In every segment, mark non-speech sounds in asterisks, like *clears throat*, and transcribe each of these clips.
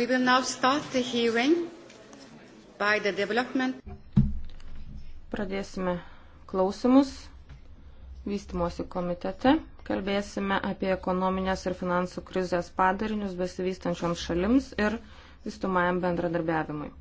We will now start the hearing by the development. Pradėsime klausimus vystimosi komitete. Kalbėsime apie ekonominės ir finansų krizės padarinius besivystančioms šalims ir vystumajam bendradarbiavimui.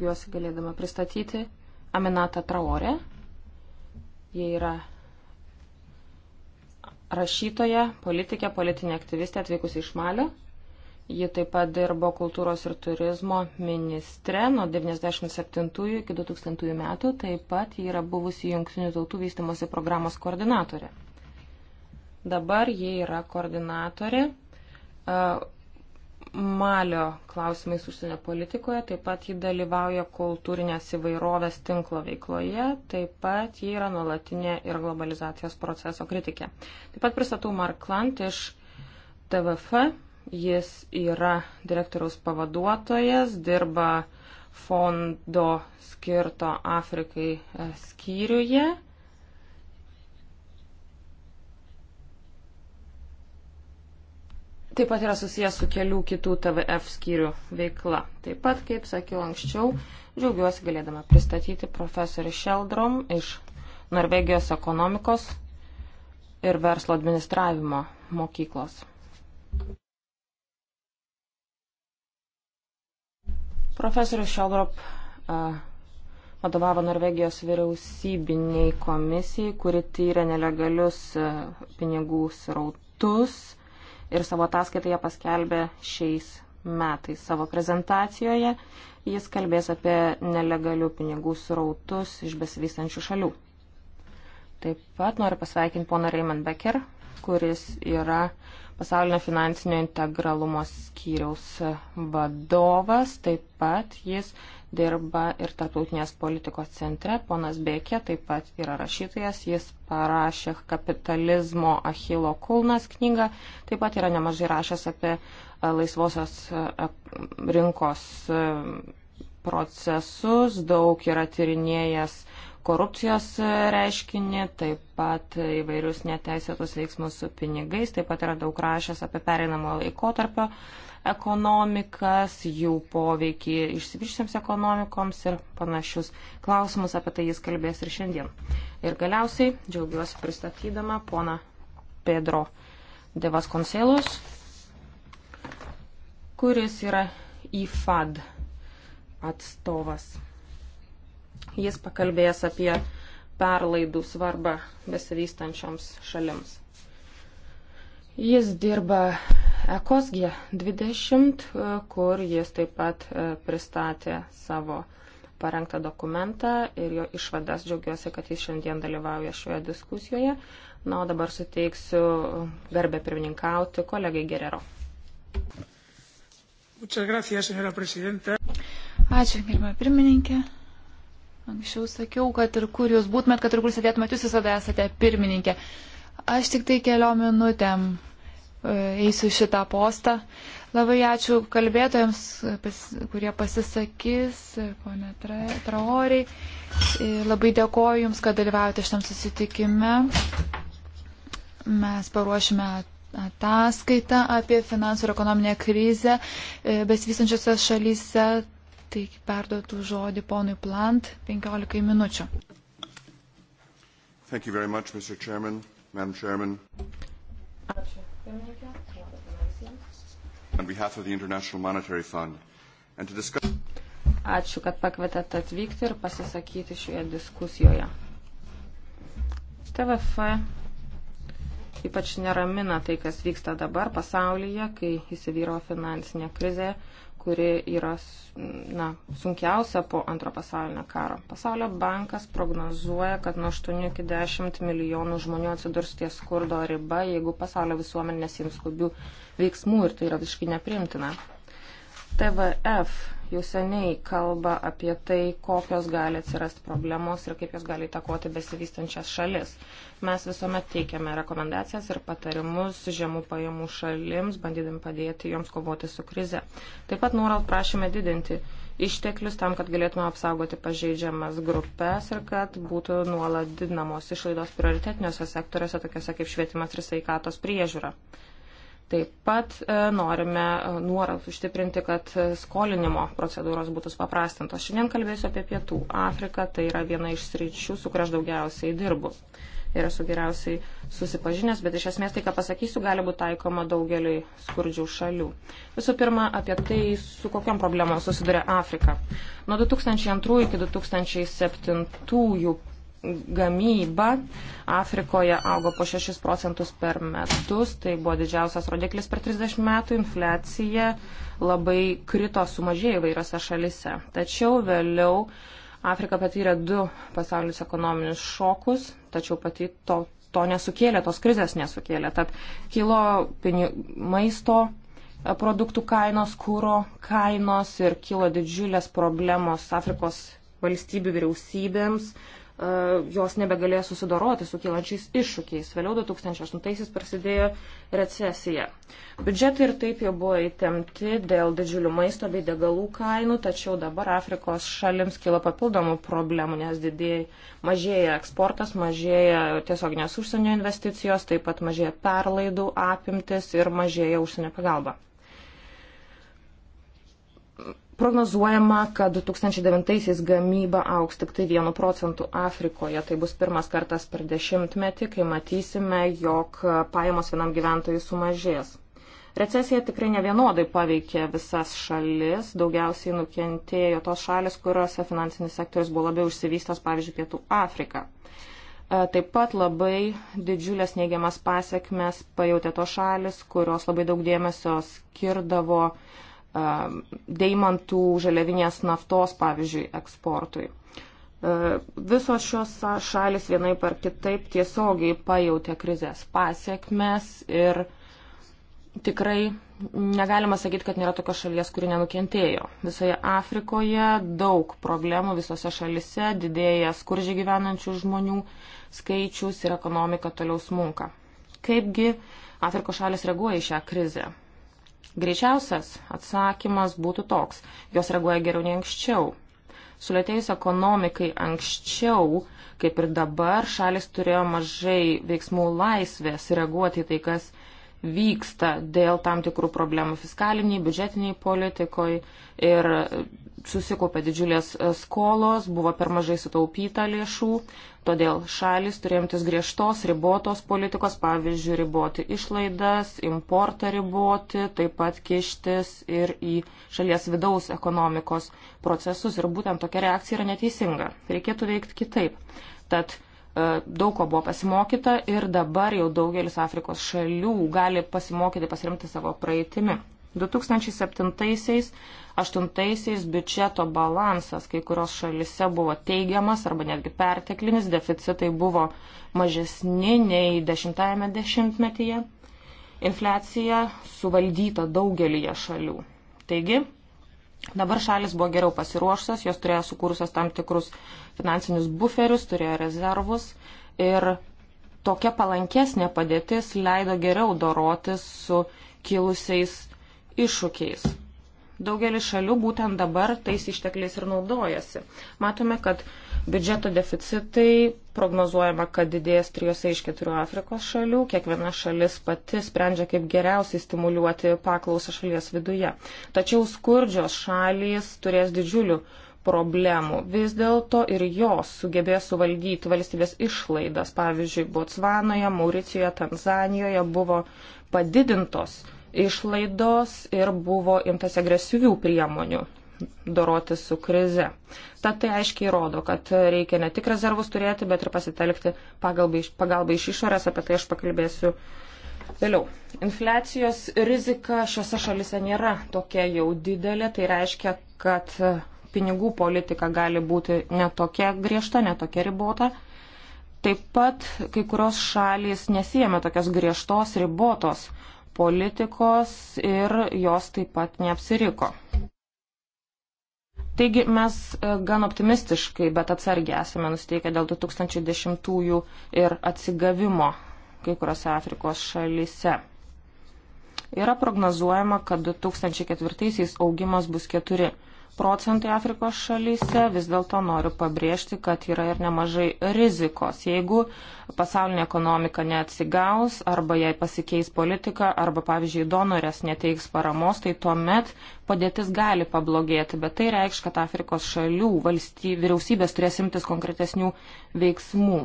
džiaugiuosi galėdama pristatyti Aminatą Traorę. Jie yra rašytoja, politikė, politinė aktyvistė atvykusi iš Malio. Ji taip pat dirbo kultūros ir turizmo ministre nuo 1997 iki 2000 metų. Taip pat ji yra buvusi Junktinių tautų vystimosi programos koordinatorė. Dabar ji yra koordinatorė uh, Malio klausimais užsienio politikoje, taip pat ji dalyvauja kultūrinės įvairovės tinklo veikloje, taip pat ji yra nuolatinė ir globalizacijos proceso kritikė. Taip pat pristatau Mark Klant iš TVF, jis yra direktoriaus pavaduotojas, dirba fondo skirto Afrikai e, skyriuje taip pat yra susijęs su kelių kitų TVF skyrių veikla. Taip pat, kaip sakiau anksčiau, džiaugiuosi galėdama pristatyti profesorį Sheldrom iš Norvegijos ekonomikos ir verslo administravimo mokyklos. Profesorius Sheldrop uh, vadovavo Norvegijos vyriausybiniai komisijai, kuri tyrė nelegalius uh, pinigų srautus ir savo ataskaitą jie paskelbė šiais metais savo prezentacijoje. Jis kalbės apie nelegalių pinigų srautus iš besivystančių šalių. Taip pat noriu pasveikinti poną Raymond Becker, kuris yra pasaulinio finansinio integralumo skyriaus vadovas, taip pat jis dirba ir tarptautinės politikos centre. Ponas Bekė taip pat yra rašytojas, jis parašė kapitalizmo Achilo Kulnas knygą, taip pat yra nemažai rašęs apie e, laisvosios e, rinkos e, procesus, daug yra tyrinėjęs korupcijos reiškinį, taip pat įvairius neteisėtus veiksmus su pinigais, taip pat yra daug rašęs apie pereinamo laikotarpio ekonomikas, jų poveikį išsivyščiams ekonomikoms ir panašius klausimus, apie tai jis kalbės ir šiandien. Ir galiausiai džiaugiuosi pristatydama pona Pedro Devas Konselus, kuris yra IFAD atstovas. Jis pakalbės apie perlaidų svarbą besivystančioms šalims. Jis dirba Ekosgė 20, kur jis taip pat e, pristatė savo parengtą dokumentą ir jo išvadas. Džiaugiuosi, kad jis šiandien dalyvauja šioje diskusijoje. Na, o dabar suteiksiu garbę pirmininkauti kolegai Gerero. Ačiū, gerbama pirmininkė. Anksčiau sakiau, kad ir kur jūs būtumėt, kad ir kur sėdėtumėt, jūs visada esate pirmininkė. Aš tik tai keliom minutėm e, eisiu šitą postą. Labai ačiū kalbėtojams, kurie pasisakys, e, ponė Traoriai. Labai dėkoju Jums, kad dalyvaujate šitam susitikime. Mes paruošime ataskaitą apie finansų ir ekonominę krizę e, besivystančiose šalyse tai perduotų žodį ponui Plant 15 minučių. Much, Mr. Chairman, Madam Chairman. Ačiū. Ačiū, kad pakvietėt atvykti ir pasisakyti šioje diskusijoje. TVF ypač neramina tai, kas vyksta dabar pasaulyje, kai įsivyro finansinė krizė, kuri yra na, sunkiausia po antro pasaulinio karo. Pasaulio bankas prognozuoja, kad nuo 8 iki 10 milijonų žmonių atsidurs ties skurdo riba, jeigu pasaulio visuomenė nesims skubių veiksmų ir tai yra visiškai neprimtina. TVF jau seniai kalba apie tai, kokios gali atsirasti problemos ir kaip jos gali įtakoti besivystančias šalis. Mes visuomet teikiame rekomendacijas ir patarimus žemų pajamų šalims, bandydami padėti joms kovoti su krize. Taip pat nuolat prašome didinti išteklius tam, kad galėtume apsaugoti pažeidžiamas grupės ir kad būtų nuolat didinamos išlaidos prioritetiniuose sektoriuose, tokiuose kaip švietimas ir sveikatos priežiūra. Taip pat e, norime e, nuorat užtikrinti, kad skolinimo procedūros būtų paprastintos. Šiandien kalbėsiu apie Pietų Afriką, tai yra viena iš sričių, su kuria aš daugiausiai dirbu. Ir esu geriausiai susipažinęs, bet iš esmės tai, ką pasakysiu, gali būti taikoma daugeliui skurdžių šalių. Visų pirma, apie tai, su kokiam problemom susiduria Afrika. Nuo 2002 iki 2007 gamyba Afrikoje augo po 6 procentus per metus, tai buvo didžiausias rodiklis per 30 metų, infliacija labai krito sumažėjo įvairiose šalise. Tačiau vėliau Afrika patyrė du pasaulius ekonominius šokus, tačiau pati to, to nesukėlė, tos krizės nesukėlė. Tad kilo pinig, maisto e, produktų kainos, kūro kainos ir kilo didžiulės problemos Afrikos valstybių vyriausybėms, E, jos nebegalėjo susidoroti su kylančiais iššūkiais. Vėliau 2008-aisiais prasidėjo recesija. Biudžetai ir taip jau buvo įtemti dėl didžiulių maisto bei degalų kainų, tačiau dabar Afrikos šalims kyla papildomų problemų, nes didėja, mažėja eksportas, mažėja tiesioginės užsienio investicijos, taip pat mažėja perlaidų apimtis ir mažėja užsienio pagalba Prognozuojama, kad 2009-aisiais gamyba auks tik tai 1 procentu Afrikoje. Tai bus pirmas kartas per dešimtmetį, kai matysime, jog pajamos vienam gyventojui sumažės. Recesija tikrai nevienodai paveikė visas šalis, daugiausiai nukentėjo tos šalis, kuriuose finansinis sektorius buvo labiau išsivystęs, pavyzdžiui, Pietų Afrika. E, taip pat labai didžiulės neigiamas pasiekmes pajutė tos šalis, kurios labai daug dėmesio skirdavo uh, Um, deimantų, žaliavinės naftos, pavyzdžiui, eksportui. Uh, visos šios šalis vienaip ar kitaip tiesiogiai pajautė krizės pasiekmes ir tikrai negalima sakyti, kad nėra tokios šalies, kuri nenukentėjo. Visoje Afrikoje daug problemų, visose šalise didėja skurdžiai gyvenančių žmonių skaičius ir ekonomika toliau smunka. Kaipgi Afrikos šalis reaguoja į šią krizę? Greičiausias atsakymas būtų toks, jos reaguoja geriau nei anksčiau. Sulėtėjus ekonomikai anksčiau, kaip ir dabar, šalis turėjo mažai veiksmų laisvės reaguoti į tai, kas vyksta dėl tam tikrų problemų fiskaliniai, biudžetiniai politikoje ir susikaupė didžiulės e, skolos, buvo per mažai sutaupyta lėšų, todėl šalis turėjantis griežtos, ribotos politikos, pavyzdžiui, riboti išlaidas, importą riboti, taip pat kištis ir į šalies vidaus ekonomikos procesus. Ir būtent tokia reakcija yra neteisinga. Reikėtų veikti kitaip. Tad e, daug ko buvo pasimokyta ir dabar jau daugelis Afrikos šalių gali pasimokyti pasirimti savo praeitimi. 2007-2008 biudžeto balansas kai kurios šalise buvo teigiamas arba netgi perteklinis, deficitai buvo mažesni nei 10-ame dešimtmetyje, infliacija suvaldyta daugelyje šalių. Taigi, dabar šalis buvo geriau pasiruošusios, jos turėjo sukūrusios tam tikrus finansinius buferius, turėjo rezervus ir tokia palankesnė padėtis leido geriau dorotis su kilusiais iššūkiais. Daugelis šalių būtent dabar tais ištekliais ir naudojasi. Matome, kad biudžeto deficitai prognozuojama, kad didės trijose iš keturių Afrikos šalių. Kiekviena šalis pati sprendžia, kaip geriausiai stimuliuoti paklausą šalies viduje. Tačiau skurdžios šalys turės didžiulių problemų. Vis dėlto ir jos sugebės suvaldyti valstybės išlaidas. Pavyzdžiui, Botsvanoje, Mauricijoje, Tanzanijoje buvo padidintos išlaidos ir buvo imtas agresyvių priemonių doroti su krize. Tad tai aiškiai rodo, kad reikia ne tik rezervus turėti, bet ir pasitelkti pagalbą iš, pagalbą iš išorės, apie tai aš pakalbėsiu vėliau. Infliacijos rizika šiuose šalise nėra tokia jau didelė, tai reiškia, kad pinigų politika gali būti netokia griežta, netokia ribota. Taip pat kai kurios šalys nesijėmė tokios griežtos, ribotos politikos ir jos taip pat neapsiriko. Taigi mes e, gan optimistiškai, bet atsargiai esame nusteikę dėl 2010-ųjų ir atsigavimo kai kuriuose Afrikos šalyse. Yra prognozuojama, kad 2004-aisiais augimas bus 4 procentai Afrikos šalyse, vis dėlto noriu pabrėžti, kad yra ir nemažai rizikos. Jeigu pasaulinė ekonomika neatsigaus, arba jai pasikeis politika, arba, pavyzdžiui, donorės neteiks paramos, tai tuomet padėtis gali pablogėti, bet tai reikš, kad Afrikos šalių valstyb, vyriausybės turės imtis konkretesnių veiksmų.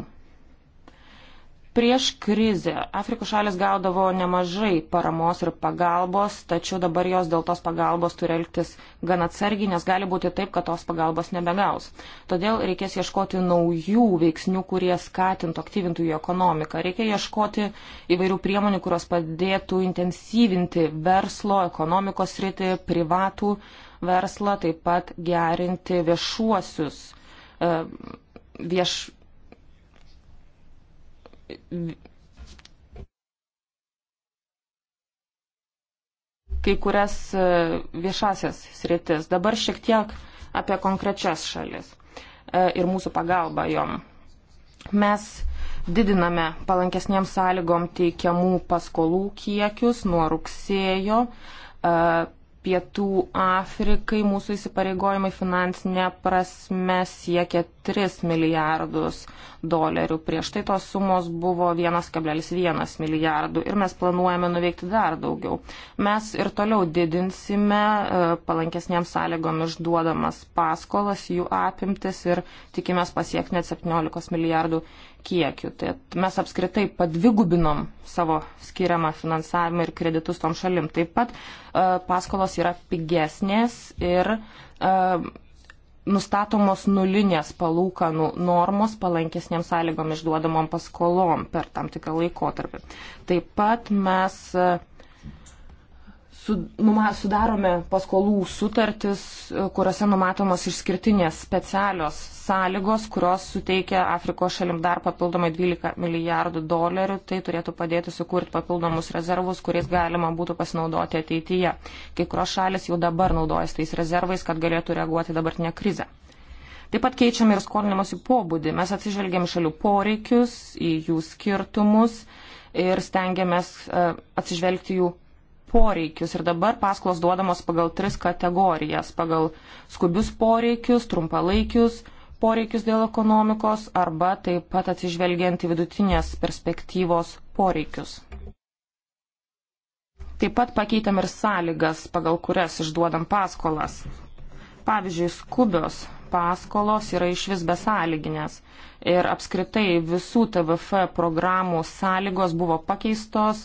Prieš krizę Afrikos šalis gaudavo nemažai paramos ir pagalbos, tačiau dabar jos dėl tos pagalbos turi elgtis gan atsargiai, nes gali būti taip, kad tos pagalbos nebegaus. Todėl reikės ieškoti naujų veiksnių, kurie skatintų, aktyvintų jų ekonomiką. Reikia ieškoti įvairių priemonių, kurios padėtų intensyvinti verslo, ekonomikos rytį, privatų verslą, taip pat gerinti viešuosius. E, vieš, kai kurias e, viešasias sritis. Dabar šiek tiek apie konkrečias šalis e, ir mūsų pagalbą jom. Mes didiname palankesniems sąlygom teikiamų paskolų kiekius nuo rugsėjo e, Pietų Afrikai mūsų įsipareigojimai finansinė prasme siekia 3 milijardus dolerių. Prieš tai tos sumos buvo 1,1 milijardų ir mes planuojame nuveikti dar daugiau. Mes ir toliau didinsime e, palankesniems sąlygom išduodamas paskolas, jų apimtis ir tikimės pasiekti net 17 milijardų kiekiu. Tai mes apskritai padvigubinom savo skiriamą finansavimą ir kreditus tom šalim. Taip pat e, paskolos yra pigesnės ir e, nustatomos nulinės palūkanų normos palankesniam sąlygom išduodamom paskolom per tam tikrą laikotarpį. Taip pat mes e, su, numa, sudarome paskolų sutartis, e, kuriuose numatomos išskirtinės specialios sąlygos, kurios suteikia Afrikos šalim dar papildomai 12 milijardų dolerių. Tai turėtų padėti sukurti papildomus rezervus, kuriais galima būtų pasinaudoti ateityje. Kai kurios šalis jau dabar naudojasi tais rezervais, kad galėtų reaguoti dabartinę krizę. Taip pat keičiame ir skolinimosi pobūdį. Mes atsižvelgiam šalių poreikius, į jų skirtumus ir stengiamės e, atsižvelgti jų poreikius. Ir dabar paskolos duodamos pagal tris kategorijas - pagal skubius poreikius, trumpalaikius poreikius dėl ekonomikos arba taip pat atsižvelgiant į vidutinės perspektyvos poreikius. Taip pat pakeitėm ir sąlygas, pagal kurias išduodam paskolas. Pavyzdžiui, skubios paskolos yra iš vis besąlyginės. Ir apskritai visų TVF programų sąlygos buvo pakeistos,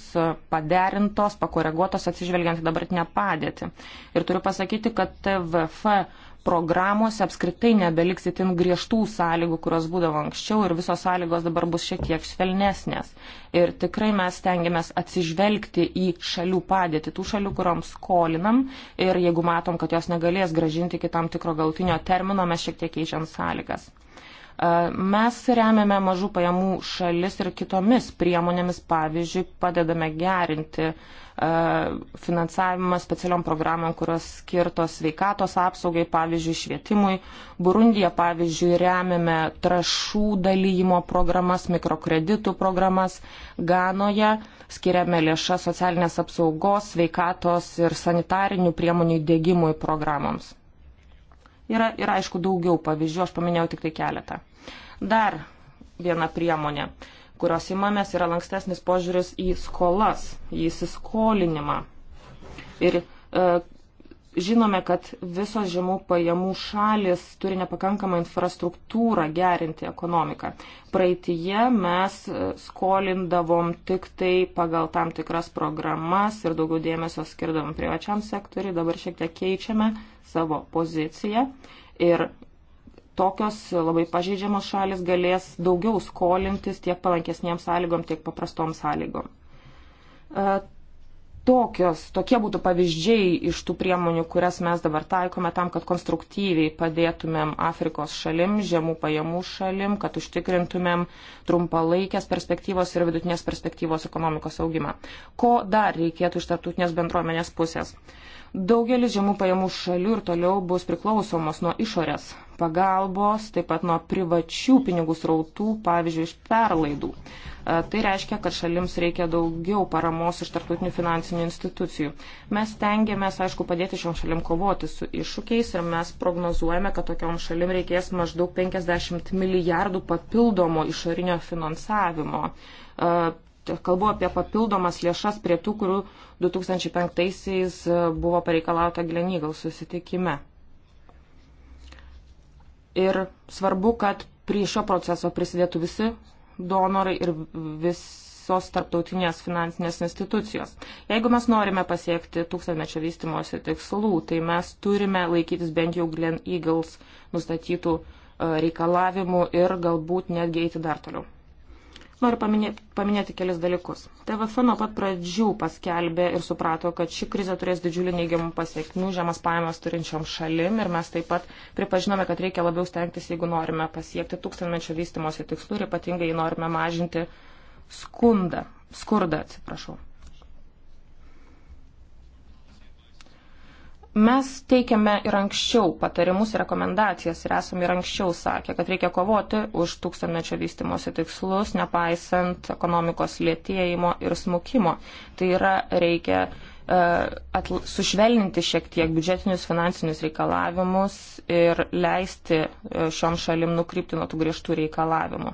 paderintos, pakoreguotos atsižvelgiant į dabartinę padėtį. Ir turiu pasakyti, kad TVF programuose apskritai nebeliks itin griežtų sąlygų, kurios būdavo anksčiau ir visos sąlygos dabar bus šiek tiek švelnesnės. Ir tikrai mes stengiamės atsižvelgti į šalių padėtį, tų šalių, kuriuoms skolinam ir jeigu matom, kad jos negalės gražinti iki tam tikro galtinio termino, mes šiek tiek keičiam sąlygas. Mes remiame mažų pajamų šalis ir kitomis priemonėmis, pavyzdžiui, padedame gerinti uh, E, finansavimas specialiom programom, kurios skirtos sveikatos apsaugai, pavyzdžiui, švietimui. Burundija, pavyzdžiui, remiame trašų dalyjimo programas, mikrokreditų programas. Ganoje skiriame lėšas socialinės apsaugos, sveikatos ir sanitarinių priemonių įdėgymui programoms. Yra ir aišku daugiau pavyzdžių, aš paminėjau tik tai keletą. Dar viena priemonė. Uh, kurios įmamės, yra lankstesnis požiūris į skolas, į įsiskolinimą. Ir e, žinome, kad visos žemų pajamų šalis turi nepakankamą infrastruktūrą gerinti ekonomiką. Praeitie mes e, skolindavom tik tai pagal tam tikras programas ir daugiau dėmesio skirdavom privačiam sektoriui, dabar šiek tiek keičiame savo poziciją ir tokios labai pažeidžiamos šalis galės daugiau skolintis tiek palankesniems sąlygom, tiek paprastom sąlygom. E, tokios, tokie būtų pavyzdžiai iš tų priemonių, kurias mes dabar taikome tam, kad konstruktyviai padėtumėm Afrikos šalim, žemų pajamų šalim, kad užtikrintumėm trumpalaikės perspektyvos ir vidutinės perspektyvos ekonomikos augimą. Ko dar reikėtų iš tarptautinės bendruomenės pusės? Daugelis žemų pajamų šalių ir toliau bus priklausomos nuo išorės pagalbos, taip pat nuo privačių pinigų srautų, pavyzdžiui, iš perlaidų. E, tai reiškia, kad šalims reikia daugiau paramos iš tarptautinių finansinių institucijų. Mes tengiamės, aišku, padėti šiom šalim kovoti su iššūkiais ir mes prognozuojame, kad tokiom šalim reikės maždaug 50 milijardų papildomo išorinio finansavimo. E, kalbu apie papildomas lėšas prie tų, kurių 2005-aisiais buvo pareikalauta Glenygal susitikime. Ir svarbu, kad prie šio proceso prisidėtų visi donorai ir visos tarptautinės finansinės institucijos. Jeigu mes norime pasiekti tūkstantmečio vystimosi tikslų, tai mes turime laikytis bent jau Glen Eagles nustatytų e, reikalavimų ir galbūt netgi eiti dar toliau. Noriu paminėti, paminėti kelis dalykus. TVF nuo pat pradžių paskelbė ir suprato, kad ši krizė turės didžiulį neigiamų pasiekmių žemas pajamas turinčiom šalim ir mes taip pat pripažinome, kad reikia labiau stengtis, jeigu norime pasiekti tūkstantmečio vystimosi tikslų ir ypatingai norime mažinti skundą, skurdą. Atsiprašau. Mes teikiame ir anksčiau patarimus ir rekomendacijas ir esame ir anksčiau sakę, kad reikia kovoti už tūkstantmečio vystimosi tikslus, nepaisant ekonomikos lėtėjimo ir smukimo. Tai yra reikia e, atl sušvelninti šiek tiek biudžetinius finansinius reikalavimus ir leisti e, šiom šalim nukrypti nuo tų griežtų reikalavimų.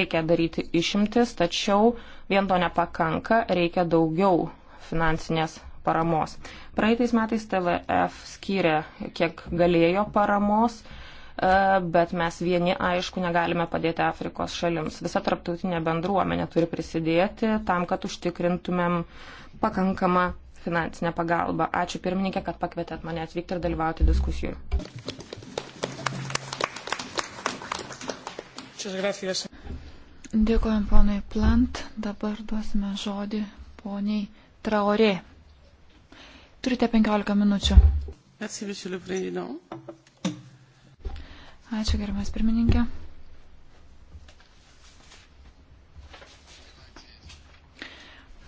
Reikia daryti išimtis, tačiau vien to nepakanka, reikia daugiau finansinės paramos. Praeitais metais TVF skyrė, kiek galėjo paramos, e, bet mes vieni, aišku, negalime padėti Afrikos šalims. Visa tarptautinė bendruomenė turi prisidėti tam, kad užtikrintumėm pakankamą finansinę pagalbą. Ačiū pirmininkė, kad pakvietėt mane atvykti ir dalyvauti diskusijų. Dėkojom ponui Plant, dabar duosime žodį poniai Traorė. Turite 15 minučių. Merci, monsieur le président. Ačiū, gerbiamas pirmininkė.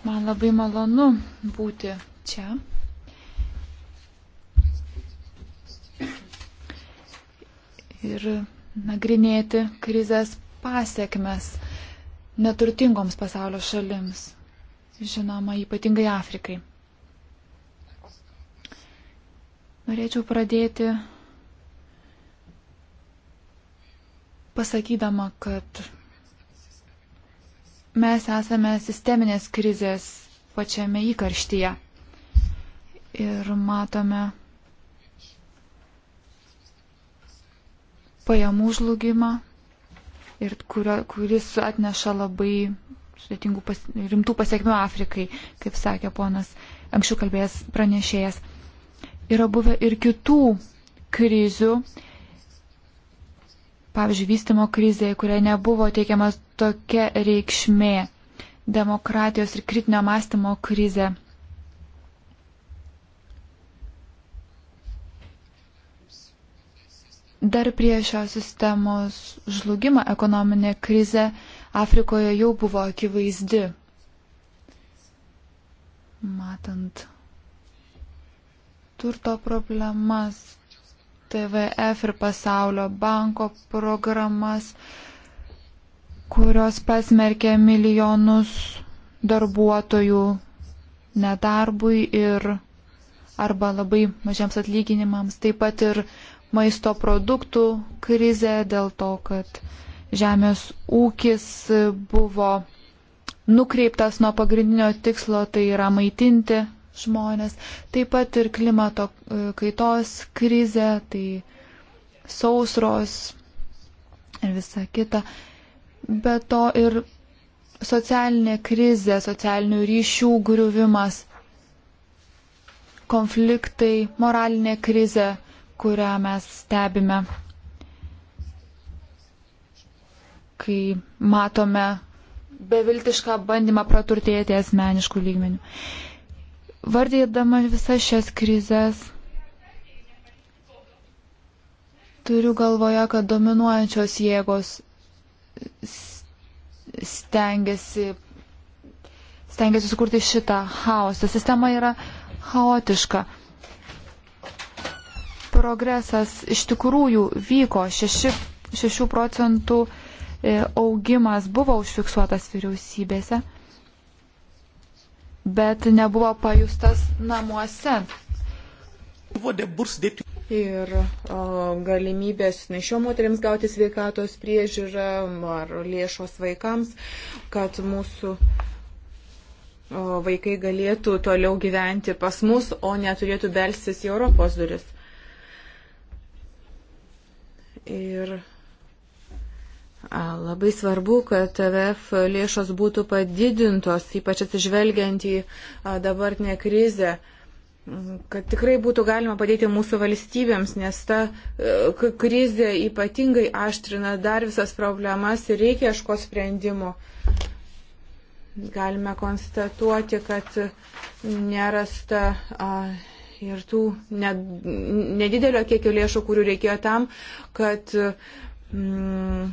Man labai malonu būti čia. Ir nagrinėti krizės pasiekmes neturtingoms pasaulio šalims. Žinoma, ypatingai Afrikai. Norėčiau pradėti pasakydama, kad mes esame sisteminės krizės pačiame įkarštyje. Ir matome pajamų žlugimą, ir kurio, kuris atneša labai sudėtingų pas, rimtų pasiekmių Afrikai, kaip sakė ponas anksčiau kalbėjęs pranešėjas. Yra buvę ir kitų krizių, pavyzdžiui, vystimo krizė, kuriai nebuvo teikiamas tokia reikšmė, demokratijos ir kritinio mąstymo krizė. Dar prieš šios sistemos žlugimą ekonominė krizė Afrikoje jau buvo akivaizdi. Matant turto problemas, TVF ir pasaulio banko programas, kurios pasmerkė milijonus darbuotojų nedarbui ir arba labai mažiems atlyginimams, taip pat ir maisto produktų krizė dėl to, kad žemės ūkis buvo nukreiptas nuo pagrindinio tikslo, tai yra maitinti žmonės, taip pat ir klimato e, kaitos krizė, tai sausros ir visa kita. Be to ir socialinė krizė, socialinių ryšių griuvimas, konfliktai, moralinė krizė, kurią mes stebime, kai matome beviltišką bandymą praturtėti asmeniškų lygmenių. Vardydama visas šias krizės, turiu galvoje, kad dominuojančios jėgos stengiasi, stengiasi sukurti šitą chaosą. Sistema yra chaotiška. Progresas iš tikrųjų vyko 6, 6 procentų e, augimas buvo užfiksuotas vyriausybėse bet nebuvo pajustas namuose. Ir o, galimybės nešio moteriams gauti sveikatos priežiūrą ar lėšos vaikams, kad mūsų o, vaikai galėtų toliau gyventi pas mus, o neturėtų belsis į Europos duris. Ir Labai svarbu, kad TVF e lėšos būtų padidintos, ypač atsižvelgiant į dabartinę krizę, kad tikrai būtų galima padėti mūsų valstybėms, nes ta e, krizė ypatingai aštrina dar visas problemas ir reikia iško sprendimų. Galime konstatuoti, kad nerasta. A, ir tų nedidelio kiekio lėšų, kurių reikėjo tam, kad mm,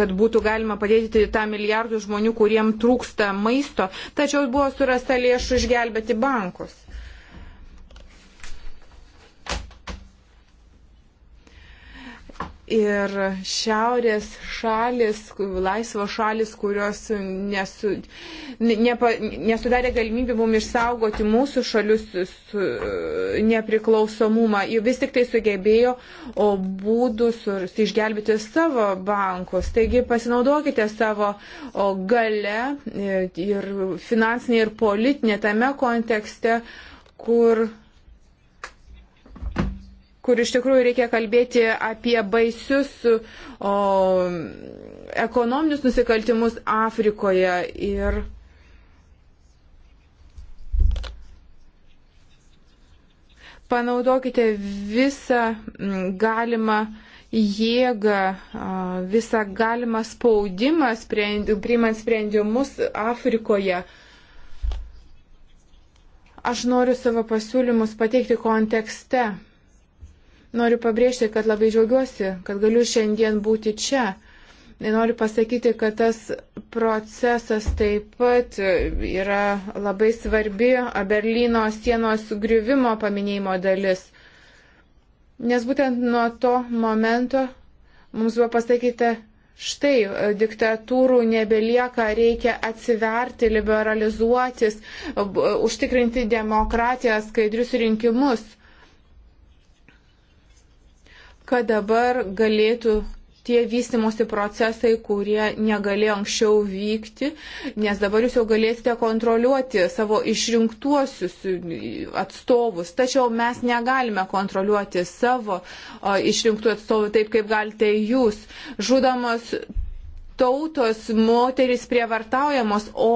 kad būtų galima padėti tą milijardų žmonių, kuriem trūksta maisto, tačiau buvo surasta lėšų išgelbėti bankus. Ir šiaurės šalis, laisvo šalis, kurios nesu, nepa, nesudarė galimybę mums išsaugoti mūsų šalius su, e, nepriklausomumą, vis tik tai sugebėjo būdus išgelbėti savo bankus. Taigi pasinaudokite savo gale e, ir finansinė ir politinė tame kontekste, kur kur iš tikrųjų reikia kalbėti apie baisius o, ekonominius nusikaltimus Afrikoje. Ir panaudokite visą mm, galimą jėgą, visą galimą spaudimą priimant sprendimus Afrikoje. Aš noriu savo pasiūlymus pateikti kontekste. Noriu pabrėžti, kad labai džiaugiuosi, kad galiu šiandien būti čia. Noriu pasakyti, kad tas procesas taip pat yra labai svarbi Berlyno sienos griuvimo paminėjimo dalis. Nes būtent nuo to momento mums buvo pasakyta, štai e, diktatūrų nebelieka, reikia atsiverti, liberalizuotis, e, užtikrinti demokratiją, skaidrius rinkimus kad dabar galėtų tie vystimosi procesai, kurie negalėjo anksčiau vykti, nes dabar jūs jau galėsite kontroliuoti savo išrinktuosius atstovus, tačiau mes negalime kontroliuoti savo o, išrinktų atstovų taip, kaip galite jūs. Žudamos tautos, moteris prievartaujamos, o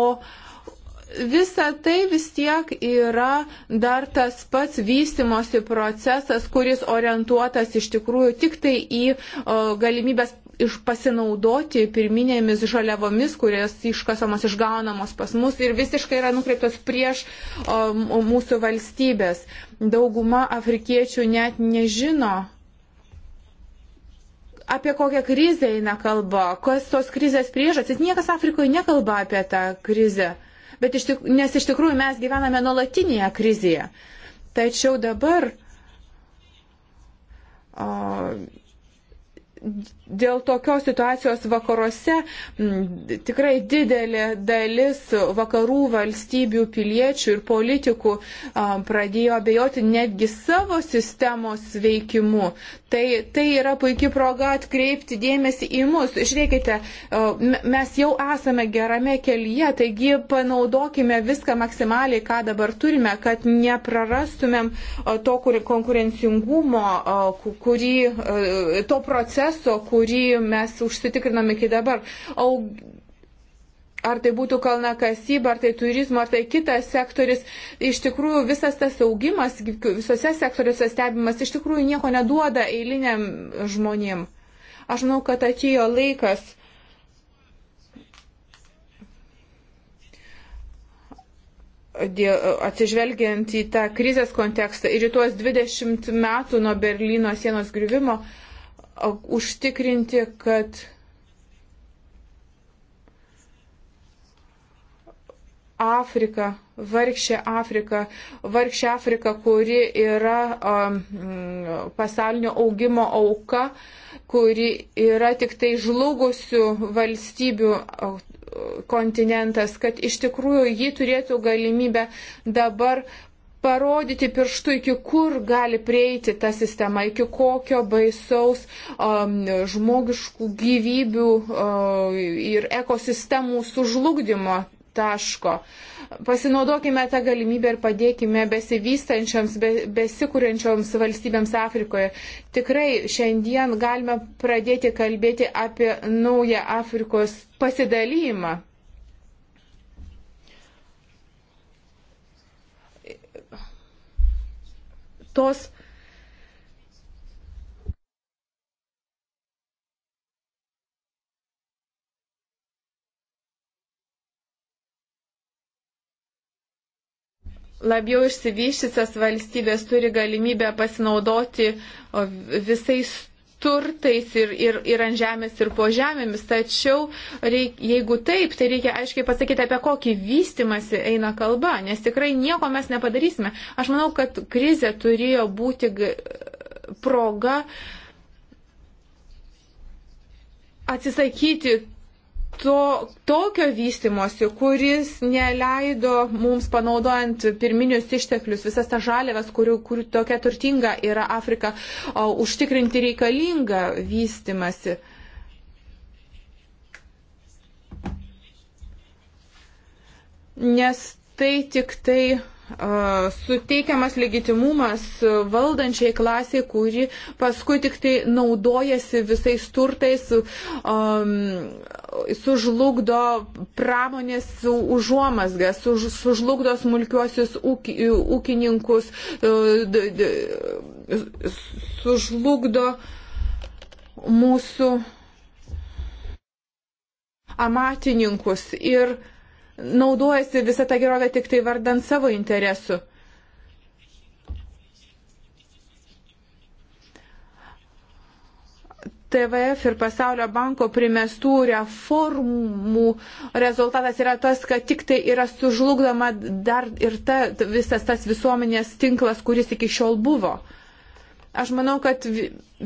Visa tai vis tiek yra dar tas pats vystimosi procesas, kuris orientuotas iš tikrųjų tik tai į o, galimybės iš pasinaudoti pirminėmis žaliavomis, kurias iškasamos išgaunamos pas mus ir visiškai yra nukreiptos prieš o, mūsų valstybės. Dauguma afrikiečių net nežino, apie kokią krizę eina kalba, kas tos krizės priežastis. Niekas Afrikoje nekalba apie tą krizę bet iš tik, nes iš tikrųjų mes gyvename nuolatinėje krizėje. Tačiau dabar o, dėl tokios situacijos vakaruose tikrai didelė dalis vakarų valstybių piliečių ir politikų pradėjo abejoti netgi savo sistemos veikimu. Tai, tai yra puikia proga atkreipti dėmesį į mus. Žiūrėkite, mes jau esame gerame kelyje, taigi panaudokime viską maksimaliai, ką dabar turime, kad neprarastumėm to konkurencingumo, kurį, to proceso, kurį kurį mes užsitikrinam iki dabar. Aug... Ar tai būtų kalnakasyba, ar tai turizmo, ar tai kitas sektoris, iš tikrųjų visas tas augimas visose sektoriuose stebimas iš tikrųjų nieko neduoda eiliniam žmonėm. Aš manau, kad atėjo laikas atsižvelgiant į tą krizės kontekstą ir į tuos 20 metų nuo Berlyno sienos griuvimo, užtikrinti, kad Afrika, vargšė Afrika, vargšė Afrika, kuri yra um, pasaulinio augimo auka, kuri yra tik tai žlugusių valstybių kontinentas, kad iš tikrųjų ji turėtų galimybę dabar parodyti pirštu, iki kur gali prieiti ta sistema, iki kokio baisaus um, žmogiškų gyvybių um, ir ekosistemų sužlugdymo taško. Pasinaudokime tą galimybę ir padėkime besivystančiams, be, besikūrenčioms valstybėms Afrikoje. Tikrai šiandien galime pradėti kalbėti apie naują Afrikos pasidalymą. tos labiau išsivyščiusios valstybės turi galimybę pasinaudoti visais turtais ir, ir, ir ant žemės, ir po žemėmis. Tačiau reik, jeigu taip, tai reikia aiškiai pasakyti, apie kokį vystimąsi eina kalba, nes tikrai nieko mes nepadarysime. Aš manau, kad krizė turėjo būti proga atsisakyti to, tokio vystimosi, kuris neleido mums panaudojant pirminius išteklius, visas tas žalėves, kurių kur tokia turtinga yra Afrika, o, užtikrinti reikalingą vystimasi. Nes tai tik tai suteikiamas legitimumas valdančiai klasiai, kuri paskui tik tai naudojasi visais turtais, um, sužlugdo pramonės užuomasgas, suž, sužlugdo smulkiuosius ūk, ūkininkus, sužlugdo mūsų amatininkus ir naudojasi visą tą gerovę tik tai vardant savo interesų. TVF ir Pasaulio banko primestų reformų rezultatas yra tas, kad tik tai yra sužlugdama dar ir ta, visas tas visuomenės tinklas, kuris iki šiol buvo. Aš manau, kad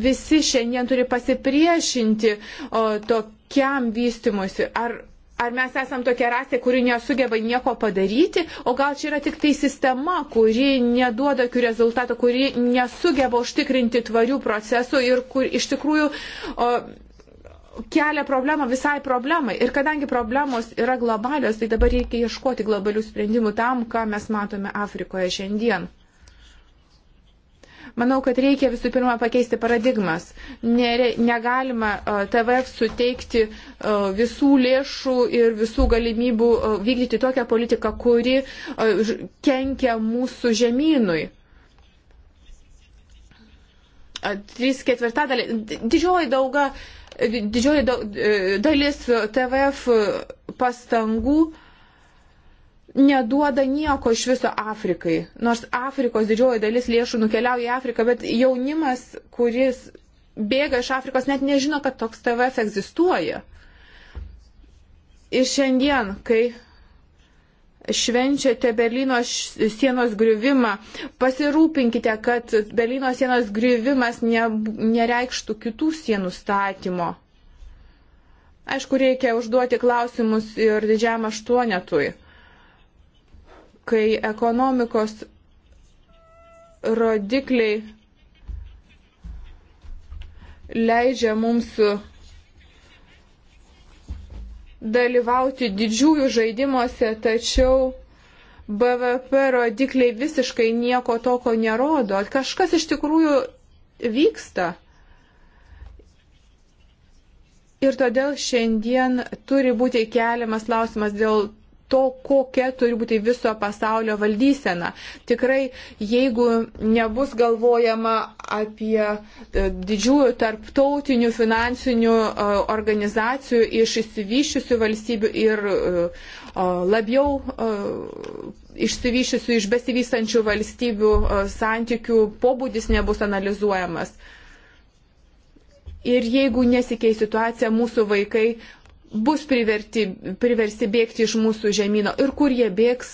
visi šiandien turi pasipriešinti o, tokiam vystimusi. Ar Ar mes esam tokia rasė, kuri nesugeba nieko padaryti, o gal čia yra tik tai sistema, kuri neduoda jokių rezultatų, kuri nesugeba užtikrinti tvarių procesų ir kur iš tikrųjų o, kelia problemą visai problemai. Ir kadangi problemos yra globalios, tai dabar reikia ieškoti globalių sprendimų tam, ką mes matome Afrikoje šiandien. Manau, kad reikia visų pirma pakeisti paradigmas. Nere, negalima TVF suteikti visų lėšų ir visų galimybių vykdyti tokią politiką, kuri kenkia mūsų žemynui trys ketvirtadaliai, didžioji dauga, didžioji daug, e, dalis TVF pastangų neduoda nieko iš viso Afrikai. Nors Afrikos didžioji dalis lėšų nukeliauja į Afriką, bet jaunimas, kuris bėga iš Afrikos, net nežino, kad toks TVF egzistuoja. Ir šiandien, kai švenčiate Berlyno sienos griuvimą, pasirūpinkite, kad Berlyno sienos griuvimas ne, nereikštų kitų sienų statymo. Aišku, reikia užduoti klausimus ir didžiam aštuonetui kai ekonomikos rodikliai leidžia mums dalyvauti didžiųjų žaidimuose, tačiau BVP rodikliai visiškai nieko toko nerodo. Kažkas iš tikrųjų vyksta. Ir todėl šiandien turi būti keliamas klausimas dėl to, kokia turi būti viso pasaulio valdysena. Tikrai, jeigu nebus galvojama apie e, didžiųjų tarptautinių finansinių e, organizacijų iš įsivyščiusių valstybių ir e, labiau išsivyščiusių, iš besivystančių valstybių santykių pobūdis nebus analizuojamas. Ir jeigu nesikeis situacija, mūsų vaikai bus priverti, priversti bėgti iš mūsų žemynų ir kur jie bėgs.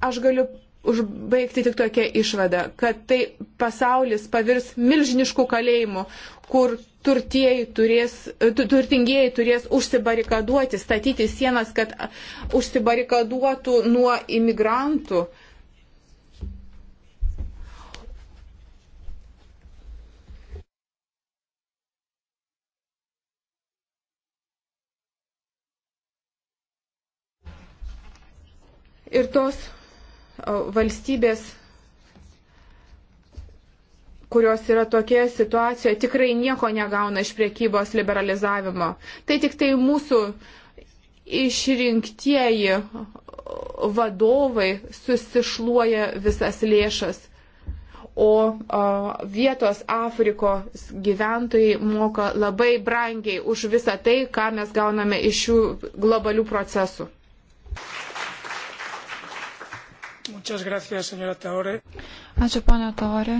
Aš galiu užbaigti tik tokią išvadą, kad tai pasaulis pavirs milžiniškų kalėjimų, kur turtieji turės, turtingieji turės užsibarikaduoti, statyti sienas, kad užsibarikaduotų nuo imigrantų. Ir tos valstybės, kurios yra tokioje situacijoje, tikrai nieko negauna iš priekybos liberalizavimo. Tai tik tai mūsų išrinktieji vadovai susišluoja visas lėšas o a, vietos Afrikos gyventojai moka labai brangiai už visą tai, ką mes gauname iš šių globalių procesų. Gracias, Ačiū, ponė Taurė.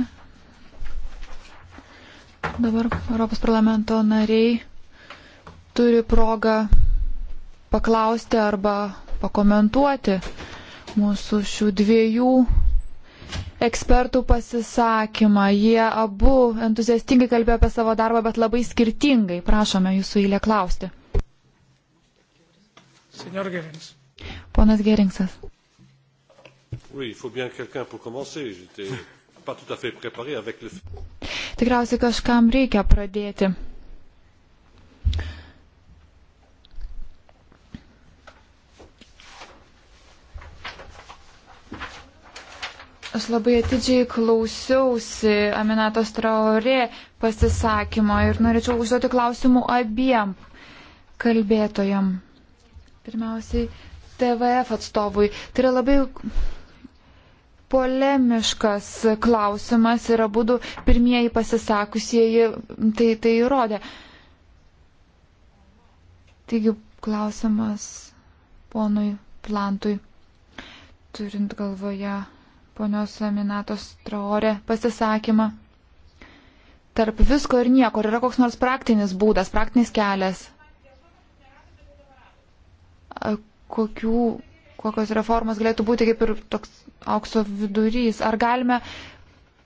Dabar Europos parlamento nariai turi progą paklausti arba pakomentuoti mūsų šių dviejų ekspertų pasisakymą. Jie abu entuziastingai kalbėjo apie savo darbą, bet labai skirtingai. Prašome jūsų eilę klausti. Ponas Geringsas. Oui, il faut bien quelqu'un pour commencer. J'étais pas tout à fait préparé avec le. Tikriausiai kažkam reikia pradėti. Aš labai atidžiai klausiausi Aminatos Traorė pasisakymo ir norėčiau užduoti klausimų abiem kalbėtojam. Pirmiausiai TVF atstovui. Tai yra labai polemiškas klausimas ir abu pirmieji pasisakusieji tai, tai įrodė. Taigi klausimas ponui Plantui, turint galvoje ponios Aminatos Traorė pasisakymą. Tarp visko ir nieko, ar yra koks nors praktinis būdas, praktinis kelias? Kokių kokios reformos galėtų būti kaip ir toks aukso vidurys. Ar galime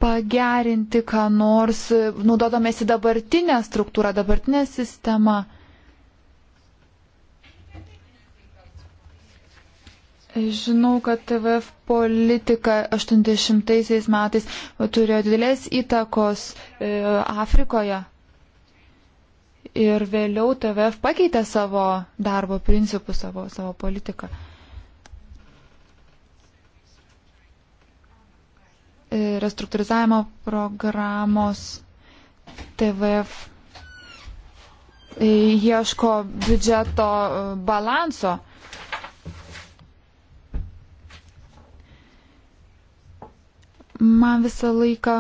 pagerinti, ką nors, naudodamėsi dabartinę struktūrą, dabartinę sistemą? Žinau, kad TVF politika 80 metais turėjo didelės įtakos e, Afrikoje. Ir vėliau TVF pakeitė savo darbo principus, savo, savo politiką. E, restruktūrizavimo programos TVF e, ieško biudžeto e, balanso. Man visą laiką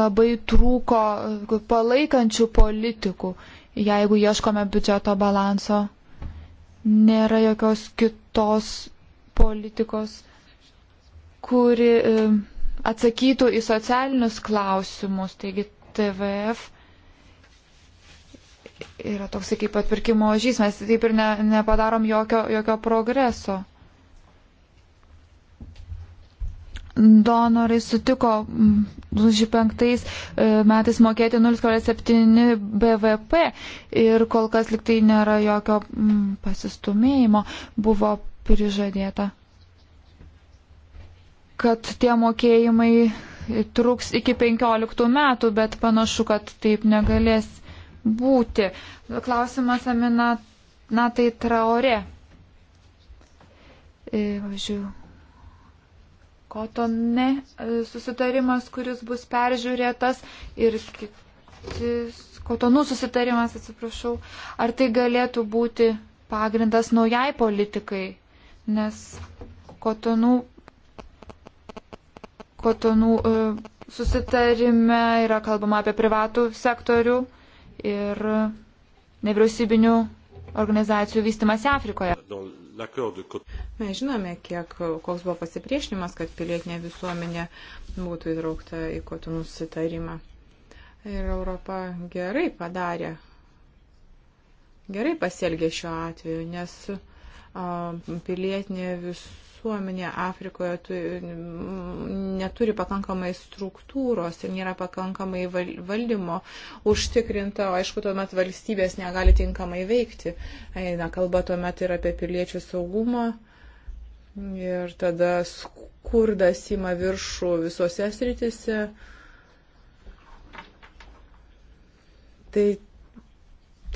labai trūko palaikančių politikų, jeigu ieškome biudžeto balanso. Nėra jokios kitos politikos, kuri atsakytų į socialinius klausimus. Taigi TVF yra toksai kaip atpirkimo ožys, mes taip ir ne, nepadarom jokio, jokio progreso. Donorai sutiko 2005 mm, e, metais mokėti 0,7 BVP ir kol kas liktai nėra jokio mm, pasistumėjimo, buvo prižadėta kad tie mokėjimai truks iki 15 metų, bet panašu, kad taip negalės būti. Klausimas Amina Natai Traore. E, Važiuoju. Kotone e, susitarimas, kuris bus peržiūrėtas ir kitis. Kotonų susitarimas, atsiprašau. Ar tai galėtų būti pagrindas naujai politikai? Nes kotonų kotonų e, susitarime yra kalbama apie privatų sektorių ir nevyriausybinių organizacijų vystimasi Afrikoje. Mes žinome, kiek, koks buvo pasipriešinimas, kad pilietinė visuomenė būtų įtraukta į kotonų susitarimą. Ir Europa gerai padarė, gerai pasielgė šiuo atveju, nes pilietinė visuomenė visuomenė Afrikoje tu, neturi pakankamai struktūros ir nėra pakankamai valdymo užtikrinta, o aišku, tuomet valstybės negali tinkamai veikti. Eina kalba tuomet ir apie piliečių saugumą. Ir tada skurdas ima viršų visose sritise. Tai,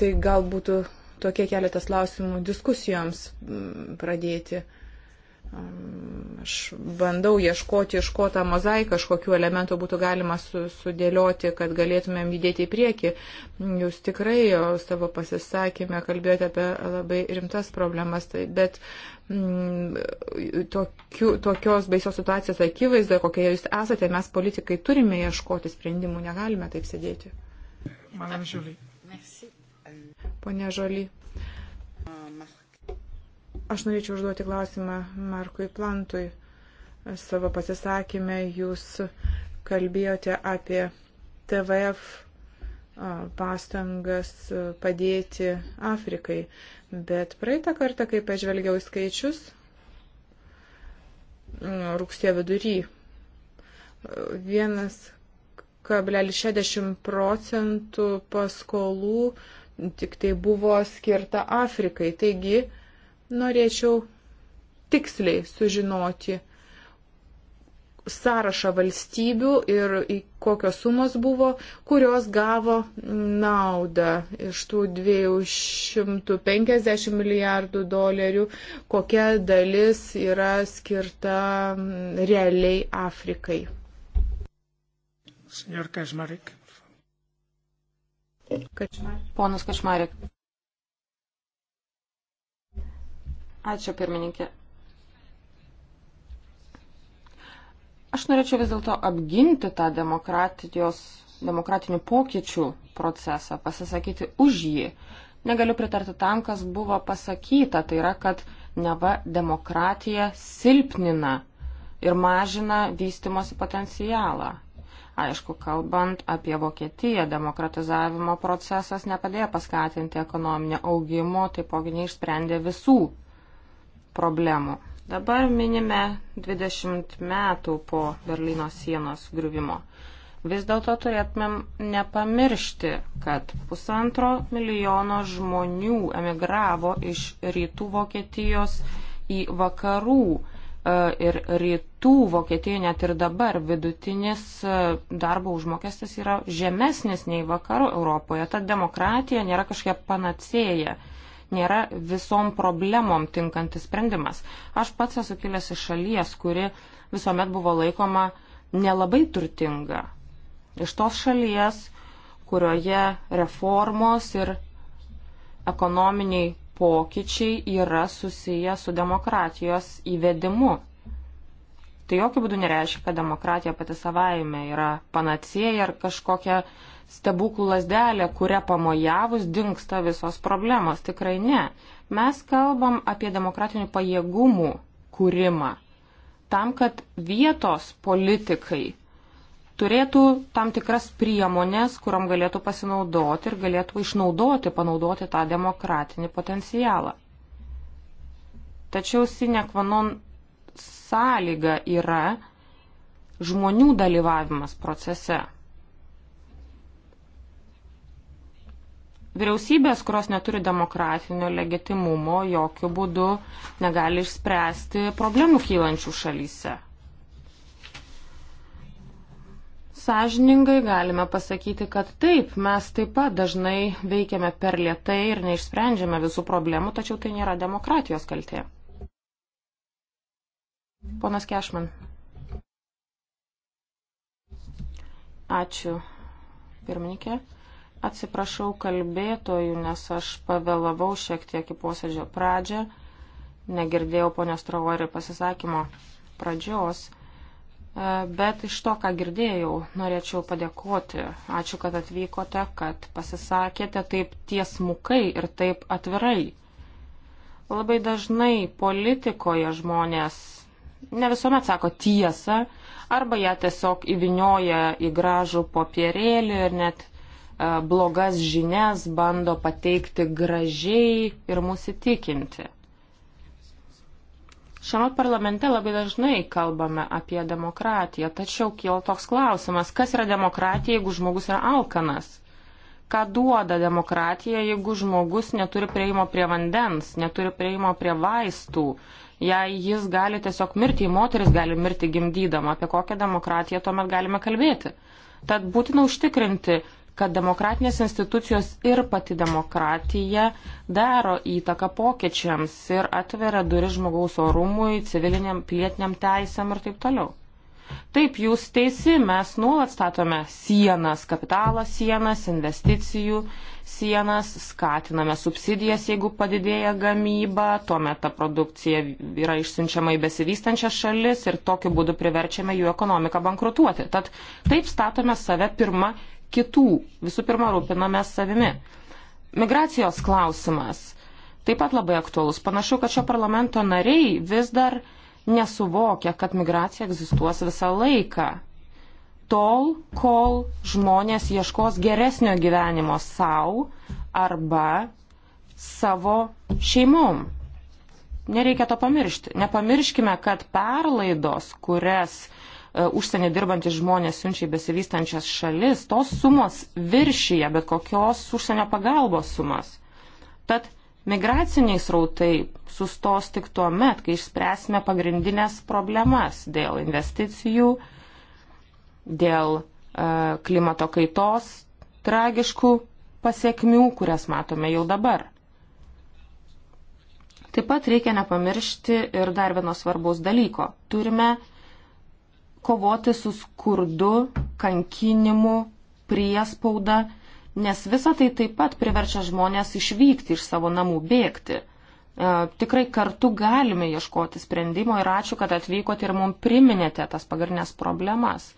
tai gal būtų tokie keletas klausimų diskusijoms pradėti. Aš bandau ieškoti, iš ko tą mozaiką kažkokiu elementu būtų galima su, sudėlioti, kad galėtumėm judėti į priekį. Jūs tikrai savo pasisakymę kalbėjote apie labai rimtas problemas, tai, bet mm, tokiu, tokios baisios situacijos akivaizdoje, kokie jūs esate, mes politikai turime ieškoti sprendimų, negalime taip sėdėti. Madame Žoly. Pone Žoly. Aš norėčiau užduoti klausimą Markui Plantui. Savo pasisakymę jūs kalbėjote apie TVF pastangas padėti Afrikai. Bet praeitą kartą, kai pažvelgiau į skaičius, rugsėjo vidury, 1,60 procentų paskolų tik tai buvo skirta Afrikai. Taigi, Norėčiau tiksliai sužinoti sąrašą valstybių ir kokios sumos buvo, kurios gavo naudą iš tų 250 milijardų dolerių, kokia dalis yra skirta realiai Afrikai. Kačmarek. Ponas Kačmarek. Ačiū, pirmininkė. Aš norėčiau vis dėlto apginti tą demokratijos, demokratinių pokyčių procesą, pasisakyti už jį. Negaliu pritarti tam, kas buvo pasakyta, tai yra, kad neva demokratija silpnina ir mažina vystimosi potencialą. Aišku, kalbant apie Vokietiją, demokratizavimo procesas nepadėjo paskatinti ekonominio augimo, taipogi neišsprendė visų problemų. Dabar minime 20 metų po Berlyno sienos griuvimo. Vis dėlto turėtumėm nepamiršti, kad pusantro milijono žmonių emigravo iš rytų Vokietijos į vakarų e, ir rytų Vokietijoje net ir dabar vidutinis e, darbo užmokestis yra žemesnis nei vakarų Europoje. Ta demokratija nėra kažkokia panacėja nėra visom problemom tinkantis sprendimas. Aš pats esu kilęs iš šalies, kuri visuomet buvo laikoma nelabai turtinga. Iš tos šalies, kurioje reformos ir ekonominiai pokyčiai yra susiję su demokratijos įvedimu. Tai jokių būdų nereiškia, kad demokratija pati savaime yra panacėja ar kažkokia uh, stebuklų lasdelė, kurią pamojavus dinksta visos problemos. Tikrai ne. Mes kalbam apie demokratinių pajėgumų kūrimą. Tam, kad vietos politikai turėtų tam tikras priemonės, kuriam galėtų pasinaudoti ir galėtų išnaudoti, panaudoti tą demokratinį potencialą. Tačiau sinekvanon sąlyga yra žmonių dalyvavimas procese. Vyriausybės, kurios neturi demografinio legitimumo, jokių būdų negali išspręsti problemų kylančių šalyse. Sažiningai galime pasakyti, kad taip, mes taip pat dažnai veikiame per lietai ir neišsprendžiame visų problemų, tačiau tai nėra demokratijos kaltė. Ponas Kešman. Ačiū, pirmininkė. Atsiprašau kalbėtojų, nes aš pavėlavau šiek tiek į posėdžio pradžią, negirdėjau ponios Trovori pasisakymo pradžios, e, bet iš to, ką girdėjau, norėčiau padėkoti. Ačiū, kad atvykote, kad pasisakėte taip tiesmukai ir taip atvirai. Labai dažnai politikoje žmonės ne visuomet sako tiesą, arba ją tiesiog įvinioja į gražų popierėlį ir net blogas žinias bando pateikti gražiai ir mūsų tikinti. Šiame parlamente labai dažnai kalbame apie demokratiją, tačiau kyla toks klausimas, kas yra demokratija, jeigu žmogus yra alkanas? Ką duoda demokratija, jeigu žmogus neturi prieimo prie vandens, neturi prieimo prie vaistų, jei jis gali tiesiog mirti, moteris gali mirti gimdydama, apie kokią demokratiją tuomet galime kalbėti? Tad būtina užtikrinti kad demokratinės institucijos ir pati demokratija daro įtaką pokyčiams ir atveria duris žmogaus orumui, civiliniam, pilietiniam teisėm ir taip toliau. Taip, jūs teisi, mes nuolat statome sienas, kapitalo sienas, investicijų sienas, skatiname subsidijas, jeigu padidėja gamyba, tuomet ta produkcija yra išsiunčiama į besivystančias šalis ir tokiu būdu priverčiame jų ekonomiką bankrutuoti. Tad taip statome save pirmą kitų. Visų pirma, rūpinamės savimi. Migracijos klausimas taip pat labai aktuolus. Panašu, kad šio parlamento nariai vis dar nesuvokia, kad migracija egzistuos visą laiką. Tol, kol žmonės ieškos geresnio gyvenimo savo arba savo šeimom. Nereikia to pamiršti. Nepamirškime, kad perlaidos, kurias E, užsienį dirbantys žmonės siunčia į besivystančias šalis, tos sumos viršyje bet kokios užsienio pagalbos sumas. Tad migraciniai srautai sustos tik tuo met, kai išspręsime pagrindinės problemas dėl investicijų, dėl e, klimato kaitos tragiškų pasiekmių, kurias matome jau dabar. Taip pat reikia nepamiršti ir dar vieno svarbaus dalyko. Turime uh, kovoti su skurdu, kankinimu, priespauda, nes visa tai taip pat priverčia žmonės išvykti iš savo namų, bėgti. E, tikrai kartu galime ieškoti sprendimo ir ačiū, kad atvykote ir mums priminėte tas pagrindinės problemas.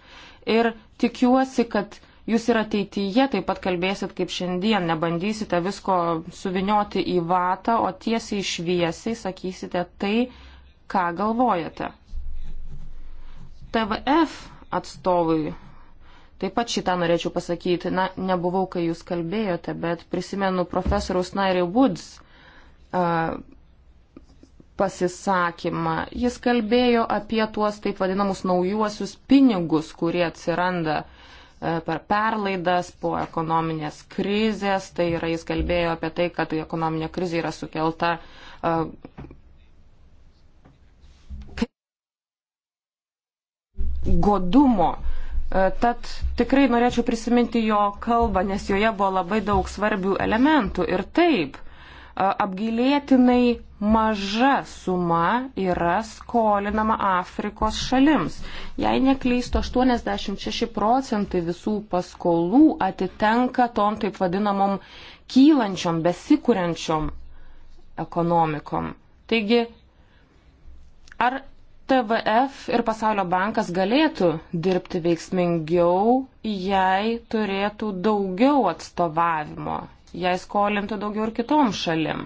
Ir tikiuosi, kad jūs ir ateityje taip pat kalbėsit kaip šiandien, nebandysite visko suvinioti į vatą, o tiesiai išviesiai sakysite tai, ką galvojate. TVF atstovui Taip pat šitą norėčiau pasakyti, na, nebuvau, kai jūs kalbėjote, bet prisimenu profesoriaus Nairi Woods uh, pasisakymą. Jis kalbėjo apie tuos taip vadinamus naujuosius pinigus, kurie atsiranda uh, per perlaidas po ekonominės krizės. Tai yra, jis kalbėjo apie tai, kad tai ekonominė krizė yra sukelta uh, godumo. E, tad tikrai norėčiau prisiminti jo kalbą, nes joje buvo labai daug svarbių elementų. Ir taip, e, apgailėtinai maža suma yra skolinama Afrikos šalims. Jei neklysto, 86 procentai visų paskolų atitenka tom taip vadinamom kylančiom, besikūrenčiom ekonomikom. Taigi, ar TVF ir Pasaulio bankas galėtų dirbti veiksmingiau, jei turėtų daugiau atstovavimo, jei skolintų daugiau ir kitom šalim.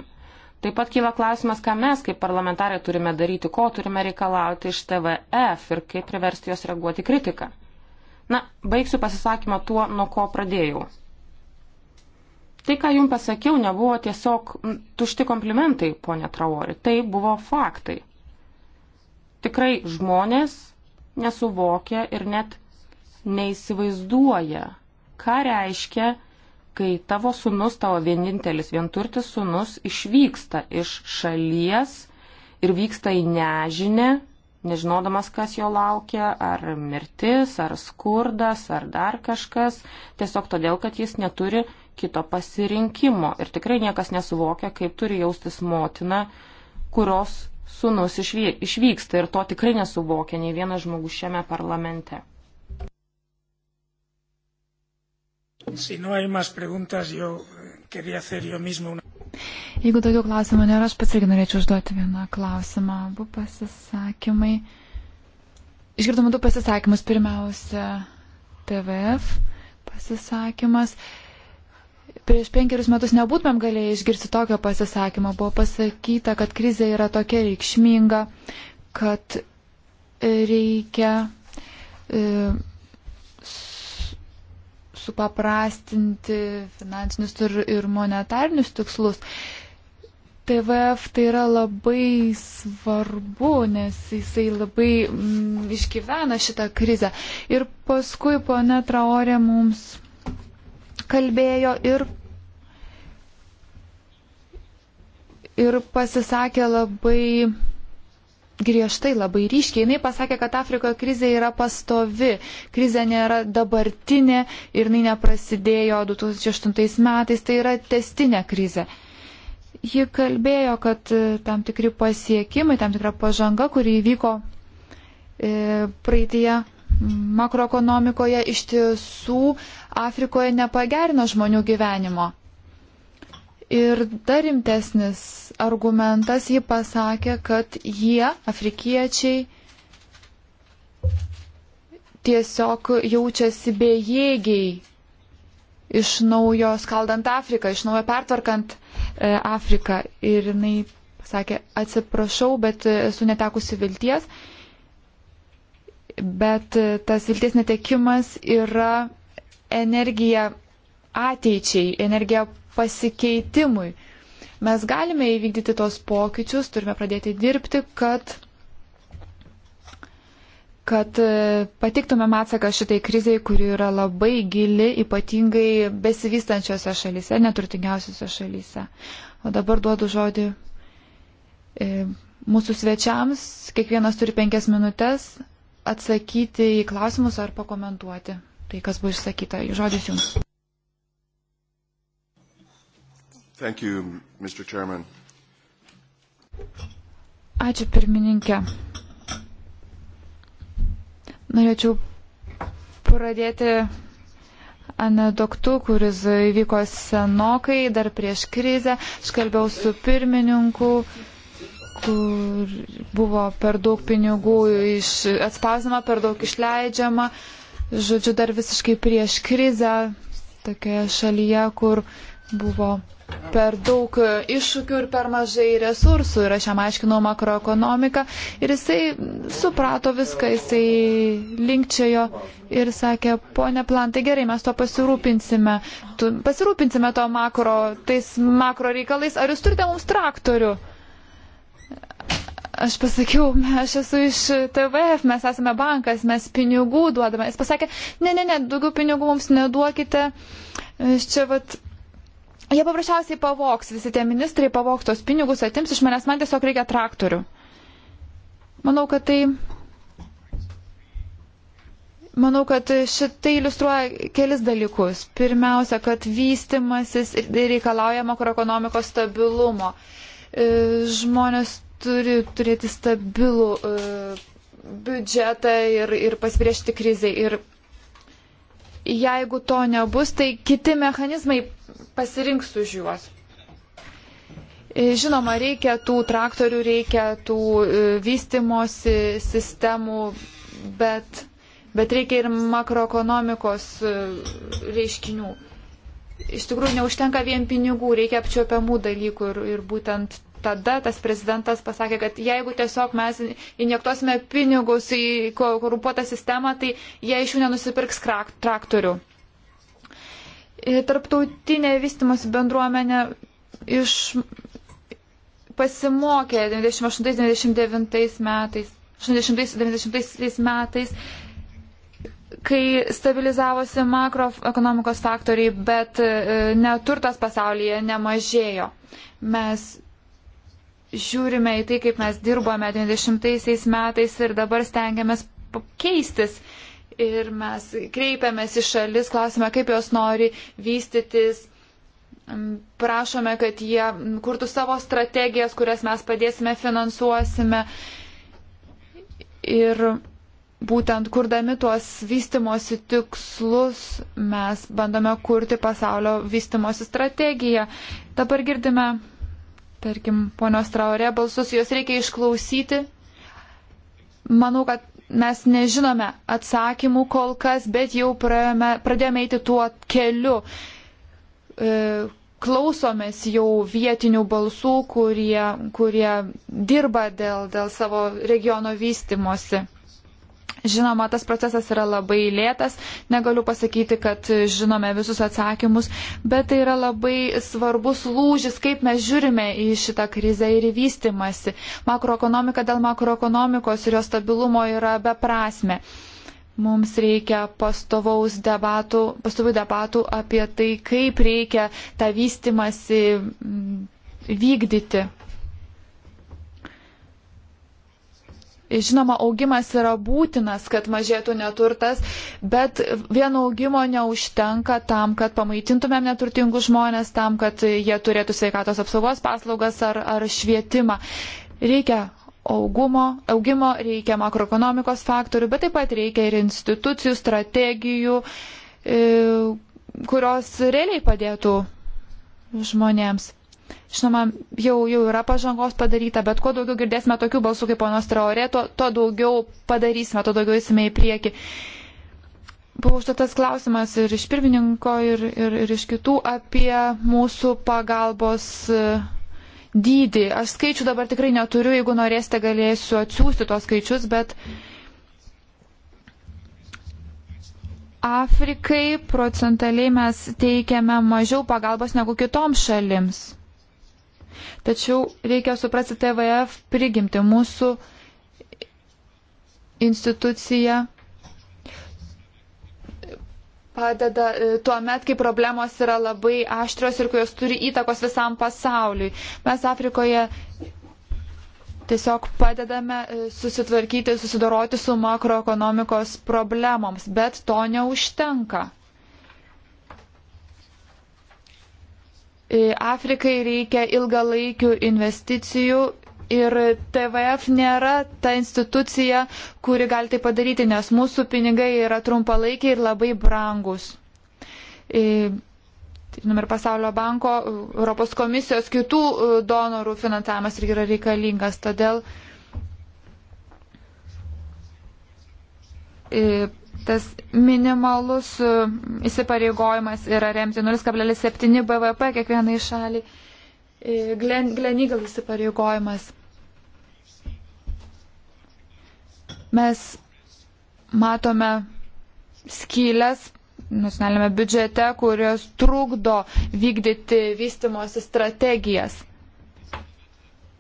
Taip pat kyla klausimas, ką mes kaip parlamentarai turime daryti, ko turime reikalauti iš TVF ir kaip priversti jos reaguoti kritiką. Na, baigsiu pasisakymą tuo, nuo ko pradėjau. Tai, ką jums pasakiau, nebuvo tiesiog tušti komplimentai, ponė Traori, tai buvo faktai. Tikrai žmonės nesuvokia ir net neįsivaizduoja, ką reiškia, kai tavo sunus, tavo vienintelis vienturtis sunus išvyksta iš šalies ir vyksta į nežinę, nežinodamas, kas jo laukia, ar mirtis, ar skurdas, ar dar kažkas, tiesiog todėl, kad jis neturi kito pasirinkimo. Ir tikrai niekas nesuvokia, kaip turi jaustis motina, kurios sunus išvyksta ir to tikrai nesuvokia nei vienas žmogus šiame parlamente. Si no hay más preguntas, yo eh, quería hacer yo mismo una. Jeigu daugiau klausimų nėra, aš pats irgi norėčiau užduoti vieną klausimą. Abu pasisakymai. Išgirdome du pasisakymus. Pirmiausia, TVF pasisakymas prieš penkerius metus nebūtumėm galėję išgirsti tokio pasisakymo. Buvo pasakyta, kad krizė yra tokia reikšminga, kad reikia e, supaprastinti finansinius ir, ir monetarinius tikslus. TVF tai yra labai svarbu, nes jisai labai mm, išgyvena šitą krizę. Ir paskui ponė Traorė mums kalbėjo ir, ir pasisakė labai griežtai, labai ryškiai. Jis pasakė, kad Afrikoje krizė yra pastovi, krizė nėra dabartinė ir jinai neprasidėjo 2008 metais, tai yra testinė krizė. Ji kalbėjo, kad e, tam tikri pasiekimai, tam tikra pažanga, kuri įvyko e, praeitie makroekonomikoje iš tiesų Afrikoje nepagerino žmonių gyvenimo. Ir dar rimtesnis argumentas jį pasakė, kad jie, afrikiečiai, tiesiog jaučiasi bejėgiai iš naujo skaldant Afriką, iš naujo pertvarkant e, Afriką. Ir jinai pasakė, atsiprašau, bet esu netekusi vilties. E, bet e, tas vilties netekimas yra energija ateičiai, energija pasikeitimui. Mes galime įvykdyti tos pokyčius, turime pradėti dirbti, kad, kad e, patiktumėm atsaką šitai kriziai, kuri yra labai gili, ypatingai besivystančiose šalyse, neturtingiausiose šalyse. O dabar duodu žodį e, mūsų svečiams. Kiekvienas turi penkias minutės atsakyti į klausimus ar pakomentuoti tai, kas buvo išsakyta. Žodis jums. Thank you, Mr. Chairman. Ačiū pirmininkė. Norėčiau pradėti anedoktu, kuris įvyko senokai, dar prieš krizę. Aš kalbėjau su pirmininku. Uh, kur buvo per daug pinigų iš, atspausdama, per daug išleidžiama. Žodžiu, dar visiškai prieš krizę, tokioje šalyje, kur buvo per daug iššūkių ir per mažai resursų. Ir aš jam aiškinau makroekonomiką ir jisai suprato viską, jisai linkčiojo ir sakė, ponė Plantai, gerai, mes to pasirūpinsime, tu, pasirūpinsime to makro, tais makro reikalais, ar jūs turite mums traktorių? Aš pasakiau, aš esu iš TVF, mes esame bankas, mes pinigų duodame. Jis pasakė, ne, ne, ne, daugiau pinigų mums neduokite. Aš čia vat. Jie paprasčiausiai pavoks, visi tie ministrai pavoks tos pinigus, atims iš manęs, man tiesiog reikia traktorių. Manau, kad tai. Manau, kad šitai iliustruoja kelis dalykus. Pirmiausia, kad vystimasis reikalauja makroekonomikos stabilumo e, žmonės turi turėti stabilų uh, biudžetą ir, ir pasipriešti krizai. Ir jeigu to nebus, tai kiti mechanizmai pasirinks už juos. E, žinoma, reikia tų traktorių, reikia tų e, vystimosi sistemų, bet, bet reikia ir makroekonomikos reiškinių. Iš tikrųjų, neužtenka vien pinigų, reikia apčiopiamų dalykų ir, ir būtent tada tas prezidentas pasakė, kad jeigu tiesiog mes injektuosime pinigus į korumpuotą sistemą, tai jie iš jų nenusipirks traktorių. E, tarptautinė vystimosi bendruomenė iš pasimokė 98-99 metais, 80-90 metais, kai stabilizavosi makroekonomikos faktoriai, bet e, neturtas pasaulyje nemažėjo. Mes žiūrime į tai, kaip mes dirbome 90-aisiais metais ir dabar stengiamės keistis. Ir mes kreipiamės į šalis, klausime, kaip jos nori vystytis, prašome, kad jie kurtų savo strategijas, kurias mes padėsime, finansuosime. Ir būtent kurdami tuos vystimosi tikslus mes bandome kurti pasaulio vystimosi strategiją. Dabar girdime tarkim, ponios Traorė balsus, juos reikia išklausyti. Manau, kad mes nežinome atsakymų kol kas, bet jau praėjome, pradėjome eiti tuo keliu. E, klausomės jau vietinių balsų, kurie, kurie dirba dėl, dėl savo regiono vystimosi. Žinoma, tas procesas yra labai lėtas, negaliu pasakyti, kad žinome visus atsakymus, bet tai yra labai svarbus lūžis, kaip mes žiūrime į šitą krizę ir įvystimasi. Makroekonomika dėl makroekonomikos ir jo stabilumo yra beprasme. Mums reikia pastovaus debatų, pastovių debatų apie tai, kaip reikia tą vystimasi vykdyti. Žinoma, augimas yra būtinas, kad mažėtų neturtas, bet vieno augimo neužtenka tam, kad pamaitintumėm neturtingus žmonės, tam, kad jie turėtų sveikatos apsaugos paslaugas ar, ar švietimą. Reikia augumo, augimo, reikia makroekonomikos faktorių, bet taip pat reikia ir institucijų, strategijų, e, kurios realiai padėtų žmonėms. Žinoma, jau, jau yra pažangos padaryta, bet kuo daugiau girdėsime tokių balsų kaip ponos Traorė, to, to daugiau padarysime, to daugiau įsime į priekį. Buvo užduotas klausimas ir iš pirmininko, ir, ir, ir iš kitų apie mūsų pagalbos e, dydį. Aš skaičių dabar tikrai neturiu, jeigu norėsite, galėsiu atsiųsti tos skaičius, bet Afrikai procentaliai mes teikiame mažiau pagalbos negu kitoms šalims. Tačiau reikia suprasti TVF prigimti mūsų instituciją padeda e, tuo met, kai problemos yra labai aštrios ir kai jos turi įtakos visam pasauliui. Mes Afrikoje tiesiog padedame e, susitvarkyti, susidoroti su makroekonomikos problemoms, bet to neužtenka. E, Afrikai reikia ilgalaikių investicijų ir TVF nėra ta institucija, kuri gali tai padaryti, nes mūsų pinigai yra trumpalaikiai ir labai brangus. E, Numer pasaulio banko, Europos komisijos, kitų e, donorų finansavimas irgi yra reikalingas. Todėl tas minimalus e, įsipareigojimas yra remti 0,7 BVP kiekvienai šaliai. E, Glenigal įsipareigojimas. Mes matome skylės nacionalinėme biudžete, kurios trukdo vykdyti vystimosi strategijas.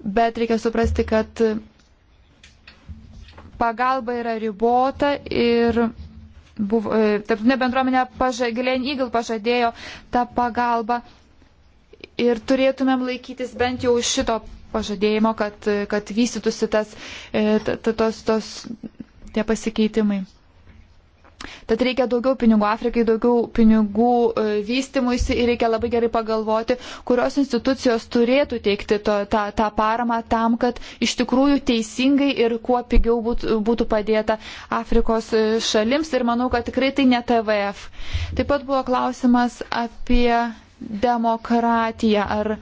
Bet reikia suprasti, kad pagalba yra ribota ir buvo, e, tarptautinė bendruomenė paža, Gilėn Eagle pažadėjo tą pagalbą ir turėtumėm laikytis bent jau šito pažadėjimo, kad, kad vystytųsi tas, e, tos, tos, tie pasikeitimai. Tad reikia daugiau pinigų Afrikai, daugiau pinigų e, vystimuisi ir reikia labai gerai pagalvoti, kurios institucijos turėtų teikti to, tą, tą paramą tam, kad iš tikrųjų teisingai ir kuo pigiau būtų, būtų padėta Afrikos e, šalims. Ir manau, kad tikrai tai ne TVF. Taip pat buvo klausimas apie demokratiją. Ar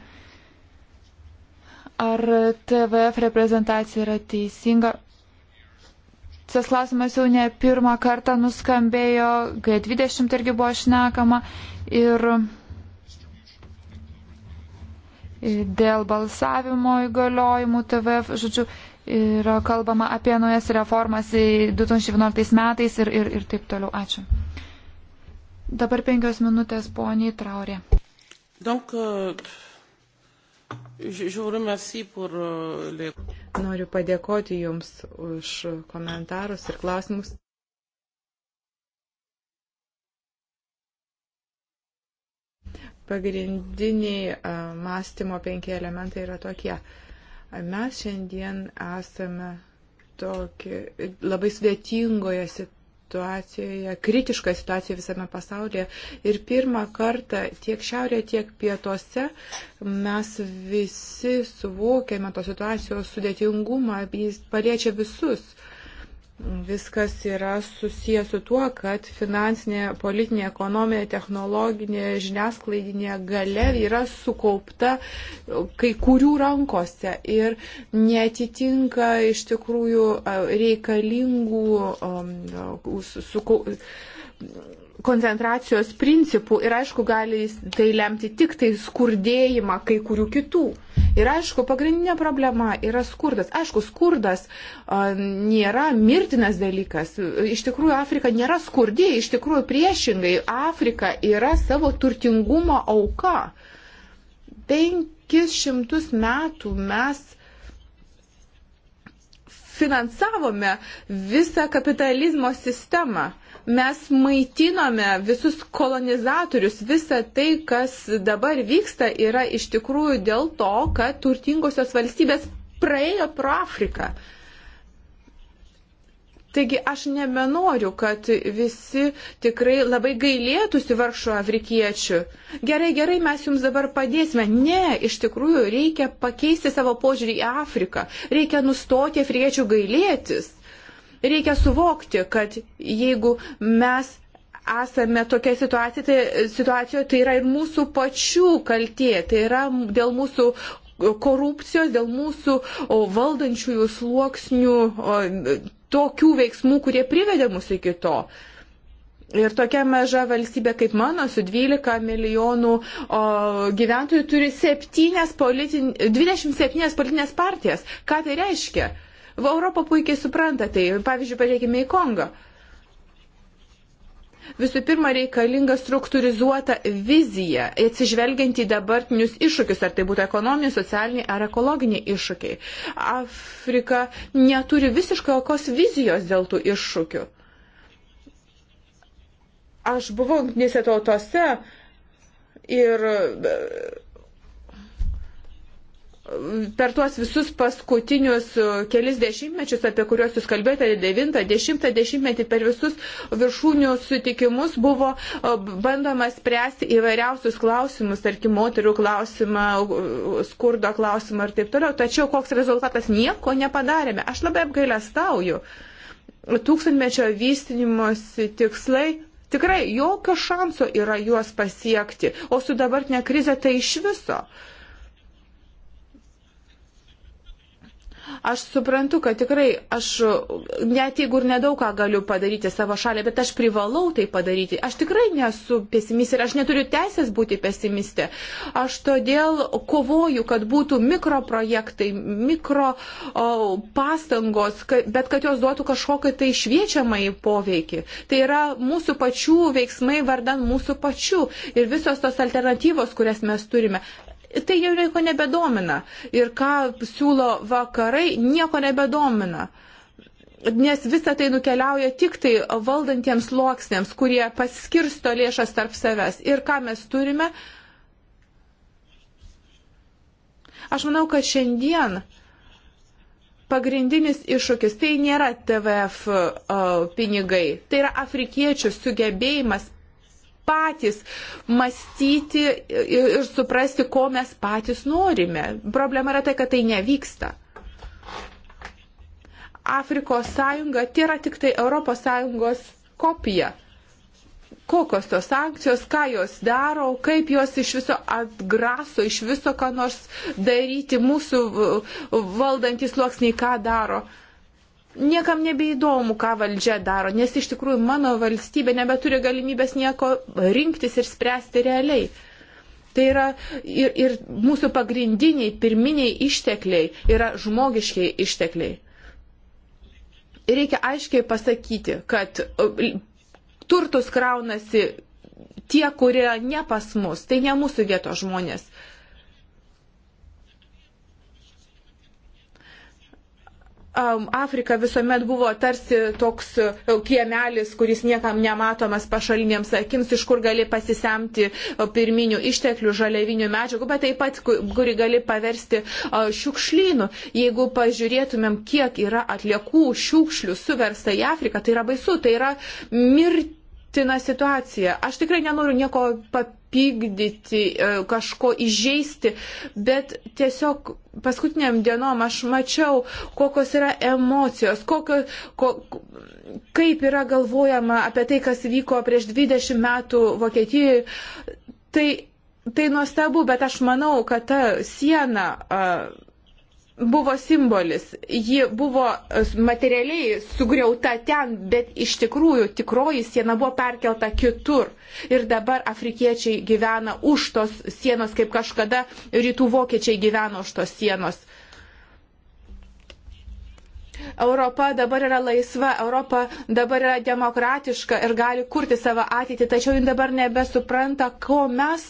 Ar TVF reprezentacija yra teisinga? Tas klausimas jau ne pirmą kartą nuskambėjo, kai 20 irgi buvo šnekama. Ir dėl balsavimo įgaliojimų TVF, žodžiu, yra kalbama apie naujas reformas 2011 metais ir, ir, ir taip toliau. Ačiū. Dabar penkios minutės poniai Traurė. Donc, euh... Euh, Noriu padėkoti Jums už komentarus ir klausimus. Pagrindiniai mąstymo penki elementai yra tokie. Mes šiandien esame tokie, labai svetingoje situacijoje situacijoje, kritiškoje situacijoje visame pasaulyje. Ir pirmą kartą tiek šiaurėje, tiek pietuose mes visi suvokėme tos situacijos sudėtingumą, jis paliečia visus. Uh, viskas yra susijęs su tuo, kad finansinė, politinė, ekonominė, technologinė, žiniasklaidinė gale yra sukaupta kai kurių rankose ir netitinka iš tikrųjų reikalingų um, su, su, koncentracijos principų ir aišku gali tai lemti tik tai skurdėjimą kai kurių kitų. Ir aišku, pagrindinė problema yra skurdas. Aišku, skurdas a, nėra mirtinas dalykas. Iš tikrųjų, Afrika nėra skurdi, iš tikrųjų priešingai, Afrika yra savo turtingumo auka. 500 metų mes finansavome visą kapitalizmo sistemą mes maitinome visus kolonizatorius, visa tai, kas dabar vyksta, yra iš tikrųjų dėl to, kad turtingosios valstybės praėjo pro Afriką. Taigi aš nebenoriu, kad visi tikrai labai gailėtųsi vargšų afrikiečių. Gerai, gerai, mes jums dabar padėsime. Ne, iš tikrųjų reikia pakeisti savo požiūrį į Afriką. Reikia nustoti afrikiečių gailėtis reikia suvokti, kad jeigu mes esame tokia situacija, tai, situacijoje, tai yra ir mūsų pačių kaltė, tai yra dėl mūsų korupcijos, dėl mūsų valdančiųjų sluoksnių, tokių veiksmų, kurie privedė mus iki to. Ir tokia maža valstybė kaip mano, su 12 milijonų o, gyventojų, turi 7 politin, 27 politinės partijas. Ką tai reiškia? Europa puikiai supranta tai. Pavyzdžiui, pažiūrėkime į Kongą. Visų pirma, reikalinga struktūrizuota vizija, atsižvelgiant į dabartinius iššūkius, ar tai būtų ekonominiai, socialiniai ar ekologiniai iššūkiai. Afrika neturi visiškai jokios vizijos dėl tų iššūkių. Aš buvau jungtinėse tautose ir per tuos visus paskutinius e, kelis dešimtmečius, apie kuriuos jūs kalbėjote, 9, 10 dešimtmetį, per visus viršūnių sutikimus buvo e, bandoma spręsti įvairiausius klausimus, tarkim, moterių klausimą, e, skurdo klausimą ir taip toliau. Tačiau koks rezultatas nieko nepadarėme. Aš labai apgailę stauju. Tūkstantmečio vystinimuose tikslai Tikrai jokio šanso yra juos pasiekti, o su dabartinė krize tai iš viso. Aš suprantu, kad tikrai aš net jeigu ir nedaug ką galiu padaryti savo šalį, bet aš privalau tai padaryti. Aš tikrai nesu pesimistė ir aš neturiu teisės būti pesimistė. Aš todėl kovoju, kad būtų mikroprojektai, mikro o, pastangos, kad, bet kad jos duotų kažkokį tai šviečiamąjį poveikį. Tai yra mūsų pačių veiksmai vardan mūsų pačių ir visos tos alternatyvos, kurias mes turime tai jau nieko nebedomina. Ir ką siūlo vakarai, nieko nebedomina nes visa tai nukeliauja tik tai valdantiems sluoksniams, kurie paskirsto lėšas tarp savęs. Ir ką mes turime? Aš manau, kad šiandien pagrindinis iššūkis tai nėra TVF o, pinigai, tai yra afrikiečių sugebėjimas patys mąstyti ir suprasti, ko mes patys norime. Problema yra tai, kad tai nevyksta. Afrikos sąjunga tai yra tik tai Europos sąjungos kopija. Kokios tos sankcijos, ką jos daro, kaip jos iš viso atgraso, iš viso ką nors daryti mūsų valdantys sluoksniai, ką daro. Uh, niekam nebeįdomu, ką valdžia daro, nes iš tikrųjų mano valstybė nebeturi galimybės nieko rinktis ir spręsti realiai. Tai yra ir, ir mūsų pagrindiniai, pirminiai ištekliai yra žmogiškiai ištekliai. Ir reikia aiškiai pasakyti, kad turtus kraunasi tie, kurie ne pas mus, tai ne mūsų vietos žmonės. um, Afrika visuomet buvo tarsi toks uh, kiemelis, kuris niekam nematomas pašalinėms akims, iš kur gali pasisemti uh, pirminių išteklių, žaliavinių medžiagų, bet taip pat, kuri gali paversti uh, šiukšlynu. Jeigu pažiūrėtumėm, kiek yra atliekų šiukšlių suversta į Afriką, tai yra baisu, tai yra mirtinas situacija. Aš tikrai nenoriu nieko papildyti supykdyti, e, kažko įžeisti, bet tiesiog paskutiniam dienom aš mačiau, kokios yra emocijos, kokio, ko, kaip yra galvojama apie tai, kas vyko prieš 20 metų Vokietijoje. Tai, tai nuostabu, bet aš manau, kad ta siena. Uh, buvo simbolis, ji buvo e, materialiai sugriauta ten, bet iš tikrųjų tikroji siena buvo perkelta kitur. Ir dabar afrikiečiai gyvena už tos sienos, kaip kažkada rytų vokiečiai gyveno už tos sienos. Europa dabar yra laisva, Europa dabar yra demokratiška ir gali kurti savo ateitį, tačiau jin dabar nebesupranta, ko mes,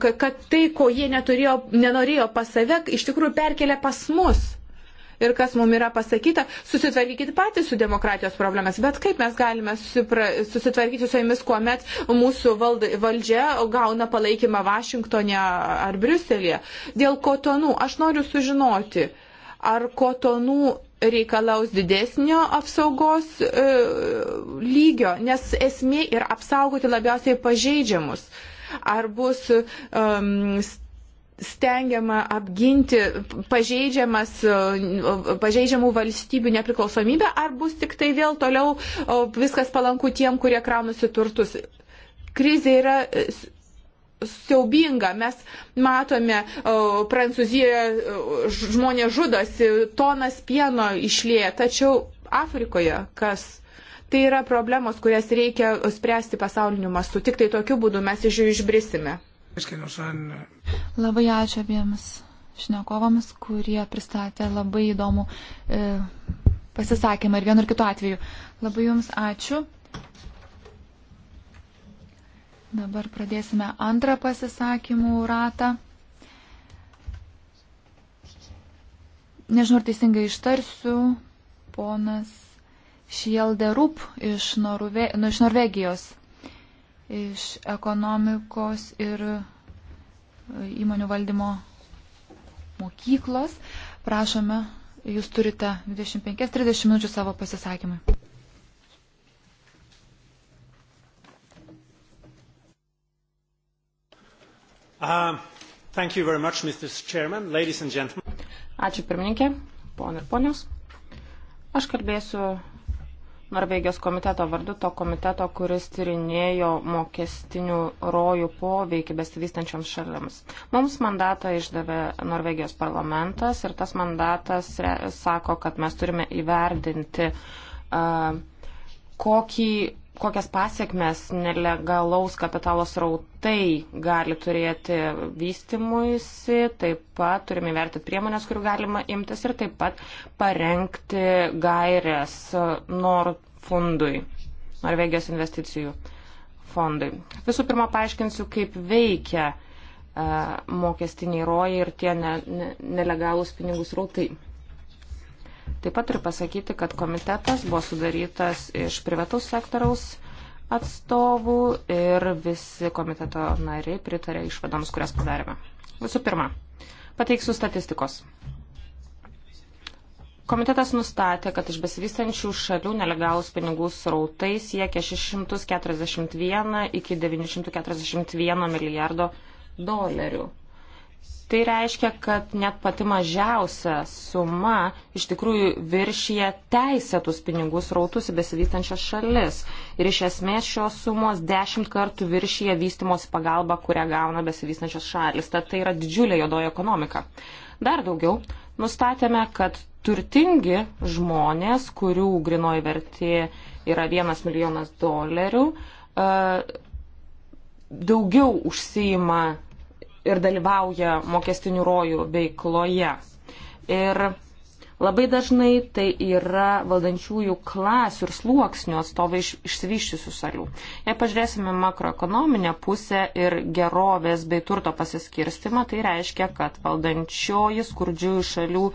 kad tai, ko jie neturėjo, nenorėjo pas save, iš tikrųjų perkelia pas mus ir kas mums yra pasakyta, susitvarkykit patys su demokratijos problemas. Bet kaip mes galime susitvarkyti su jomis, kuomet mūsų valdžia gauna palaikymą Vašingtonė ar Briuselėje? Dėl kotonų aš noriu sužinoti, ar kotonų reikalaus didesnio apsaugos e, lygio, nes esmė yra apsaugoti labiausiai pažeidžiamus. Ar bus um, stengiama apginti e, pažeidžiamų valstybių nepriklausomybę, ar bus tik tai vėl toliau viskas palanku tiem, kurie kraunusi turtus. Krizė yra e, siaubinga. Mes matome Prancūzijoje žmonės žudosi, tonas pieno išlėja, tačiau Afrikoje kas? Tai yra problemos, kurias reikia spręsti pasauliniu mastu. Tik tai tokiu būdu mes iš jų išbrisime. Eh, labai ačiū abiems šnekovams, kurie pristatė labai įdomų e, pasisakymą ir vienu ir kitu atveju. Labai Jums ačiū. Dabar pradėsime antrą pasisakymų ratą. Nežinau, ar teisingai ištarsiu, ponas Šielderup iš, Norve, nu, iš Norvegijos, iš ekonomikos ir įmonių valdymo mokyklos. Prašome, jūs turite 25-30 minučių savo pasisakymui. Uh, much, Chairman, Ačiū pirmininkė, ponai ir ponios. Aš kalbėsiu Norvegijos komiteto vardu, to komiteto, kuris tyrinėjo mokestinių rojų poveikį besivystančioms šalims. Mums mandatą išdavė Norvegijos parlamentas ir tas mandatas re, sako, kad mes turime įverdinti, uh, kokį kokias pasiekmes nelegalaus kapitalo srautai gali turėti vystimuisi, taip pat turime įvertinti priemonės, kurių galima imtis ir taip pat parengti gairias NOR fondui, Norvegijos investicijų fondui. Visų pirma, paaiškinsiu, kaip veikia mokestiniai rojai ir tie ne, ne, nelegalūs pinigų srautai. Taip pat turiu pasakyti, kad komitetas buvo sudarytas iš privataus sektoriaus atstovų ir visi komiteto nariai pritarė išvadoms, kurias padarėme. Visų pirma, pateiksiu statistikos. Komitetas nustatė, kad iš besivystančių šalių nelegalus pinigų srautai siekia 641 iki 941 milijardo dolerių. Tai reiškia, kad net pati mažiausia suma iš tikrųjų viršyje teisėtus pinigus rautus į besivystančias šalis. Ir iš esmės šios sumos dešimt kartų viršyje vystimosi pagalba, kurią gauna besivystančias šalis. Tad tai yra didžiulė jodoja ekonomika. Dar daugiau, nustatėme, kad turtingi žmonės, kurių grinoji vertė yra vienas milijonas dolerių, e, daugiau užsijima ir dalyvauja mokestinių rojų veikloje. Ir labai dažnai tai yra valdančiųjų klasių ir sluoksnių atstovai iš išsivyščiusių šalių. Jei pažiūrėsime makroekonominę pusę ir gerovės bei turto pasiskirstimą, tai reiškia, kad valdančioji skurdžiųjų šalių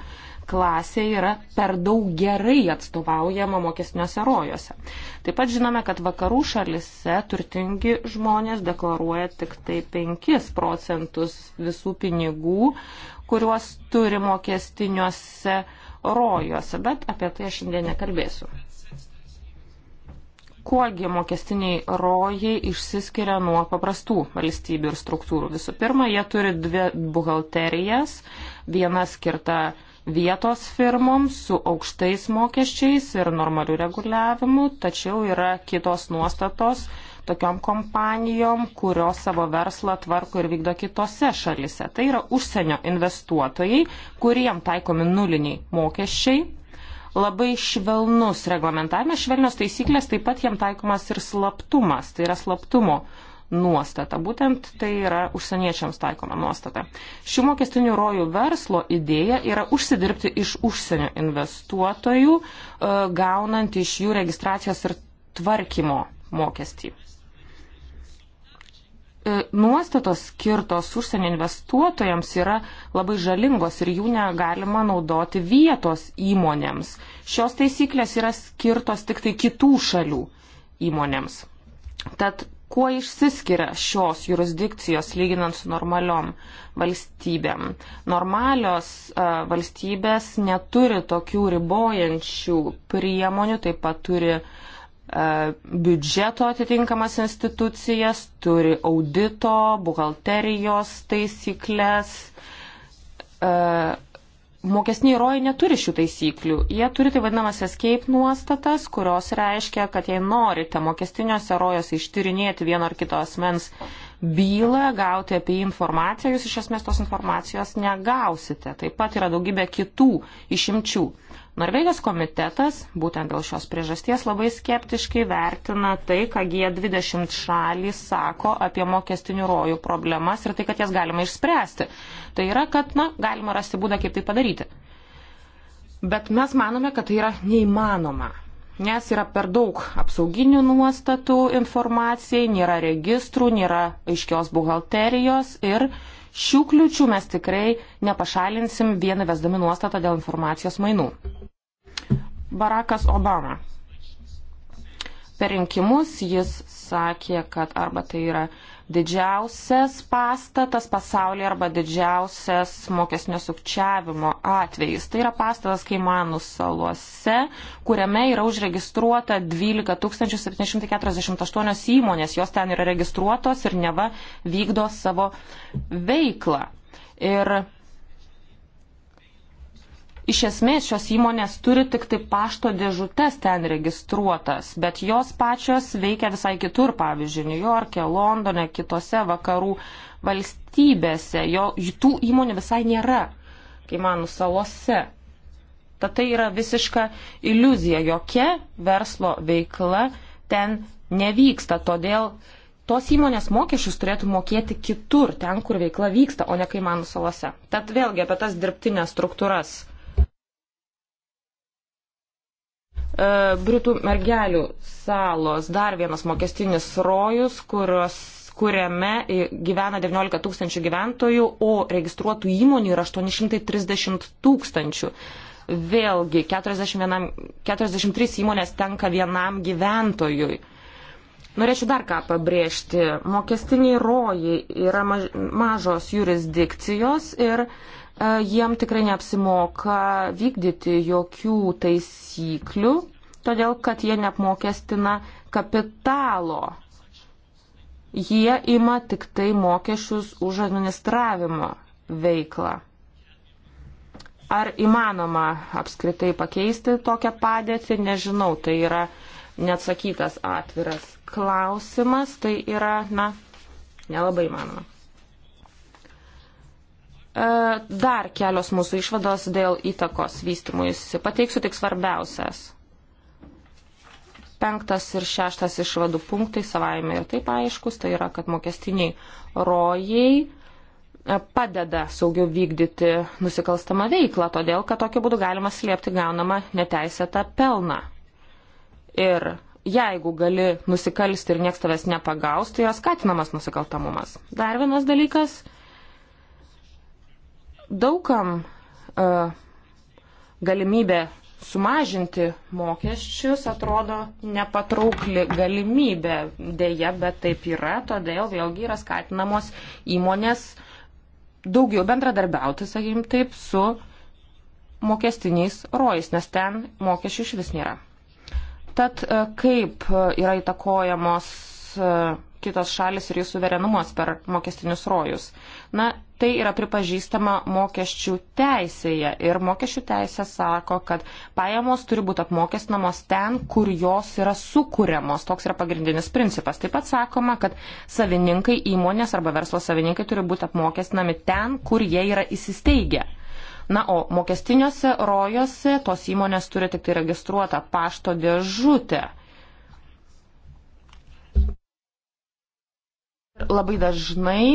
klasė yra per daug gerai atstovaujama mokesniuose rojuose. Taip pat žinome, kad vakarų šalise turtingi žmonės deklaruoja tik tai 5 procentus visų pinigų, kuriuos turi mokestiniuose rojuose, bet apie tai aš šiandien nekalbėsiu. Kuogi mokestiniai rojai išsiskiria nuo paprastų valstybių ir struktūrų? Visų pirma, jie turi dvi buhalterijas, viena skirta uh, vietos firmoms su aukštais mokesčiais ir normaliu reguliavimu, tačiau yra kitos nuostatos tokiom kompanijom, kurios savo verslą tvarko ir vykdo kitose šalise. Tai yra užsienio investuotojai, kuriem taikomi nuliniai mokesčiai. Labai švelnus reglamentavimas, švelnios taisyklės, taip pat jiem taikomas ir slaptumas, tai yra slaptumo nuostata. Būtent tai yra užsieniečiams taikoma nuostata. Šių mokestinių rojų verslo idėja yra užsidirbti iš užsienio investuotojų, e, gaunant iš jų registracijos ir tvarkymo mokestį. E, nuostatos skirtos užsienio investuotojams yra labai žalingos ir jų negalima naudoti vietos įmonėms. Šios taisyklės yra skirtos tik tai kitų šalių įmonėms. Tad Kuo išsiskiria šios jurisdikcijos lyginant su normaliom valstybėm? Normalios uh, valstybės neturi tokių ribojančių priemonių, taip pat turi uh, biudžeto atitinkamas institucijas, turi audito, buhalterijos taisyklės, uh, mokesniai rojai neturi šių taisyklių. Jie turi tai vadinamas escape nuostatas, kurios reiškia, kad jei norite mokestiniuose rojose ištyrinėti vieno ar kito asmens bylą, gauti apie jį informaciją, jūs iš esmės tos informacijos negausite. Taip pat yra daugybė kitų išimčių. Norvegijos komitetas būtent dėl šios priežasties labai skeptiškai vertina tai, ką G20 šalys sako apie mokestinių rojų problemas ir tai, kad jas galima išspręsti. Tai yra, kad na, galima rasti būdą, kaip tai padaryti. Bet mes manome, kad tai yra neįmanoma nes yra per daug apsauginių nuostatų informacijai, nėra registrų, nėra aiškios buhalterijos ir Šių kliučių mes tikrai nepašalinsim vieną vesdami nuostatą dėl informacijos mainų. Barakas Obama. Per rinkimus jis sakė, kad arba tai yra uh, didžiausias pastatas pasaulyje arba didžiausias mokesnio sukčiavimo atvejis. Tai yra pastatas Kaimanų salose, kuriame yra užregistruota 12 748 įmonės. Jos ten yra registruotos ir neva vykdo savo veiklą. Ir Iš esmės šios įmonės turi tik tai pašto dėžutes ten registruotas, bet jos pačios veikia visai kitur, pavyzdžiui, New York'e, Londone, kitose vakarų valstybėse. Jo, tų įmonių visai nėra, kai manų salose. Tad tai yra visiška iliuzija, jokia verslo veikla ten nevyksta, todėl tos įmonės mokesčius turėtų mokėti kitur, ten, kur veikla vyksta, o ne kai manų salose. Tad vėlgi apie tas dirbtinės struktūras E, Britų mergelių salos dar vienas mokestinis rojus, kurios, kuriame gyvena 19 tūkstančių gyventojų, o registruotų įmonių yra 830 tūkstančių. Vėlgi 41, 43 įmonės tenka vienam gyventojui. Norėčiau dar ką pabrėžti. Mokestiniai rojai yra mažos jurisdikcijos ir uh, E, jiem tikrai neapsimoka vykdyti jokių taisyklių, todėl kad jie neapmokestina kapitalo. Jie ima tik tai mokesčius už administravimo veiklą. Ar įmanoma apskritai pakeisti tokią padėtį, nežinau, tai yra neatsakytas atviras klausimas, tai yra, na, nelabai įmanoma. E, dar kelios mūsų išvados dėl įtakos vystimuisi. Pateiksiu tik svarbiausias. Penktas ir šeštas išvadų punktai savaime ir taip aiškus, tai yra, kad mokestiniai rojai e, padeda saugiau vykdyti nusikalstamą veiklą, todėl kad tokiu būdu galima slėpti gaunamą neteisėtą pelną. Ir jeigu gali nusikalsti ir niekas tavęs nepagaus, tai yra skatinamas nusikaltamumas. Dar vienas dalykas daugam e, galimybė sumažinti mokesčius atrodo nepatraukli galimybė. Deja, bet taip yra, todėl vėlgi yra skatinamos įmonės daugiau bendradarbiauti, sakykim taip, su mokestiniais rojais, nes ten mokesčių iš vis nėra. Tad e, kaip yra įtakojamos e, kitos šalis ir jų suverenumas per mokestinius rojus? Na, tai yra pripažįstama mokesčių teisėje. Ir mokesčių teisė sako, kad pajamos turi būti apmokestinamos ten, kur jos yra sukūriamos. Toks yra pagrindinis principas. Taip pat sakoma, kad savininkai įmonės arba verslo savininkai turi būti apmokestinami ten, kur jie yra įsisteigę. Na, o mokestiniuose rojuose tos įmonės turi tik tai registruotą pašto dėžutę. Labai dažnai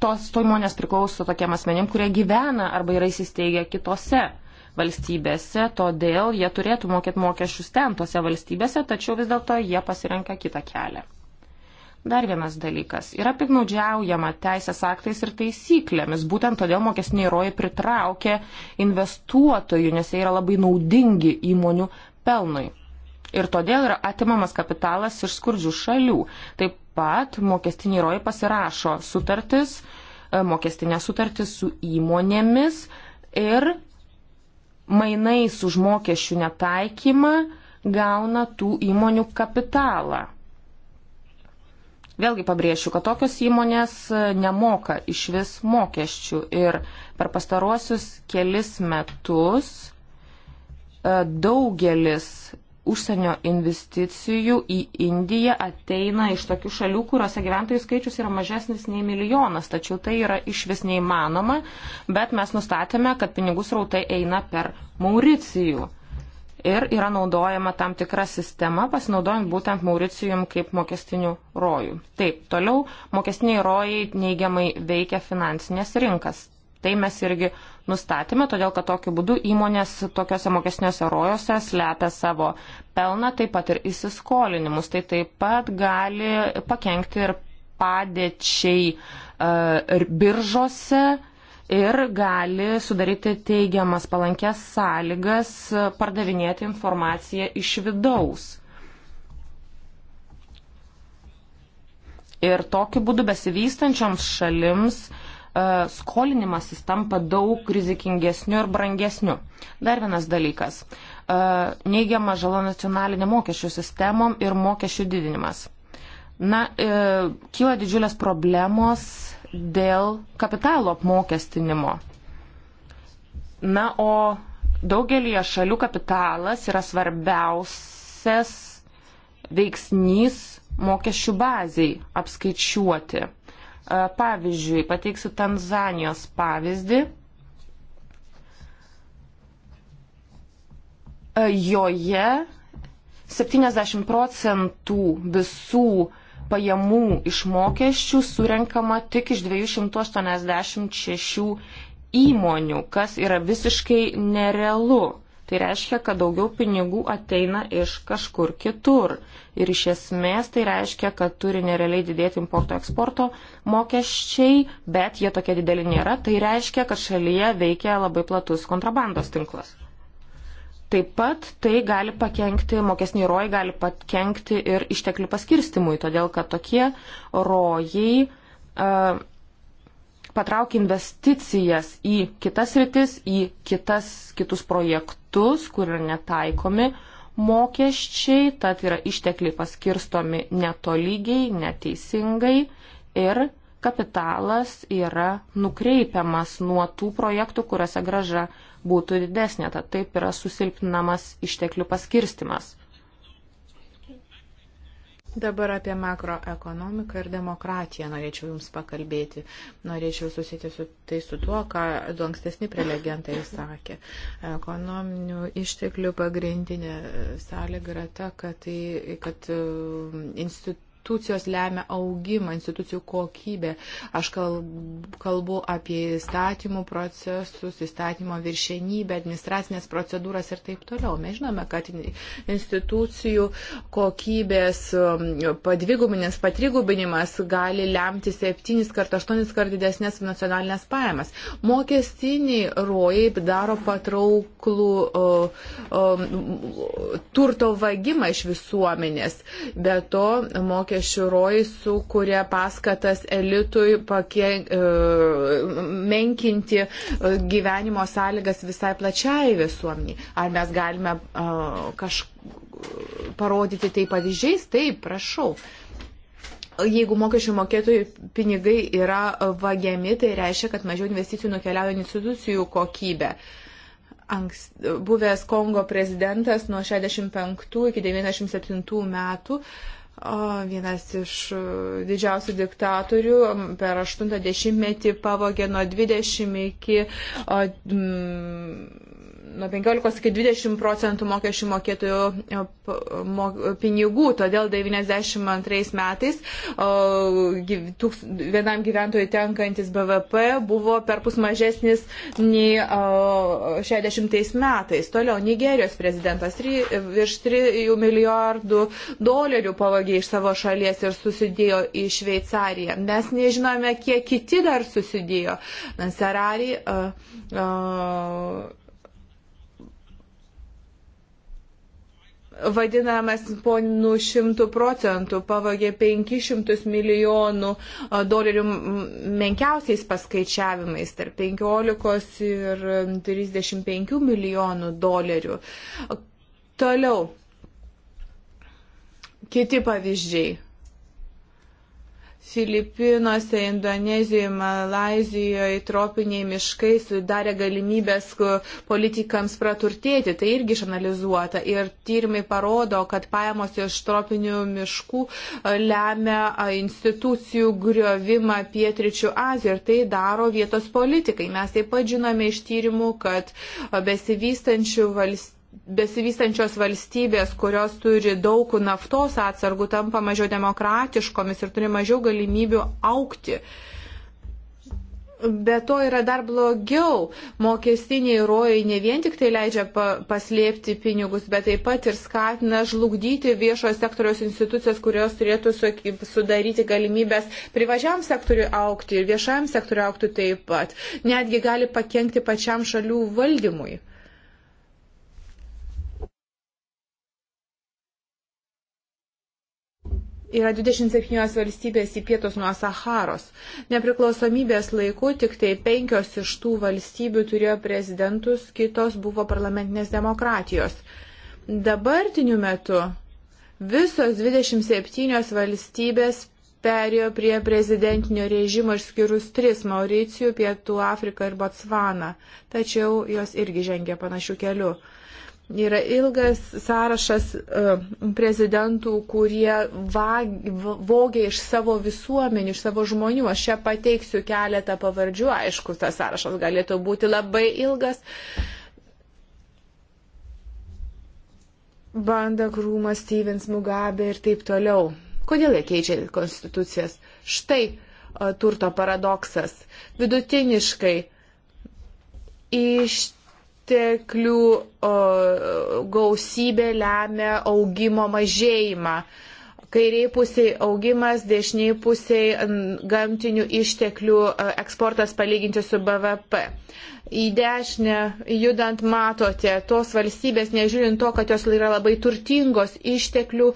tos to įmonės priklauso tokiem asmenim, kurie gyvena arba yra įsisteigę kitose valstybėse, todėl jie turėtų mokėti mokesčius ten, tose valstybėse, tačiau vis dėlto jie pasirenka kitą kelią. Dar vienas dalykas. Yra piknaudžiaujama teisės aktais ir taisyklėmis. Būtent todėl mokesniai rojai pritraukia investuotojų, nes jie yra labai naudingi įmonių pelnui. Ir todėl yra atimamas kapitalas iš skurdžių šalių. Taip pat mokestiniai rojai pasirašo sutartis, e, mokestinė sutartis su įmonėmis ir mainais už mokesčių netaikymą gauna tų įmonių kapitalą. Vėlgi pabrėšiu, kad tokios įmonės e, nemoka iš vis mokesčių ir per pastaruosius kelis metus e, daugelis užsienio investicijų į Indiją ateina iš tokių šalių, kuriuose gyventojų skaičius yra mažesnis nei milijonas, tačiau tai yra iš vis neįmanoma, bet mes nustatėme, kad pinigų srautai eina per Mauricijų. Ir yra naudojama tam tikra sistema, pasinaudojant būtent Mauricijum kaip mokestinių rojų. Taip, toliau mokestiniai rojai neigiamai veikia finansinės rinkas. Tai mes irgi nustatymą, todėl kad tokiu būdu įmonės tokiuose mokesniuose rojuose slepia savo pelną, taip pat ir įsiskolinimus. Tai taip pat gali pakengti ir padėčiai e, ir biržose ir gali sudaryti teigiamas palankės sąlygas pardavinėti informaciją iš vidaus. Ir tokiu būdu besivystančioms šalims uh, E, skolinimas jis tampa daug rizikingesniu ir brangesniu. Dar vienas dalykas e, - neigiama žala nacionalinė mokesčių sistemom ir mokesčių didinimas. Na, e, kyla didžiulės problemos dėl kapitalo apmokestinimo. Na, o daugelį šalių kapitalas yra svarbiausias veiksnys mokesčių baziai apskaičiuoti. Pavyzdžiui, pateiksiu Tanzanijos pavyzdį. Joje 70 procentų visų pajamų iš mokesčių surenkama tik iš 286 įmonių, kas yra visiškai nerealu. Tai reiškia, kad daugiau pinigų ateina iš kažkur kitur. Ir iš esmės tai reiškia, kad turi nerealiai didėti importo eksporto mokesčiai, bet jie tokie dideli nėra. Tai reiškia, kad šalyje veikia labai platus kontrabandos tinklas. Taip pat tai gali pakenkti, mokesniai rojai gali pakenkti ir išteklių paskirstimui, todėl kad tokie rojai uh, patraukia investicijas į kitas rytis, į kitas, kitus projektus, kur yra netaikomi mokesčiai, tad yra ištekliai paskirstomi netolygiai, neteisingai ir kapitalas yra nukreipiamas nuo tų projektų, kuriuose graža būtų didesnė, tad taip yra susilpinamas išteklių paskirstimas. Dabar apie makroekonomiką ir demokratiją norėčiau Jums pakalbėti. Norėčiau susiti su, tai su tuo, ką du ankstesni prelegentai sakė. Ekonominių išteklių pagrindinė sąlyga yra ta, kad, tai, kad um, institucijų institucijos lemia augimą, institucijų kokybė. Aš kalbu apie įstatymų procesus, įstatymo viršenybę, administracinės procedūras ir taip toliau. Mes žinome, kad institucijų kokybės um, padvigubinimas, patrigubinimas gali lemti septynis kart, aštuonis kart didesnės nacionalinės pajamas. Mokestiniai rojai daro patrauklų o, uh, o, um, turto vagimą iš visuomenės. Be to, mokesčių mokesčių rojai sukuria paskatas elitui pake, e, menkinti e, gyvenimo sąlygas visai plačiai visuomeniai. Ar mes galime e, kažkaip parodyti tai pavyzdžiais? Taip, prašau jeigu mokesčių mokėtojų pinigai yra vagiami, tai reiškia, kad mažiau investicijų nukeliauja institucijų kokybę. Anks, buvęs Kongo prezidentas nuo 65 iki 97 metų uh, Vienas iš e, didžiausių diktatorių per 80-metį pavogė nuo 20 iki nuo 15 iki 20 procentų mokesčių mokėtojų e, pinigų, todėl 92 metais vienam gyventojui tenkantis BVP buvo perpus mažesnis nei 60 metais. Toliau Nigerijos prezidentas virš 3 milijardų dolerių pavagė iš savo šalies ir susidėjo į Šveicariją. Mes nežinome, kiek kiti dar susidėjo. Serari uh, e, uh, e, vadinamas ponų šimtų procentų, pavogė 500 milijonų dolerių menkiausiais paskaičiavimais, tarp 15 ir 35 milijonų dolerių. Toliau, kiti pavyzdžiai. Filipinuose, Indonezijoje, Malazijoje tropiniai miškai sudarė galimybės politikams praturtėti. Tai irgi išanalizuota. Ir tyrimai parodo, kad pajamos iš tropinių miškų e, lemia institucijų griovimą pietričių Aziją. Ir tai daro vietos politikai. Mes taip pat žinome iš tyrimų, kad besivystančių valstybių besivystančios valstybės, kurios turi daug naftos atsargų, tampa mažiau demokratiškomis ir turi mažiau galimybių aukti. Be to yra dar blogiau. Mokestiniai rojai ne vien tik tai leidžia pa paslėpti pinigus, bet taip pat ir skatina žlugdyti viešojo sektoriaus institucijas, kurios turėtų su sudaryti galimybės privažiam sektoriui aukti ir viešajam sektoriui aukti taip pat. Netgi gali pakengti pačiam šalių valdymui. Yra 27 valstybės į pietus nuo Saharos. Nepriklausomybės laiku tik tai penkios iš tų valstybių turėjo prezidentus, kitos buvo parlamentinės demokratijos. Dabartiniu metu visos 27 valstybės perėjo prie prezidentinio režimo išskyrus tris - Mauricijų, Pietų Afriką ir Botsvaną. Tačiau jos irgi žengė panašių kelių. Yra ilgas sąrašas e, prezidentų, kurie vogia iš savo visuomenių, iš savo žmonių. Aš čia pateiksiu keletą pavardžių, aišku, tas sąrašas galėtų būti labai ilgas. Banda Krūmas, Stevens, Mugabe ir taip toliau. Kodėl jie keičia konstitucijas? Štai e, turto paradoksas. Vidutiniškai iš išteklių gausybė lemia augimo mažėjimą. Kairiai pusiai augimas, dešiniai pusiai gamtinių išteklių e, eksportas palyginti su BVP. Į dešinę judant matote, tos valstybės, nežiūrint to, kad jos yra labai turtingos išteklių,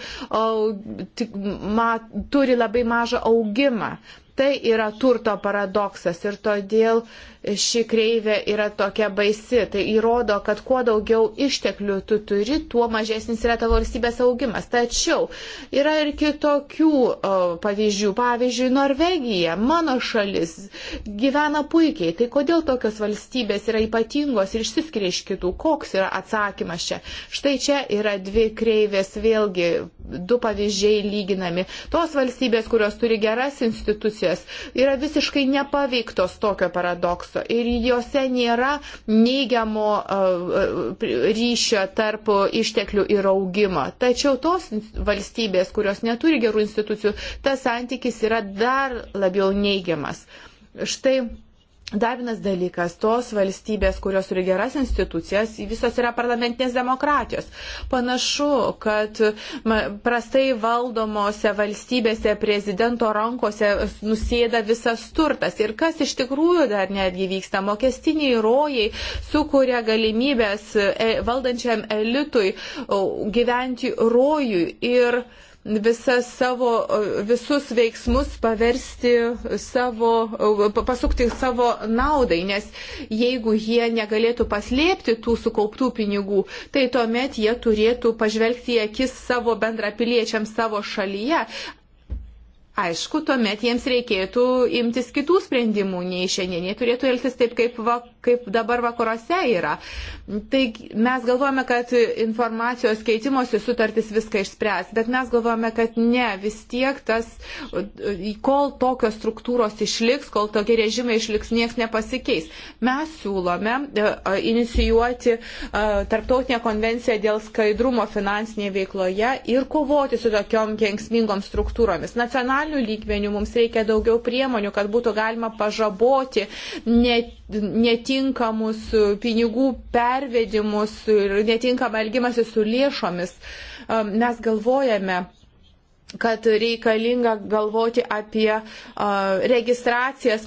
turi labai mažą augimą. Tai yra turto paradoksas ir todėl uh, ši kreivė yra tokia baisi. Tai įrodo, kad kuo daugiau išteklių tu turi, tuo mažesnis yra tavo valstybės augimas. Tačiau yra ir kitokių o, pavyzdžių. Pavyzdžiui, Norvegija, mano šalis, gyvena puikiai. Tai kodėl tokios valstybės yra ypatingos ir išsiskiria iš kitų? Koks yra atsakymas čia? Štai čia yra dvi kreivės, vėlgi du pavyzdžiai lyginami. Tos valstybės, kurios turi geras institucijas, yra visiškai nepaveiktos tokio paradokso paradokso ir juose nėra neigiamo e, e, ryšio tarp išteklių ir augimo. Tačiau tos valstybės, kurios neturi gerų institucijų, tas santykis yra dar labiau neigiamas. Štai Dar vienas dalykas, tos valstybės, kurios turi geras institucijas, visos yra parlamentinės demokratijos. Panašu, kad prastai valdomose valstybėse prezidento rankose nusėda visas turtas. Ir kas iš tikrųjų dar netgi vyksta, mokestiniai rojai sukuria galimybės e, valdančiam elitui gyventi rojui. Ir visas savo, visus veiksmus paversti savo, pasukti savo naudai, nes jeigu jie negalėtų paslėpti tų sukauptų pinigų, tai tuomet jie turėtų pažvelgti į akis savo bendrapiliečiams savo šalyje. Aišku, tuomet jiems reikėtų imtis kitų sprendimų, nei šiandien jie turėtų elgtis taip, kaip, va, kaip dabar vakaruose yra. Tai mes galvojame, kad informacijos keitimosi sutartis viską išspręs, bet mes galvojame, kad ne, vis tiek tas, kol tokios struktūros išliks, kol tokie režimai išliks, niekas nepasikeis. Mes siūlome e, inicijuoti e, tarptautinę konvenciją dėl skaidrumo finansinėje veikloje ir kovoti su tokiom kenksmingom struktūromis. Nacional nacionaliniu lygmeniu mums reikia daugiau priemonių, kad būtų galima pažaboti netinkamus pinigų pervedimus ir netinkamą elgimąsi su lėšomis. Mes galvojame, kad reikalinga galvoti apie uh, registracijas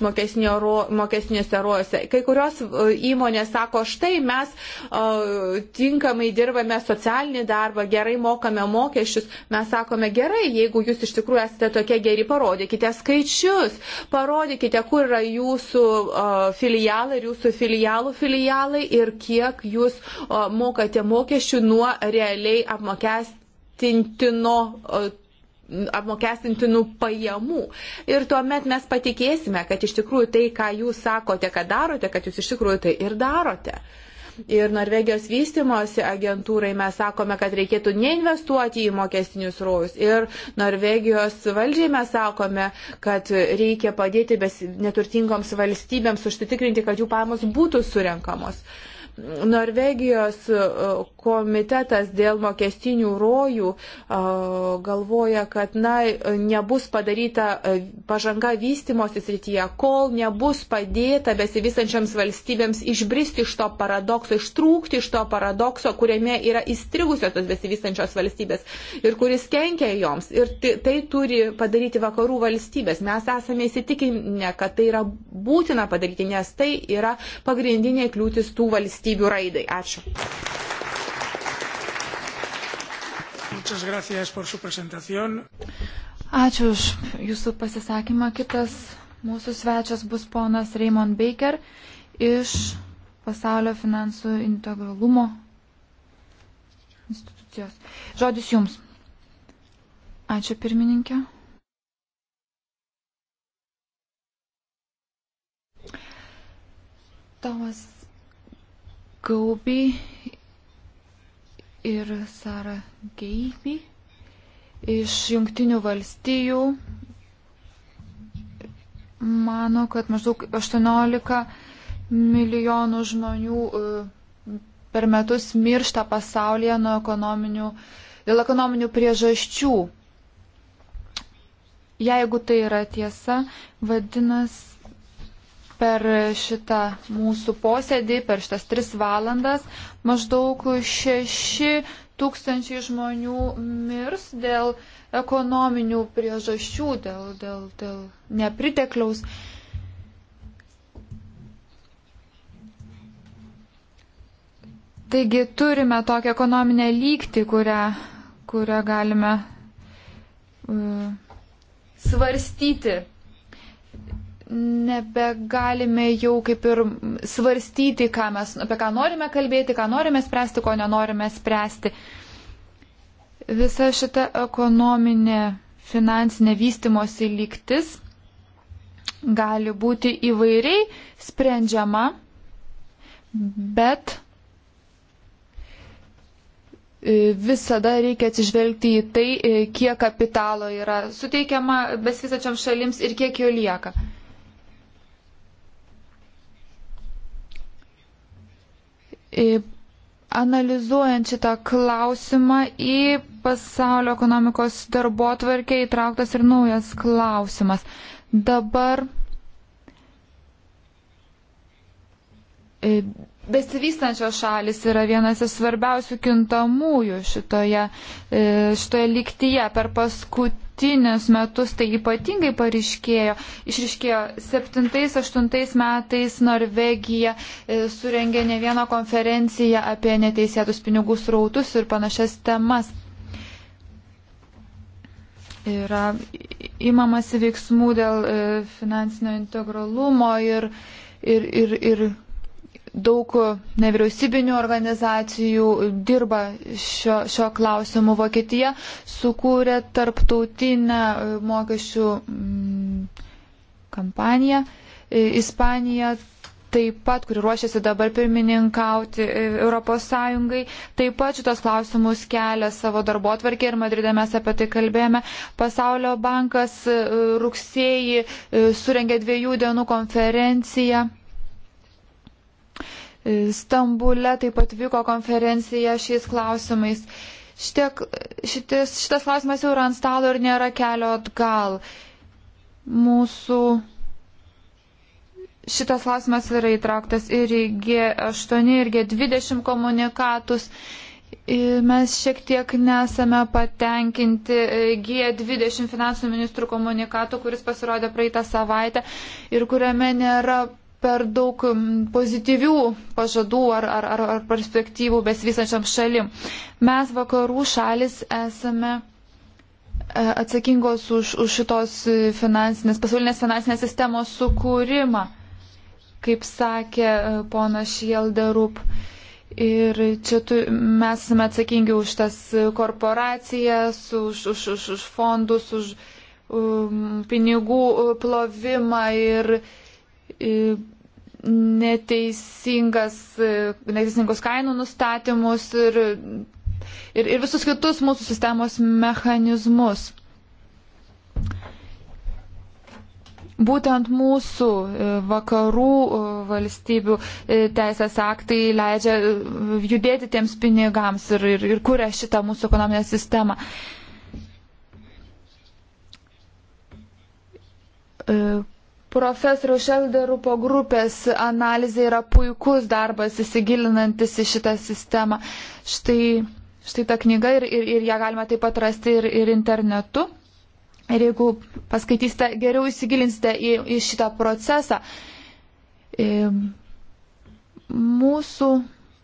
ro, mokesnėse ruose. Kai kurios įmonės sako, štai mes uh, tinkamai dirbame socialinį darbą, gerai mokame mokesčius. Mes sakome, gerai, jeigu jūs iš tikrųjų esate tokie geri, parodykite skaičius, parodykite, kur yra jūsų uh, filialai ir jūsų filialų filialai ir kiek jūs uh, mokate mokesčių nuo realiai apmokestintino. Uh, apmokestintinų pajamų. Ir tuomet mes patikėsime, kad iš tikrųjų tai, ką jūs sakote, kad darote, kad jūs iš tikrųjų tai ir darote. Ir Norvegijos vystimosi agentūrai mes sakome, kad reikėtų neinvestuoti į mokestinius rojus. Ir Norvegijos valdžiai mes sakome, kad reikia padėti neturtingoms valstybėms užsitikrinti, kad jų pajamos būtų surenkamos. Uh, Norvegijos e, komitetas dėl mokestinių rojų e, galvoja, kad na, nebus padaryta e, pažanga vystimosi srityje, kol nebus padėta besivystančiams valstybėms išbristi iš to paradokso, ištrūkti iš to paradokso, kuriame yra įstrigusios tos besivystančios valstybės ir kuris kenkia joms. Ir tai turi padaryti vakarų valstybės. Mes esame įsitikinę, kad tai yra būtina padaryti, nes tai yra pagrindinė kliūtis tų valstybių valstybių raidai. Ačiū. Ačiū už Jūsų pasisakymą. Kitas mūsų svečias bus ponas Raymond Baker iš pasaulio finansų integralumo institucijos. Žodis Jums. Ačiū pirmininkė. Tomas Gaubi ir Sara Geibi iš Junktinių valstijų mano, kad maždaug 18 milijonų žmonių e, per metus miršta pasaulyje nuo ekonominių, dėl ekonominių priežasčių. Jeigu tai yra tiesa, vadinasi, per šitą mūsų posėdį, per šitas tris valandas, maždaug šeši tūkstančiai žmonių mirs dėl ekonominių priežasčių, dėl, dėl, dėl nepritekliaus. Taigi turime tokią ekonominę lygtį, kurią, kurią galime uh, svarstyti nebegalime jau kaip ir svarstyti, ką mes, apie ką norime kalbėti, ką norime spręsti, ko nenorime spręsti. Visa šita ekonominė finansinė vystimosi lygtis gali būti įvairiai sprendžiama, bet e, visada reikia atsižvelgti į tai, e, kiek kapitalo yra suteikiama besisačiam šalims ir kiek jo lieka. Analizuojant šitą klausimą į pasaulio ekonomikos darbo tvarkę įtrauktas ir naujas klausimas. Dabar e, besivystančios šalis yra vienas iš svarbiausių kintamųjų šitoje, e, šitoje lygtyje. Per paskutinius metus tai ypatingai pareiškėjo. Išriškėjo 7-8 metais Norvegija e, surengė ne vieną konferenciją apie neteisėtus pinigų srautus ir panašias temas. Yra įmamasi veiksmų dėl e, finansinio integralumo ir, ir, ir, ir daug nevyriausybinių organizacijų dirba šio, šio klausimu. Vokietija sukūrė tarptautinę e, mokesčių mm, kampaniją. E, Ispanija taip pat, kuri ruošiasi dabar pirmininkauti ES, taip pat šitos klausimus kelia savo darbo atvarkė ir Madride mes apie tai kalbėjome. Pasaulio bankas e, rugsėjį surengė dviejų dienų konferenciją Stambule taip pat vyko konferencija šiais klausimais. Šitiek, šitis, šitas klausimas jau yra ant stalo ir nėra kelio atgal. Mūsų šitas klausimas yra įtrauktas ir į G8 ir G20 komunikatus. Ir mes šiek tiek nesame patenkinti e, G20 finansų ministrų komunikatu, kuris pasirodė praeitą savaitę ir kuriame nėra per daug pozityvių pažadų ar, ar, ar, ar perspektyvų besivysančiam šalim. Mes vakarų šalis esame e, atsakingos už, už šitos finansinės, pasaulinės finansinės sistemos sukūrimą, kaip sakė e, ponas Šielderup. Ir čia tu, mes esame atsakingi už tas korporacijas, už, už, už, už fondus, už um, pinigų e, plovimą ir, ir neteisingus kainų nustatymus ir, ir, ir visus kitus mūsų sistemos mechanizmus. Būtent mūsų e, vakarų e, valstybių e, teisės aktai leidžia judėti tiems pinigams ir, ir, ir kuria šitą mūsų ekonominę sistemą. E, Profesorių Šelderupo grupės analizė yra puikus darbas įsigilinantis į šitą sistemą. Štai, štai ta knyga ir, ir, ir ją galima taip pat rasti ir, ir internetu. Ir jeigu paskaitysite, geriau įsigilinsite į, į šitą procesą. E, mūsų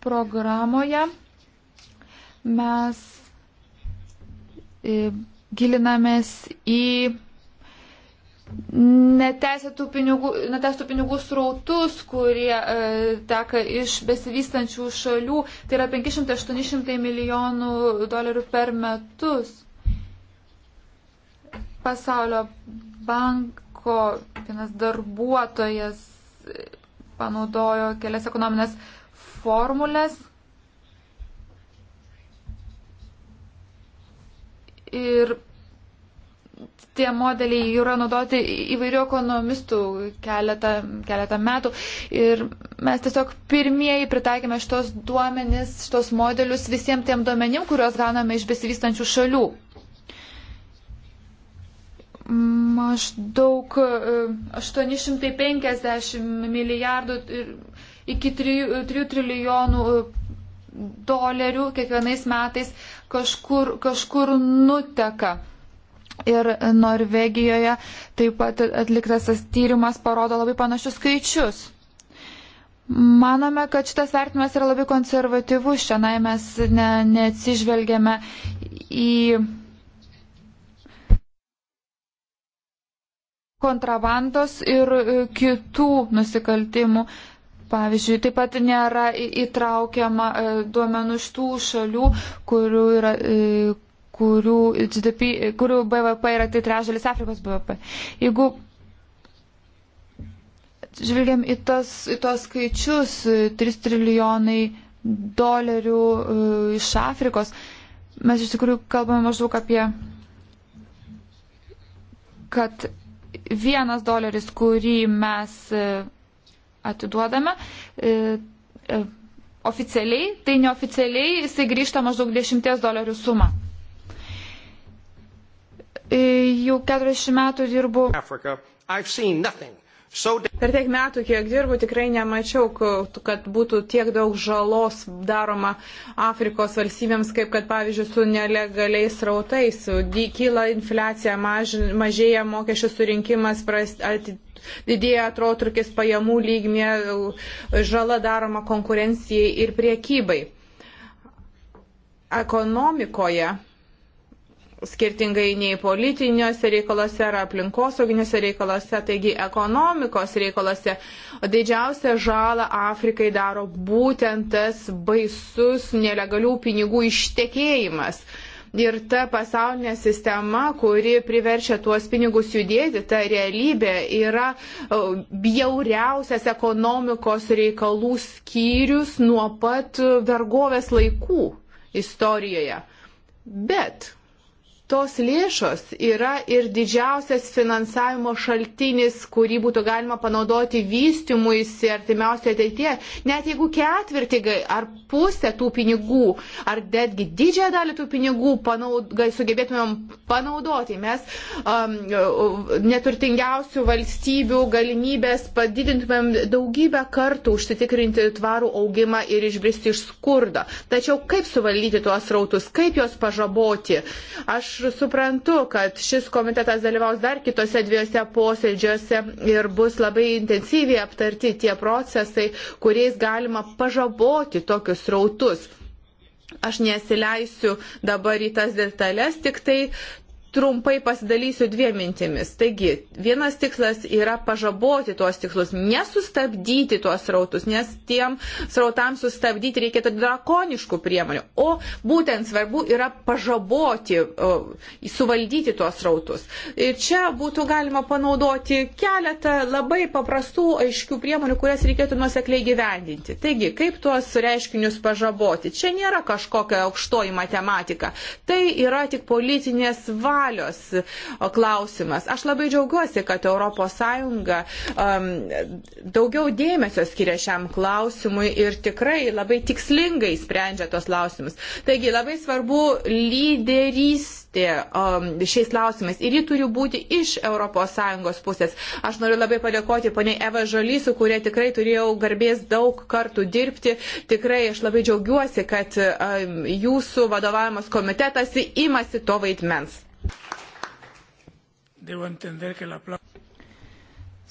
programoje mes e, gilinamės į netesėtų pinigų, netestų pinigų srautus, kurie e, teka iš besivystančių šalių. Tai yra 500-800 milijonų dolerių per metus. Pasaulio banko vienas darbuotojas e, panaudojo kelias ekonominės formulės. Ir tie modeliai yra naudoti įvairių ekonomistų keletą, keletą metų. Ir mes tiesiog pirmieji pritaikėme šitos duomenis, šitos modelius visiems tiem duomenim, kuriuos gauname iš besivystančių šalių. Maždaug 850 e, milijardų iki 3, 3 trilijonų e, dolerių kiekvienais metais kažkur, kažkur nuteka. Ir Norvegijoje taip pat atliktas tas tyrimas parodo labai panašius skaičius. Manome, kad šitas vertimas yra labai konservatyvus, šiandien mes ne, neatsižvelgiame į kontrabandos ir e, kitų nusikaltimų. Pavyzdžiui, taip pat nėra įtraukiama e, duomenų iš tų šalių, yra, e, kurių, GDP, kurių BVP yra tai trečdalis Afrikos BVP. Jeigu žvelgiam į, tas, į tos skaičius, 3 trilijonai dolerių e, iš Afrikos, mes iš tikrųjų kalbame maždaug apie, kad vienas doleris, kurį mes e, atiduodame, e, oficialiai, tai neoficialiai jisai grįžta maždaug 10 dolerių sumą. E, jau 40 metų dirbu. Africa, so... Per tiek metų, kiek dirbu, tikrai nemačiau, kad būtų tiek daug žalos daroma Afrikos valstybėms, kaip kad, pavyzdžiui, su nelegaliais rautais. Kyla infliacija, maž, mažėja mokesčių surinkimas, prast, ati, didėja atrotrukis pajamų lygmė, žala daroma konkurencijai ir priekybai. Ekonomikoje skirtingai nei politiniuose reikaluose ar aplinkosauginiuose reikaluose, taigi ekonomikos reikaluose. Didžiausią žalą Afrikai daro būtent tas baisus nelegalių pinigų ištekėjimas. Ir ta pasaulinė sistema, kuri priverčia tuos pinigus judėti, ta realybė yra bjauriausias ekonomikos reikalų skyrius nuo pat vergovės laikų istorijoje. Bet tos lėšos yra ir didžiausias finansavimo šaltinis, kurį būtų galima panaudoti vystimuisi artimiausioje ateityje. Net jeigu ketvirtį ar pusę tų pinigų, ar netgi didžiąją dalį tų pinigų panaud, sugebėtumėm panaudoti, mes um, neturtingiausių valstybių galimybės padidintumėm daugybę kartų užsitikrinti tvarų augimą ir išbristi iš skurdo. Tačiau kaip suvaldyti tuos rautus, kaip juos pažaboti? Aš suprantu, kad šis komitetas dalyvaus dar kitose dviejose posėdžiuose ir bus labai intensyviai aptarti tie procesai, kuriais galima pažaboti tokius rautus. Aš nesileisiu dabar į tas detalės, tik tai trumpai pasidalysiu dviem mintimis. Taigi, vienas tikslas yra pažaboti tuos tikslus, nesustabdyti tuos srautus, nes tiem srautams sustabdyti reikėtų drakoniškų priemonių. O būtent svarbu yra pažaboti, suvaldyti tuos srautus. Ir čia būtų galima panaudoti keletą labai paprastų, aiškių priemonių, kurias reikėtų nusekliai gyvendinti. Taigi, kaip tuos reiškinius pažaboti? Čia nėra kažkokia aukštoji matematika. Tai yra tik politinės valios galios klausimas. Aš labai džiaugiuosi, kad ES um, daugiau dėmesio skiria šiam klausimui ir tikrai labai tikslingai sprendžia tos klausimus. Taigi labai svarbu lyderystė um, šiais klausimais ir ji turi būti iš ES pusės. Aš noriu labai padėkoti poniai Eva Žalys, su kuria tikrai turėjau garbės daug kartų dirbti. Tikrai aš labai džiaugiuosi, kad um, jūsų vadovavimas komitetas imasi to vaidmens.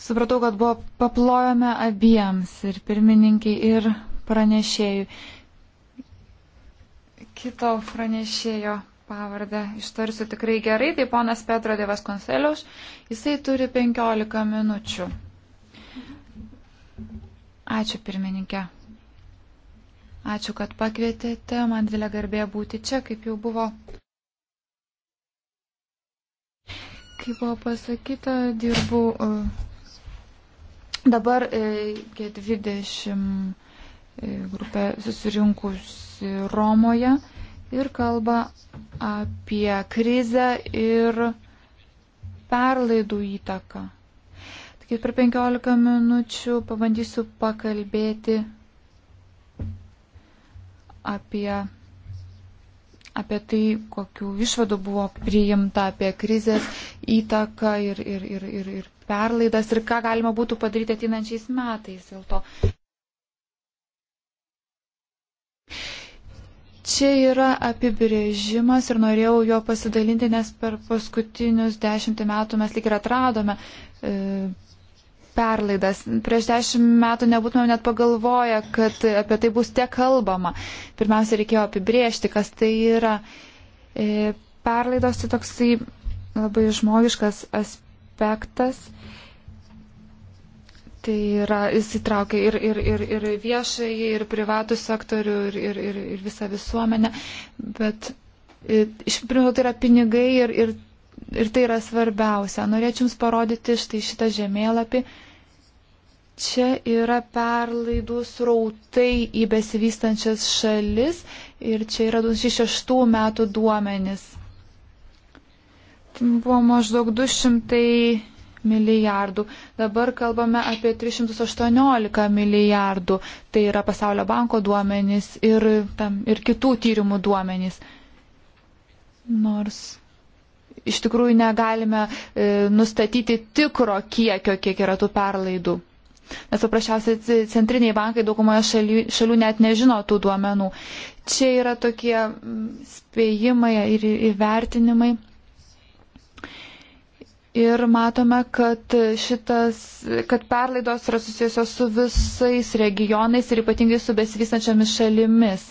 Supratau, kad buvo paplojame abiems ir pirmininkai, ir pranešėjų. Kito pranešėjo pavardę ištarsiu tikrai gerai, tai ponas Petro Dievas Konseliaus, jisai turi 15 minučių. Ačiū pirmininkė. Ačiū, kad pakvietėte, man didelė garbė būti čia, kaip jau buvo Kaip buvo pasakyta, dirbu e, dabar e, G20 e, grupė susirinkusi Romoje ir kalba apie krizę ir perlaidų įtaką. Taigi per 15 minučių pabandysiu pakalbėti apie apie tai, kokiu išvadu buvo priimta apie krizės įtaką ir, ir, ir, ir, ir perlaidas ir ką galima būtų padaryti ateinančiais metais dėl to. Čia yra apibrėžimas ir norėjau jo pasidalinti, nes per paskutinius dešimtį metų mes lik ir atradome e, perlaidas. Prieš dešimt metų nebūtumėm net pagalvoję, kad apie tai bus tiek kalbama. Pirmiausia, reikėjo apibriežti, kas tai yra. E, perlaidos tai toksai labai žmogiškas aspektas. Tai yra, jis įtraukia ir, ir, ir, ir viešai, ir privatų sektorių, ir, ir, ir, ir visą visuomenę. Bet e, iš pirmiausia, tai yra pinigai ir, ir ir tai yra svarbiausia. Norėčiau Jums parodyti štai šitą žemėlapį. Čia yra perlaidų srautai į besivystančias šalis ir čia yra 2006 metų duomenis. Ten buvo maždaug 200 milijardų. Dabar kalbame apie 318 milijardų. Tai yra Pasaulio banko duomenys ir, tam, ir kitų tyrimų duomenys. Nors iš tikrųjų negalime e, nustatyti tikro kiekio, kiek yra tų perlaidų. Nes paprasčiausiai centriniai bankai daugumoje šalių, šalių net nežino tų duomenų. Čia yra tokie mm, spėjimai ir įvertinimai. Ir matome, kad, šitas, kad perlaidos yra susijusios su visais regionais ir ypatingai su besivystančiamis šalimis.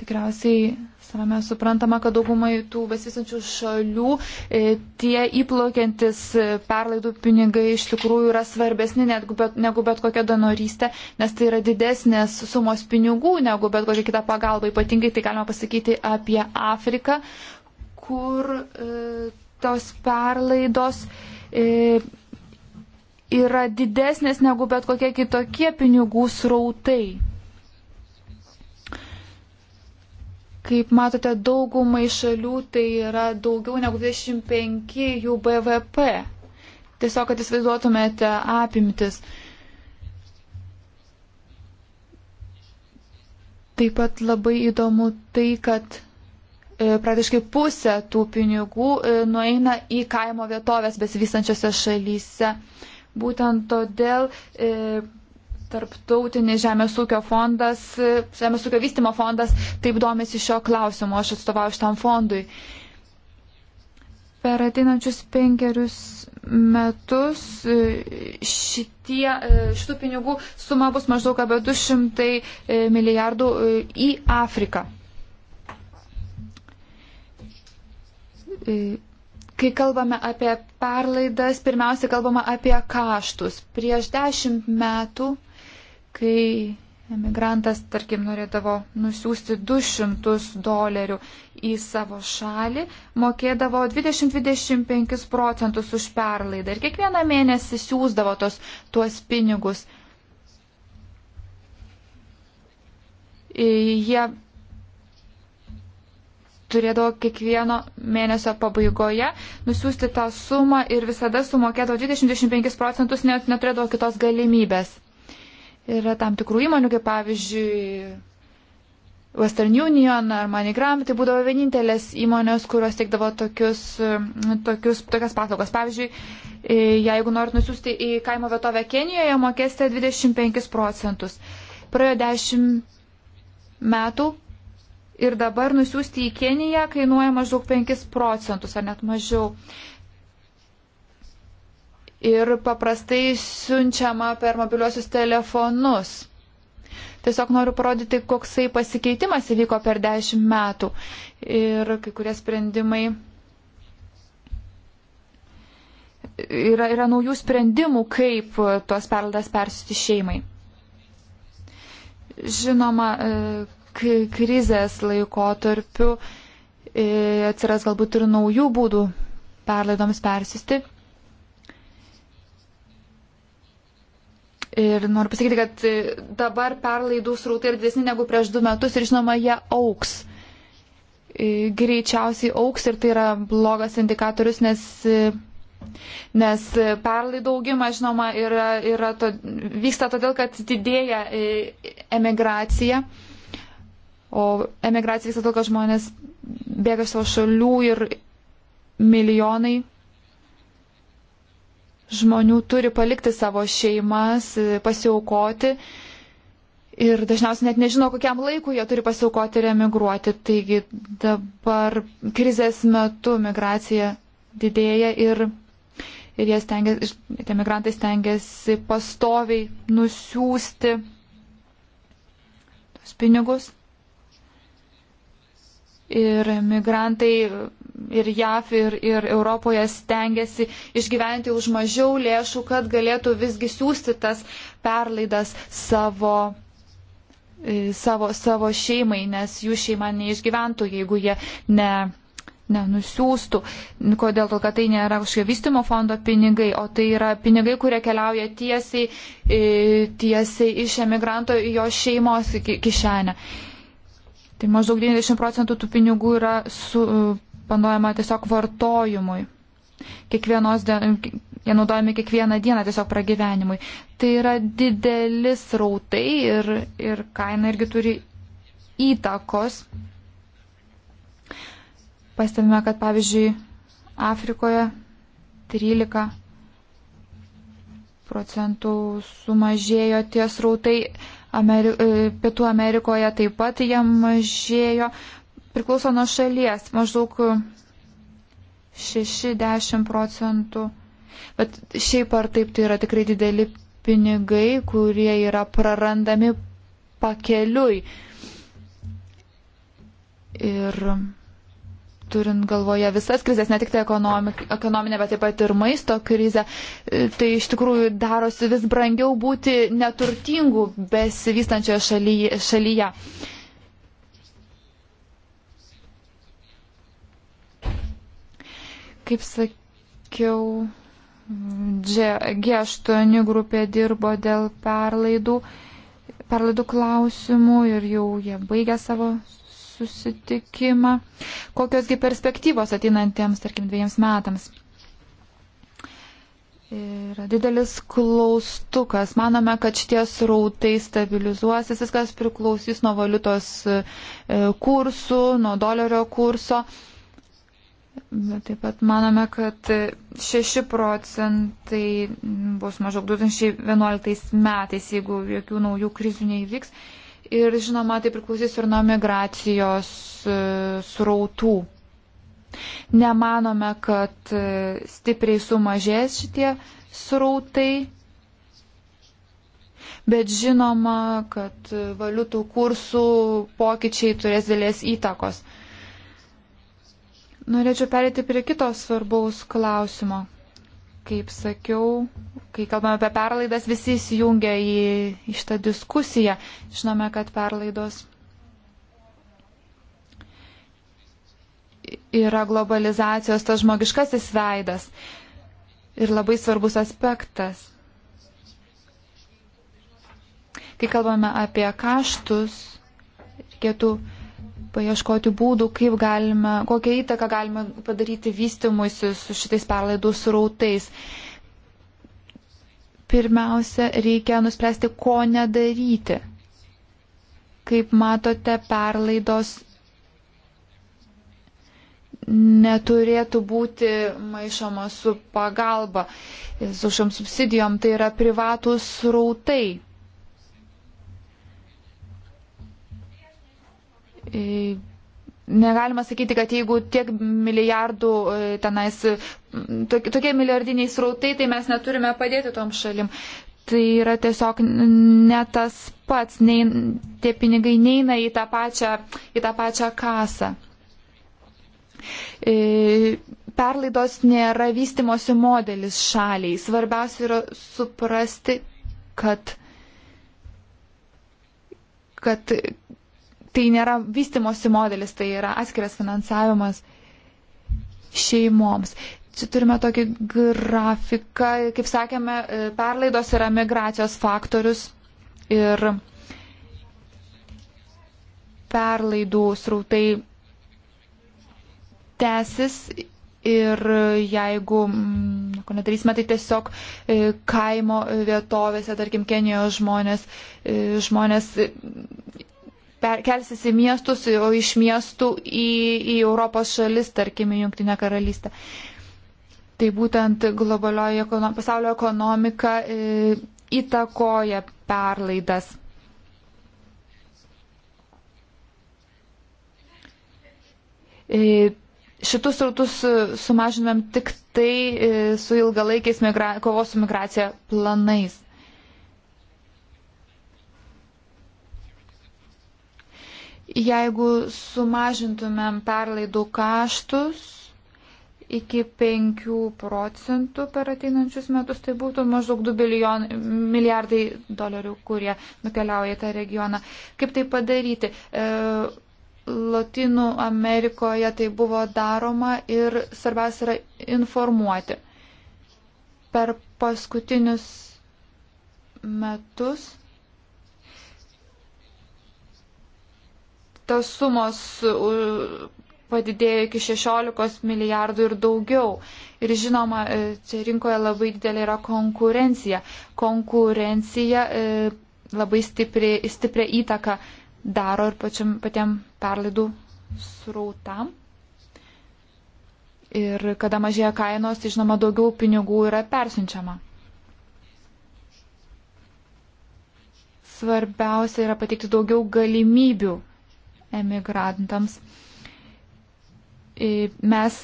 Tikriausiai Savame suprantama, kad daugumai tų besivysančių šalių e, tie įplaukiantis e, perlaidų pinigai iš tikrųjų yra svarbesni negu bet, negu bet kokia donorystė, nes tai yra didesnės sumos pinigų negu bet kokia kita pagalba. Ypatingai tai galima pasakyti apie Afriką, kur e, tos perlaidos. E, yra didesnės negu bet kokie kitokie pinigų srautai. Kaip matote, daugumai šalių tai yra daugiau negu 25 jų BVP. Tiesiog, kad įsivaizduotumėte apimtis. Taip pat labai įdomu tai, kad e, praktiškai pusė tų pinigų e, nueina į kaimo vietovės besivystančiose šalyse. Būtent todėl e, Tarptautinis žemės ūkio fondas, žemės ūkio vystimo fondas taip domisi šio klausimo, aš atstovauju šitam fondui. Per ateinančius penkerius metus e, šitie, e, šitų pinigų suma bus maždaug apie 200 e, milijardų į Afriką. Kai kalbame apie perlaidas, pirmiausia kalbama apie kaštus. Prieš dešimt metų kai emigrantas, tarkim, norėdavo nusiųsti 200 dolerių į savo šalį, mokėdavo 20-25 procentus už perlaidą ir kiekvieną mėnesį siūsdavo tos, tuos pinigus. Jie turėdavo kiekvieno mėnesio pabaigoje nusiųsti tą sumą ir visada sumokėdavo 20-25 procentus, net neturėdavo kitos galimybės. Yra tam tikrų įmonių, kaip pavyzdžiui Western Union ar MoneyGram, tai būdavo vienintelės įmonės, kurios teikdavo tokius, tokius, tokias paslaugas. Pavyzdžiui, e, jeigu norit nusiųsti į kaimo vietovę Kenijoje, mokėsite 25 procentus. Praėjo 10 metų ir dabar nusiųsti į Keniją kainuoja maždaug 5 procentus ar net mažiau ir paprastai siunčiama per mobiliuosius telefonus. Tiesiog noriu parodyti, koksai pasikeitimas įvyko per dešimt metų ir kai kurie sprendimai. Yra, yra naujų sprendimų, kaip tuos perlaidas persiūti šeimai. Žinoma, e, krizės laikotarpiu e, atsiras galbūt ir naujų būdų perlaidoms persiūsti, Ir noriu pasakyti, kad e, dabar perlaidų srautai yra didesni negu prieš du metus ir žinoma, jie auks. E, greičiausiai auks ir tai yra blogas indikatorius, nes, e, nes perlaidų augimas, žinoma, yra, yra to, vyksta todėl, kad didėja emigracija. O emigracija vyksta todėl, kad žmonės bėga iš savo šalių ir milijonai žmonių turi palikti savo šeimas, e, pasiaukoti. Ir dažniausiai net nežino, kokiam laiku jie turi pasiaukoti ir emigruoti. Taigi dabar krizės metu migracija didėja ir, ir jie stengiasi, tie migrantai stengiasi pastoviai nusiųsti tos pinigus. Ir migrantai ir JAF, ir, ir Europoje stengiasi išgyventi už mažiau lėšų, kad galėtų visgi siūsti tas perlaidas savo, e, savo, savo šeimai, nes jų šeima neišgyventų, jeigu jie ne. Nenusiųstų. Kodėl? Todėl, kad tai nėra kažkokio vystimo fondo pinigai, o tai yra pinigai, kurie keliauja tiesiai, e, tiesiai iš emigranto į jo šeimos kišenę. Tai maždaug 90 procentų tų pinigų yra su, panaudojama tiesiog vartojimui. Kiekvienos dienos. Jie naudojami kiekvieną dieną tiesiog pragyvenimui. Tai yra didelis rautai ir, ir kaina irgi turi įtakos. Pastebime, kad pavyzdžiui Afrikoje 13 procentų sumažėjo tie srautai. Ameri e, Pietų Amerikoje taip pat jie mažėjo, priklauso nuo šalies, maždaug 6-10 procentų. Bet šiaip ar taip tai yra tikrai dideli pinigai, kurie yra prarandami pakeliui. Ir turint galvoje visas krizės, ne tik tai ekonominė, bet taip pat ir maisto krizė, tai iš tikrųjų darosi vis brangiau būti neturtingų besivystančioje šalyje. šalyje. Kaip sakiau, G8 grupė dirbo dėl perlaidų, perlaidų klausimų ir jau jie baigė savo susitikimą. Kokiosgi perspektyvos ateinantiems, tarkim, dviejams metams? Yra didelis klaustukas. Manome, kad šitie srautai stabilizuosis, viskas priklausys nuo valiutos e, kursų, nuo dolerio kurso. Bet taip pat manome, kad 6 procentai bus maždaug 2011 metais, jeigu jokių naujų krizių neįvyks. Ir žinoma, tai priklausys ir nuo migracijos e, srautų. Nemanome, kad e, stipriai sumažės šitie srautai, bet žinoma, kad e, valiutų kursų pokyčiai turės dėlės įtakos. Norėčiau perėti prie kito svarbaus klausimo. Kaip sakiau, kai kalbame apie perlaidas, visi įsijungia į šitą diskusiją. Žinome, kad perlaidos yra globalizacijos tas žmogiškasis veidas ir labai svarbus aspektas. Kai kalbame apie kaštus, reikėtų paieškoti būdų, kaip galime, kokią įtaką galime padaryti vystimuisi su šitais perlaidų srautais. Pirmiausia, reikia nuspręsti, ko nedaryti. Kaip matote, perlaidos neturėtų būti maišoma su pagalba, su šiom subsidijom, tai yra privatus srautai. E, negalima sakyti, kad jeigu tiek milijardų e, tenais, tokie milijardiniai srautai, tai mes neturime padėti tom šalim. Tai yra tiesiog ne tas pats, nei, tie pinigai neina į tą pačią, į tą pačią kasą. E, perlaidos nėra vystimosi modelis šaliai. Svarbiausia yra suprasti, kad, kad tai nėra vystimosi modelis, tai yra atskiras finansavimas šeimoms. Čia turime tokį grafiką, kaip sakėme, e, perlaidos yra migracijos faktorius ir perlaidų srautai tęsis ir jeigu nieko nedarysime, tai tiesiog e, kaimo vietovėse, tarkim, Kenijoje žmonės, e, žmonės per, kelsis į miestus, o iš miestų į, į Europos šalis, tarkime, Junktinę karalystę. Tai būtent globalioji ekonom, pasaulio ekonomika e, įtakoja perlaidas. E, šitus rautus sumažinam tik tai e, su ilgalaikiais migra... kovos su migracija planais. Jeigu sumažintumėm perlaidų kaštus iki 5 procentų per ateinančius metus, tai būtų maždaug 2 bilijon, milijardai dolerių, kurie nukeliauja į tą regioną. Kaip tai padaryti? E, Latinų Amerikoje tai buvo daroma ir svarbiausia yra informuoti. Per paskutinius metus tas sumos padidėjo iki 16 milijardų ir daugiau. Ir žinoma, e, čia rinkoje labai didelė yra konkurencija. Konkurencija e, labai stipri, stiprią įtaką daro ir pačiam, patiem perlaidų srautam. Ir kada mažėja kainos, tai žinoma, daugiau pinigų yra persiunčiama. Svarbiausia yra pateikti daugiau galimybių emigrantams. Mes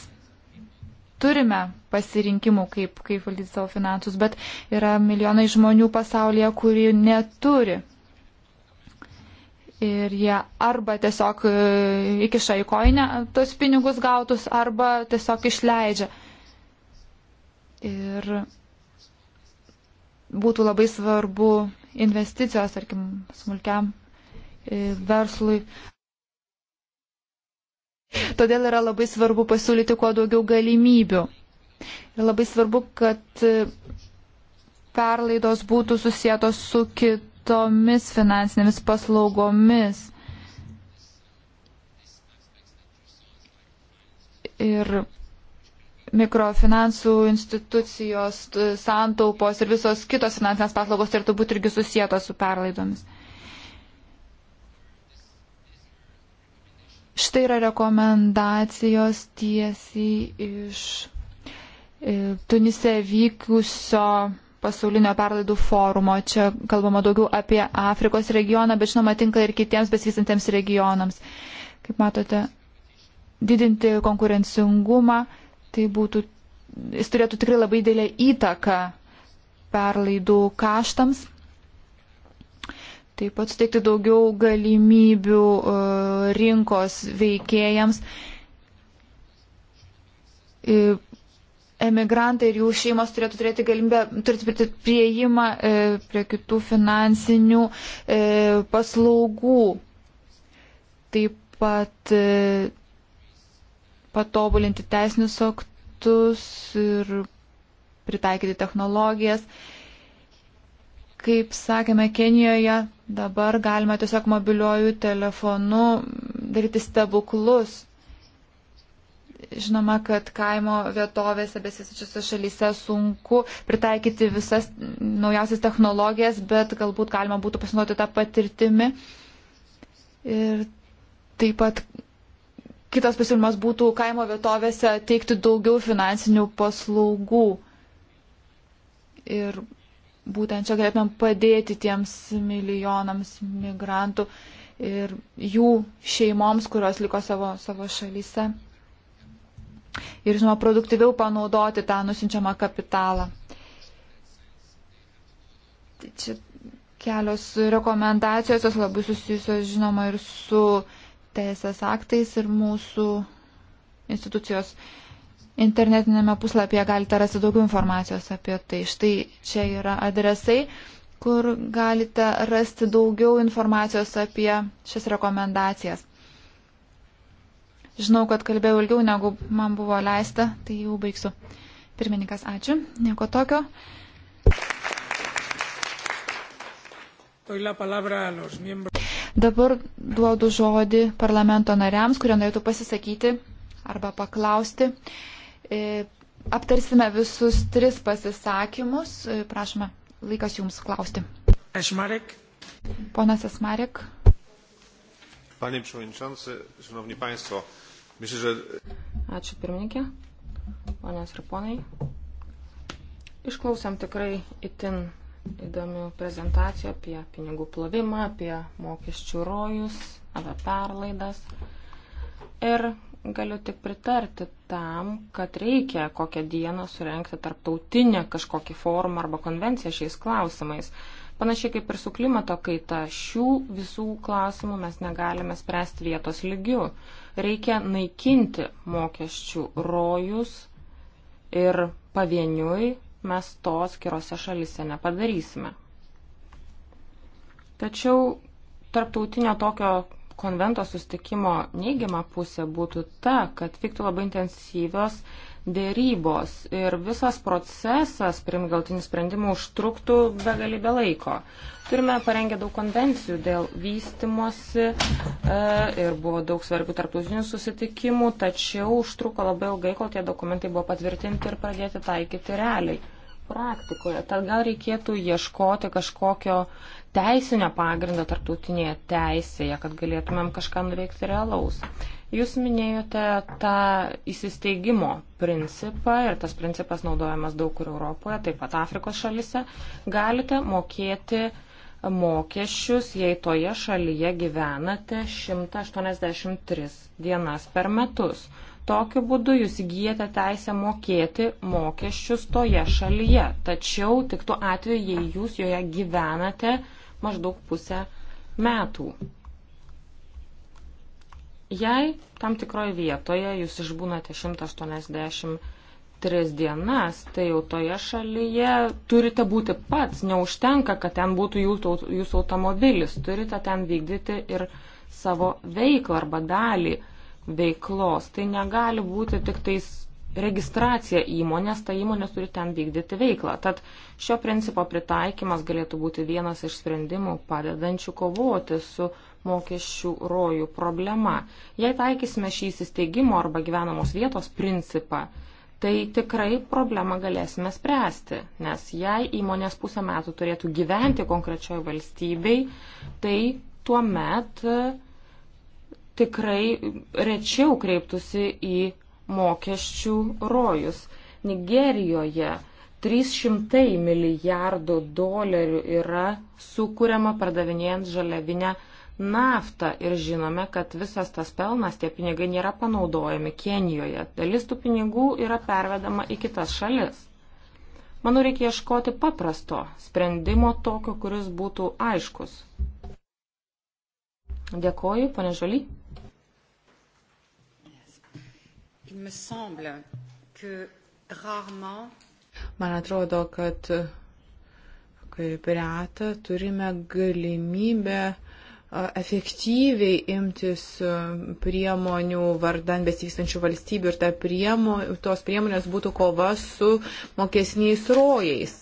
turime pasirinkimų, kaip, kaip valdyti savo finansus, bet yra milijonai žmonių pasaulyje, kurie neturi. Ir jie arba tiesiog e, įkiša į koinę tos pinigus gautus, arba tiesiog išleidžia. Ir būtų labai svarbu investicijos, tarkim, smulkiam e, verslui. Todėl yra labai svarbu pasiūlyti kuo daugiau galimybių. Ir labai svarbu, kad e, perlaidos būtų susijėtos su kitomis finansinėmis paslaugomis. Ir mikrofinansų institucijos, santaupos ir visos kitos finansinės paslaugos turėtų būti irgi susijėtos su perlaidomis. Štai yra rekomendacijos tiesiai iš e, Tunise vykusio pasaulinio perlaidų forumo. Čia kalbama daugiau apie Afrikos regioną, bet žinoma tinka ir kitiems besivystantiems regionams. Kaip matote, didinti konkurencingumą, tai būtų, jis turėtų tikrai labai didelę įtaką perlaidų kaštams taip pat suteikti daugiau galimybių e, rinkos veikėjams. E, emigrantai ir jų šeimos turėtų turėti galimybę, turėti prieimą e, prie kitų finansinių paslaugų. Taip pat patobulinti teisinius aktus ir pritaikyti technologijas. E, Kaip sakėme, Kenijoje dabar galima tiesiog mobiliuoju telefonu daryti stebuklus. Žinoma, kad kaimo vietovėse besisačiose šalyse sunku pritaikyti visas naujausias technologijas, bet galbūt galima būtų pasinaudoti tą patirtimi. Ir taip pat kitas pasiūlymas būtų kaimo vietovėse teikti daugiau finansinių paslaugų. Ir būtent čia galėtumėm padėti tiems milijonams migrantų ir jų šeimoms, kurios liko savo, savo šalyse. Ir, žinoma, produktyviau panaudoti tą nusinčiamą kapitalą. Tai čia kelios rekomendacijos, jos labai susijusios, žinoma, ir su teisės aktais ir mūsų institucijos uh, internetinėme puslapyje galite rasti daugiau informacijos apie tai. Štai čia yra adresai, kur galite rasti daugiau informacijos apie šias rekomendacijas. Žinau, kad kalbėjau ilgiau, negu man buvo leista, tai jau baigsiu. Pirmininkas, ačiū. Nieko tokio. Dabar duodu žodį parlamento nariams, kurie norėtų pasisakyti arba paklausti. E, aptarsime visus tris pasisakymus. E, prašome, laikas Jums klausti. Ešmarek. Ponas Esmarek. Panie Przewodniczący, Szanowni Państwo, myślę, że... Ačiū pirmininkė, ponios ir ponai. Išklausėm tikrai itin įdomių prezentacijų apie pinigų plovimą, apie mokesčių rojus, apie perlaidas. Ir galiu tik pritarti tam, kad reikia kokią dieną surenkti tarptautinę kažkokį formą arba konvenciją šiais klausimais. Panašiai kaip ir su klimato kaita, šių visų klausimų mes negalime spręsti vietos lygių. Reikia naikinti mokesčių rojus ir pavieniui mes to atskirose šalise nepadarysime. Tačiau tarptautinio tokio konvento sustikimo neigiama pusė būtų ta, kad vyktų labai intensyvios dėrybos ir visas procesas, priimti galtinį sprendimą, užtruktų be galybę laiko. Turime parengę daug konvencijų dėl vystimosi e, ir buvo daug svarbių tarptautinių susitikimų, tačiau užtruko labai ilgai, kol tie dokumentai buvo patvirtinti ir pradėti taikyti realiai praktikoje. Tad gal reikėtų ieškoti kažkokio teisinio pagrindo tarptautinėje teisėje, kad galėtumėm kažką nuveikti realaus. Jūs minėjote tą įsisteigimo principą ir tas principas naudojamas daug kur Europoje, taip pat Afrikos šalise. Galite mokėti mokesčius, jei toje šalyje gyvenate 183 dienas per metus. Tokiu būdu jūs įgyjate teisę mokėti mokesčius toje šalyje, tačiau tik tuo atveju, jei jūs joje gyvenate maždaug pusę metų. Jei tam tikroje vietoje jūs išbūnate 183 dienas, tai jau toje šalyje turite būti pats, neužtenka, kad ten būtų jūsų, jūsų automobilis, turite ten vykdyti ir savo veiklą arba dalį veiklos. Tai negali būti tik tais registracija įmonės, ta įmonės turi ten vykdyti veiklą. Tad šio principo pritaikymas galėtų būti vienas iš sprendimų padedančių kovoti su mokesčių rojų problema. Jei taikysime šį įsisteigimo arba gyvenamos vietos principą, tai tikrai problemą galėsime spręsti, nes jei įmonės pusę metų turėtų gyventi konkrečioj valstybei, tai tuomet met tikrai rečiau kreiptųsi į mokesčių rojus. Nigerijoje 300 milijardų dolerių yra sukūriama pardavinėjant žaliavinę naftą ir žinome, kad visas tas pelnas, tie pinigai nėra panaudojami Kenijoje. Dalis tų pinigų yra pervedama į kitas šalis. Manau, reikia ieškoti paprasto sprendimo tokio, kuris būtų aiškus. Dėkoju, pane Žaly. Man atrodo, kad kaip reta turime galimybę efektyviai imtis priemonių vardan besivystančių valstybių ir ta priemo, tos priemonės būtų kova su mokesniais rojais.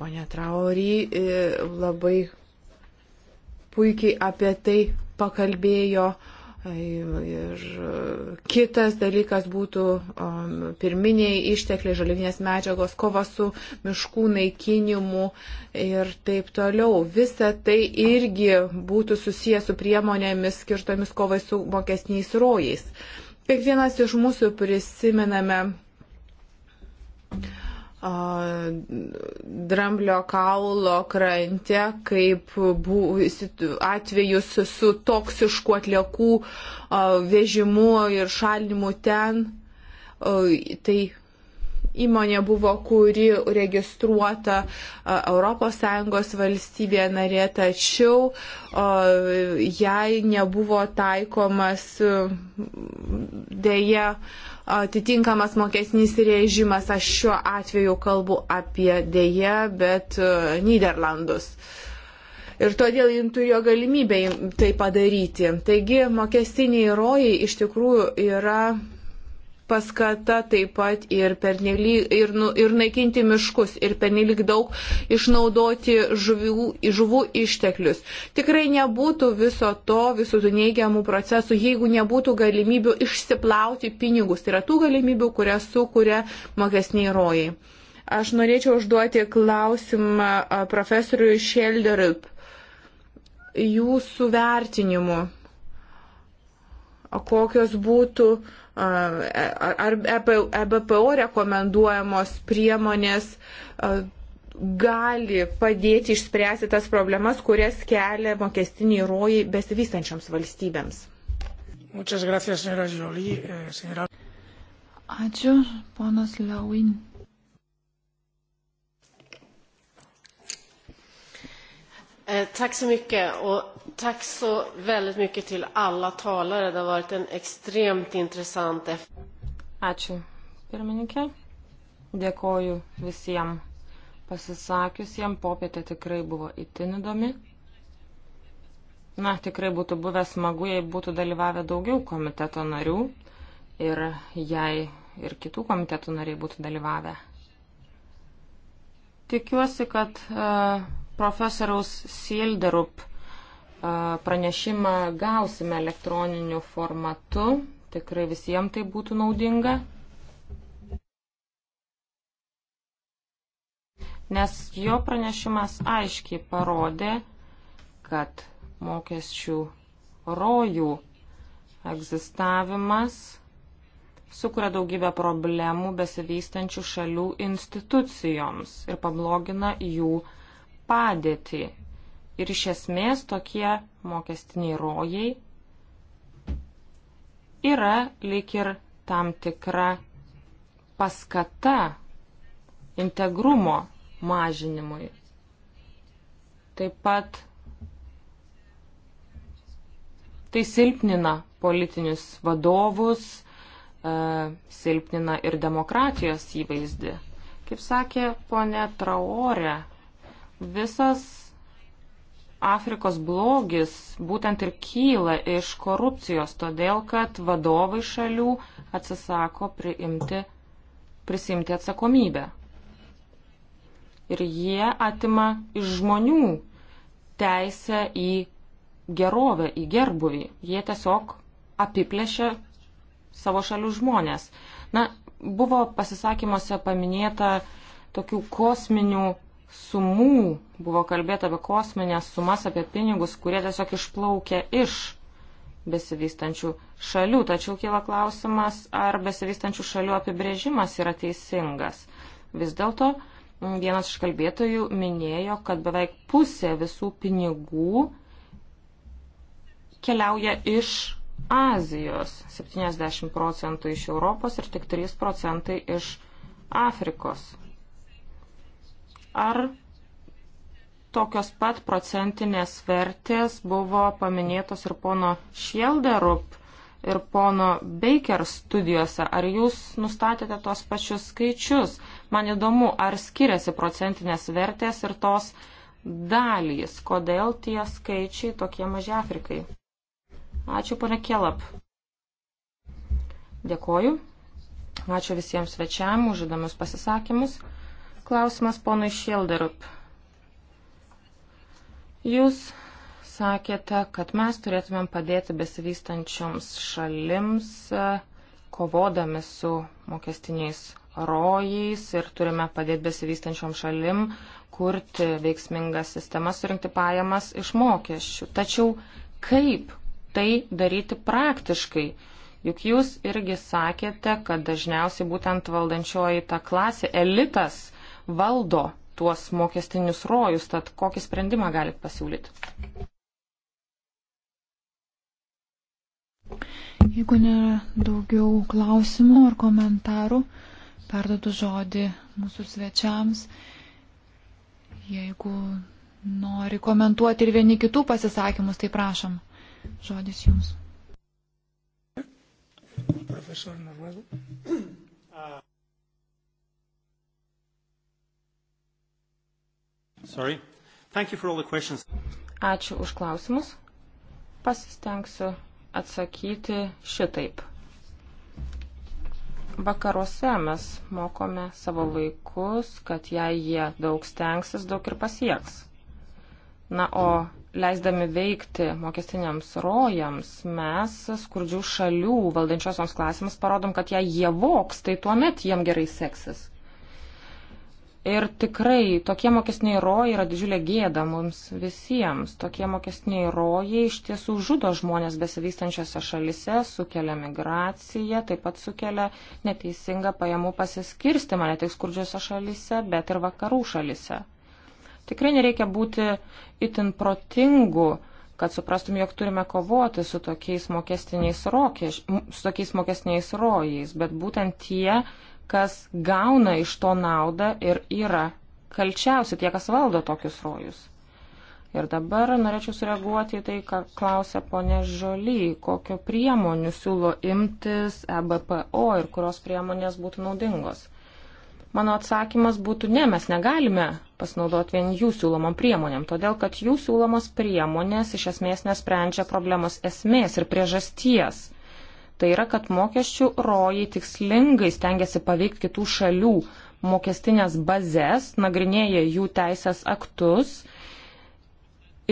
Pone Traurį e, labai puikiai apie tai pakalbėjo uh, Ir e, kitas dalykas būtų e, pirminiai ištekliai, žalivinės medžiagos, kova su miškų naikinimu ir taip toliau. Visa tai irgi būtų susijęs su priemonėmis skirtomis kovai su mokesniais rojais. Kiekvienas iš mūsų prisimename dramblio kaulo krante, kaip atvejus su toksiškų atliekų vežimu ir šalinimu ten. Tai įmonė buvo, kuri registruota ES valstybėje narė, tačiau jai nebuvo taikomas dėja atitinkamas mokesnis režimas. Aš šiuo atveju kalbu apie dėje, bet e, Niderlandus. Ir todėl jin turėjo galimybę tai padaryti. Taigi mokestiniai rojai iš tikrųjų yra paskata taip pat ir, pernely, ir, nu, ir naikinti miškus ir pernelyg daug išnaudoti žuvų, žuvų išteklius. Tikrai nebūtų viso to, visų tų neigiamų procesų, jeigu nebūtų galimybių išsiplauti pinigus. Tai yra tų galimybių, kurias sukuria mokesniai rojai. Aš norėčiau užduoti klausimą profesoriui Šelderiup jūsų vertinimu kokios būtų ar EBPO e rekomenduojamos priemonės gali padėti išspręsti tas problemas, kurias kelia mokestiniai rojai besivystančioms valstybėms. Muchas gracias, señora Jolie. Eh, señora... Ačiū, ponas Lewin. Eh, tack så mycket och tack så väldigt mycket till alla talare. Det har varit en extremt intressant Ačiū, pirmininkė. Dėkoju visiems pasisakiusiems. Popietė tikrai buvo itin įdomi. Na, tikrai būtų buvę smagu, jei būtų dalyvavę daugiau komiteto narių ir jei ir kitų komitetų nariai būtų dalyvavę. Tikiuosi, kad uh, profesoriaus Silderup pranešimą gausime elektroniniu formatu. Tikrai visiems tai būtų naudinga. Nes jo pranešimas aiškiai parodė, kad mokesčių rojų egzistavimas sukuria daugybę problemų besivystančių šalių institucijoms ir pablogina jų padėtį. Ir iš esmės tokie mokestiniai rojai yra lik ir tam tikra paskata integrumo mažinimui. Taip pat tai silpnina politinius vadovus, e, silpnina ir demokratijos įvaizdį. Kaip sakė ponė Traorė, visas Afrikos blogis būtent ir kyla iš korupcijos, todėl kad vadovai šalių atsisako priimti, prisimti atsakomybę. Ir jie atima iš žmonių teisę į gerovę, į gerbuvį. Jie tiesiog apiplėšia savo šalių žmonės. Na, buvo pasisakymuose paminėta tokių kosminių sumų, buvo kalbėta apie kosminės sumas, apie pinigus, kurie tiesiog išplaukia iš besivystančių šalių. Tačiau kyla klausimas, ar besivystančių šalių apibrėžimas yra teisingas. Vis dėlto vienas iš kalbėtojų minėjo, kad beveik pusė visų pinigų keliauja iš Azijos, 70 procentų iš Europos ir tik 3 procentai iš Afrikos. Ar tokios pat procentinės vertės buvo paminėtos ir pono Šielderup ir pono Baker studijose. Ar jūs nustatėte tos pačius skaičius? Man įdomu, ar skiriasi procentinės vertės ir tos dalys, kodėl tie skaičiai tokie maži Afrikai. Ačiū, pane Kelap. Dėkoju. Ačiū visiems svečiam už įdomius pasisakymus. Klausimas ponui Šilderup. Jūs sakėte, kad mes turėtumėm padėti besivystančioms šalims e, kovodami su mokestiniais rojais ir turime padėti besivystančiom šalim kurti veiksmingas sistemas, surinkti pajamas iš mokesčių. Tačiau kaip tai daryti praktiškai? Juk jūs irgi sakėte, kad dažniausiai būtent valdančioji ta klasė, elitas valdo tuos mokestinius rojus, tad kokį sprendimą galit pasiūlyti? Jeigu nėra daugiau klausimų ar komentarų, perdodu žodį mūsų svečiams. Jeigu nori komentuoti ir vieni kitų pasisakymus, tai prašom. Žodis jums. Profesor Norvedu. Ah. Sorry. Thank you for all the questions. Ačiū už klausimus. Pasistengsiu atsakyti šitaip. Vakaruose mes mokome savo vaikus, kad jei jie daug stengsis, daug ir pasieks. Na, o leisdami veikti mokestiniams rojams, mes skurdžių šalių valdančiosioms klasėms parodom, kad jei jie voks, tai tuomet jiem gerai seksis. Ir tikrai tokie mokesniai rojai yra didžiulė gėda mums visiems. Tokie mokesniai rojai iš tiesų žudo žmonės besivystančiose šalise, sukelia migraciją, taip pat sukelia neteisingą pajamų pasiskirstimą ne tik skurdžiose šalise, bet ir vakarų šalise. Tikrai nereikia būti itin protingu, kad suprastum, jog turime kovoti su tokiais mokestiniais, rokeš, su tokiais mokestiniais rojais, bet būtent tie kas gauna iš to naudą ir yra kalčiausi, tie, kas valdo tokius rojus. Ir dabar norėčiau sureaguoti į tai, ką klausė ponė Žoly, kokio priemonių siūlo imtis EBPO ir kurios priemonės būtų naudingos. Mano atsakymas būtų ne, mes negalime pasinaudoti vien jų siūlomom priemonėm, todėl kad jų siūlomos priemonės iš esmės nesprendžia problemos esmės ir priežasties Tai yra, kad mokesčių rojai tikslingai stengiasi paveikti kitų šalių mokestinės bazės, nagrinėja jų teisės aktus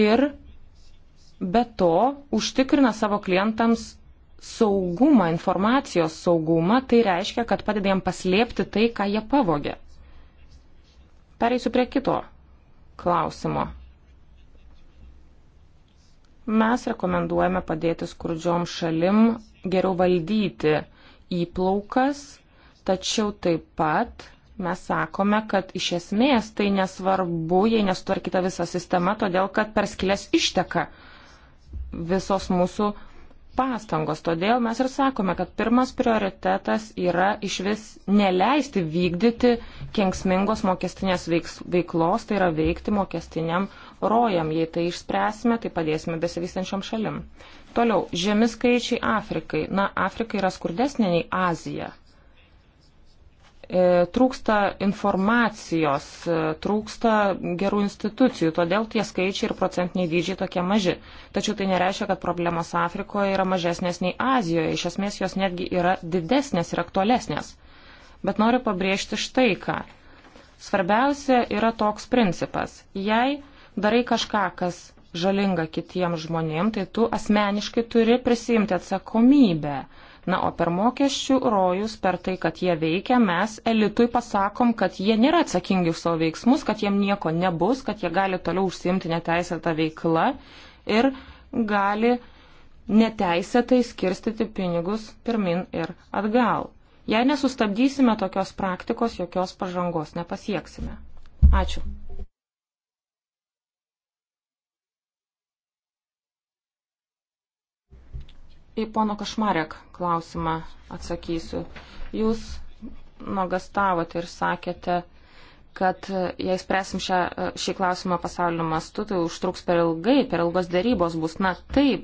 ir be to užtikrina savo klientams saugumą, informacijos saugumą, tai reiškia, kad padeda jam paslėpti tai, ką jie pavogė. Pereisiu prie kito klausimo. Mes rekomenduojame padėti skurdžiom šalim geriau valdyti įplaukas, tačiau taip pat mes sakome, kad iš esmės tai nesvarbu, jei nesutvarkyta visa sistema, todėl kad per skilės išteka visos mūsų pastangos. Todėl mes ir sakome, kad pirmas prioritetas yra iš vis neleisti vykdyti kenksmingos mokestinės veiklos, tai yra veikti mokestiniam rojam. Jei tai išspręsime, tai padėsime besivystančiom šalim. Toliau, žemi skaičiai Afrikai. Na, Afrika yra skurdesnė nei Azija. E, trūksta informacijos, e, trūksta gerų institucijų, todėl tie skaičiai ir procentiniai dydžiai tokie maži. Tačiau tai nereiškia, kad problemos Afrikoje yra mažesnės nei Azijoje. Iš esmės jos netgi yra didesnės ir aktualesnės. Bet noriu pabrėžti štai ką. Svarbiausia yra toks principas. Jei darai kažką, kas žalinga kitiems žmonėms, tai tu asmeniškai turi prisimti atsakomybę. Na, o per mokesčių rojus, per tai, kad jie veikia, mes elitui pasakom, kad jie nėra atsakingi už savo veiksmus, kad jiem nieko nebus, kad jie gali toliau užsimti neteisėtą veiklą ir gali neteisėtai skirstyti pinigus pirmin ir atgal. Jei nesustabdysime tokios praktikos, jokios pažangos nepasieksime. Ačiū. į pono Kašmarek klausimą atsakysiu. Jūs nuogastavote ir sakėte, kad jei spręsim šią, šį klausimą pasaulio mastu, tai užtruks per ilgai, per ilgos dėrybos bus. Na taip,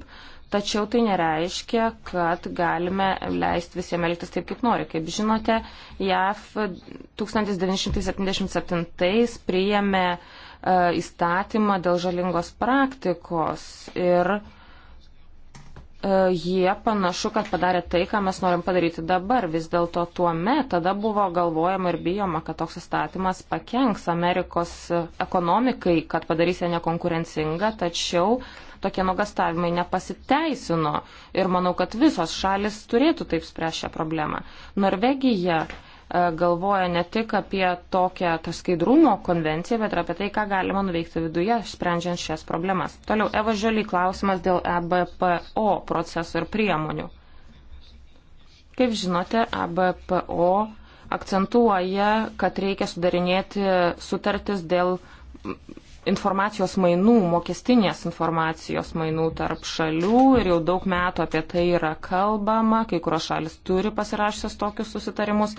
tačiau tai nereiškia, kad galime leisti visiems elgtis taip, kaip nori. Kaip žinote, JAF 1977 priėmė uh, įstatymą dėl žalingos praktikos ir uh, E, jie panašu, kad padarė tai, ką mes norim padaryti dabar. Vis dėlto tuo metu tada buvo galvojama ir bijoma, kad toks įstatymas pakenks Amerikos ekonomikai, kad padarys ją nekonkurencingą, tačiau tokie nuogastavimai nepasiteisino ir manau, kad visos šalis turėtų taip spręsti šią problemą. Norvegija E, galvoja ne tik apie tokią tą skaidrumo konvenciją, bet ir apie tai, ką galima nuveikti viduje, sprendžiant šias problemas. Toliau, Eva Žiolį klausimas dėl EBPO procesų ir priemonių. Kaip žinote, EBPO akcentuoja, kad reikia sudarinėti sutartis dėl informacijos mainų, mokestinės informacijos mainų tarp šalių ir jau daug metų apie tai yra kalbama, kai kurios šalis turi pasirašęs tokius susitarimus.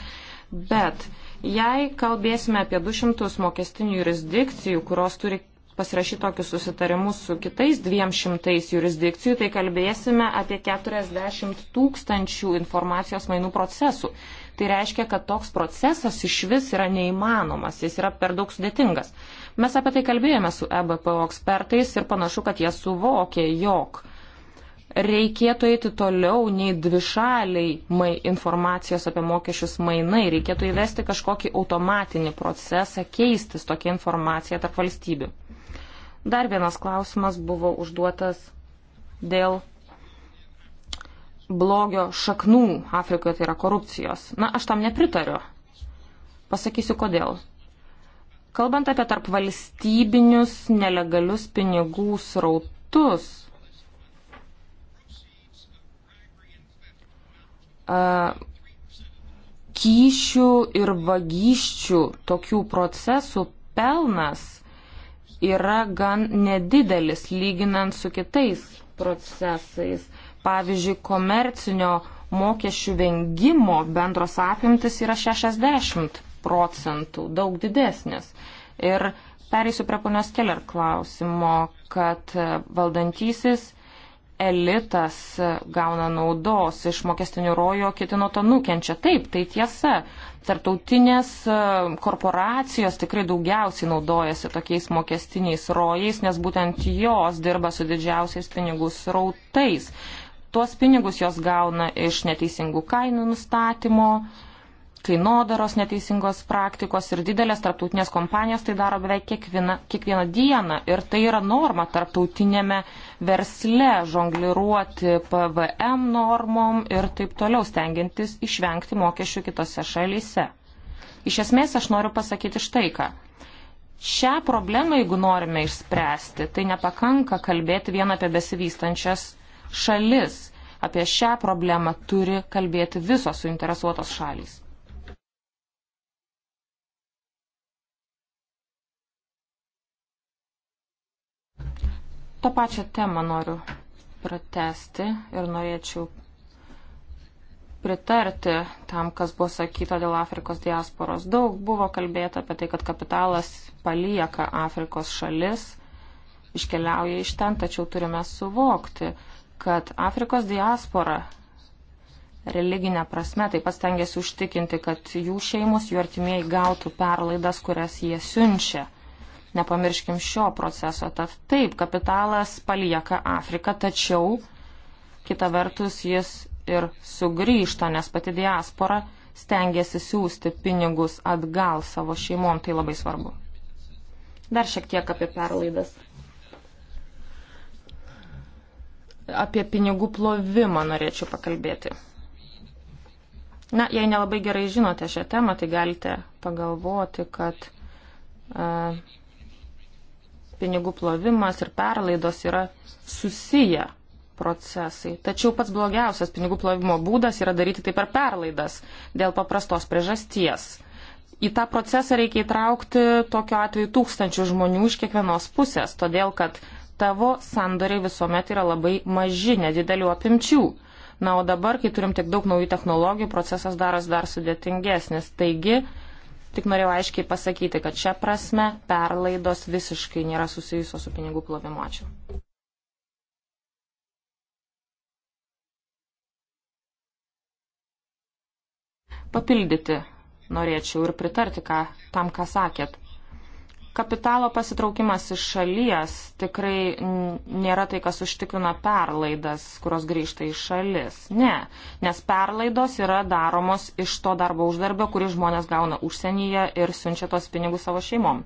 Bet jei kalbėsime apie 200 mokestinių jurisdikcijų, kurios turi pasirašyti tokius susitarimus su kitais 200 jurisdikcijų, tai kalbėsime apie 40 tūkstančių informacijos mainų procesų. Tai reiškia, kad toks procesas iš vis yra neįmanomas, jis yra per daug sudėtingas. Mes apie tai kalbėjome su EBPO ekspertais ir panašu, kad jie suvokė, jog reikėtų eiti toliau nei dvišaliai informacijos apie mokesčius mainai, reikėtų įvesti kažkokį automatinį procesą, keistis tokia informacija tarp valstybių. Dar vienas klausimas buvo užduotas dėl blogio šaknų Afrikoje, tai yra korupcijos. Na, aš tam nepritariu. Pasakysiu kodėl. Kalbant apie tarp valstybinius nelegalius pinigų srautus, kyšių ir vagysčių tokių procesų pelnas yra gan nedidelis lyginant su kitais procesais. Pavyzdžiui, komercinio mokesčių vengimo bendros apimtis yra 60 procentų, daug didesnis. Ir pereisiu prie ponios Keller klausimo, kad valdantysis elitas gauna naudos iš mokestinių rojo, kiti nuo to nukenčia. Taip, tai tiesa. Tartautinės e, korporacijos tikrai daugiausiai naudojasi tokiais mokestiniais rojais, nes būtent jos dirba su didžiausiais pinigų srautais. Tuos pinigus jos gauna iš neteisingų kainų nustatymo, uh, kainodaros neteisingos praktikos ir didelės tarptautinės kompanijos tai daro beveik kiekvieną, kiekvieną dieną. Ir tai yra norma tarptautinėme versle žongliruoti PVM normom ir taip toliau stengiantis išvengti mokesčių kitose šalyse. Iš esmės aš noriu pasakyti štai ką. Šią problemą, jeigu norime išspręsti, tai nepakanka kalbėti vien apie besivystančias šalis. Apie šią problemą turi kalbėti visos suinteresuotos šalys. tą pačią temą noriu pratesti ir norėčiau pritarti tam, kas buvo sakyta dėl Afrikos diasporos. Daug buvo kalbėta apie tai, kad kapitalas palieka Afrikos šalis, iškeliauja iš ten, tačiau turime suvokti, kad Afrikos diaspora religinė prasme taip pat stengiasi užtikinti, kad jų šeimos, jų artimieji gautų perlaidas, kurias jie siunčia. Nepamirškim šio proceso. Tad taip, kapitalas palieka Afriką, tačiau kita vertus jis ir sugrįžta, nes pati diaspora stengiasi siūsti pinigus atgal savo šeimom, tai labai svarbu. Dar šiek tiek apie perlaidas. Apie pinigų plovimą norėčiau pakalbėti. Na, jei nelabai gerai žinote šią temą, tai galite pagalvoti, kad uh, pinigų plovimas ir perlaidos yra susiję procesai. Tačiau pats blogiausias pinigų plovimo būdas yra daryti tai per perlaidas dėl paprastos priežasties. Į tą procesą reikia įtraukti tokiu atveju tūkstančių žmonių iš kiekvienos pusės, todėl kad tavo sandoriai visuomet yra labai maži, nedidelių apimčių. Na, o dabar, kai turim tiek daug naujų technologijų, procesas daros dar sudėtingesnis. Taigi, Tik norėjau aiškiai pasakyti, kad šią prasme perlaidos visiškai nėra susijusios su pinigų plovimu. Ačiū. Papildyti norėčiau ir pritarti ką, tam, ką sakėt. Kapitalo pasitraukimas iš šalies tikrai nėra tai, kas užtikrina perlaidas, kurios grįžta į šalis. Ne, nes perlaidos yra daromos iš to darbo uždarbio, kurį žmonės gauna užsienyje ir siunčia tos pinigus savo šeimom.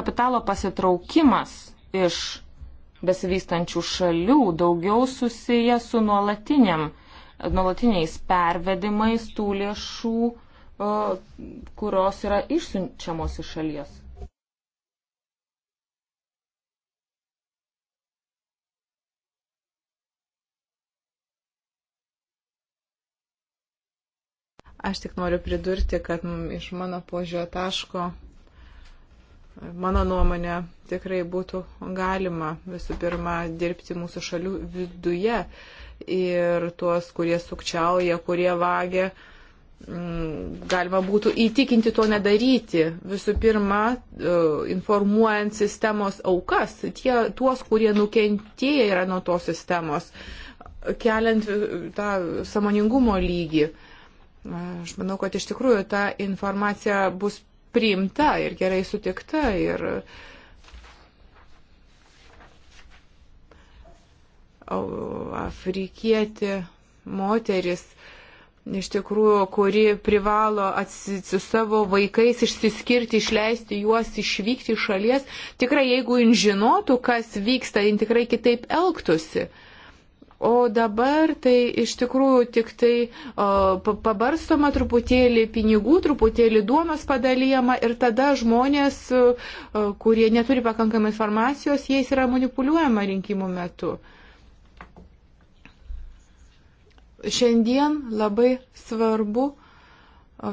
Kapitalo pasitraukimas iš besivystančių šalių daugiau susiję su nuolatiniais pervedimais tų lėšų kurios yra išsiunčiamos iš šalies. Aš tik noriu pridurti, kad iš mano požiūrio taško, mano nuomonė, tikrai būtų galima visų pirma dirbti mūsų šalių viduje ir tuos, kurie sukčiauja, kurie vagia, Mm, galima būtų įtikinti to nedaryti. Visų pirma, e, informuojant sistemos aukas, tie, tuos, kurie nukentėję yra nuo tos sistemos, keliant e, tą samoningumo lygį. Aš manau, kad iš tikrųjų ta informacija bus priimta ir gerai sutikta. Ir, afrikietė moteris iš tikrųjų, kuri privalo atsi, su savo vaikais išsiskirti, išleisti juos, išvykti iš šalies, tikrai jeigu jin žinotų, kas vyksta, jin tikrai kitaip elgtųsi. O dabar tai iš tikrųjų tik tai o, pabarstoma truputėlį pinigų, truputėlį duonos padalyjama ir tada žmonės, o, kurie neturi pakankamai informacijos, jais yra manipuliuojama rinkimų metu. O, šiandien labai svarbu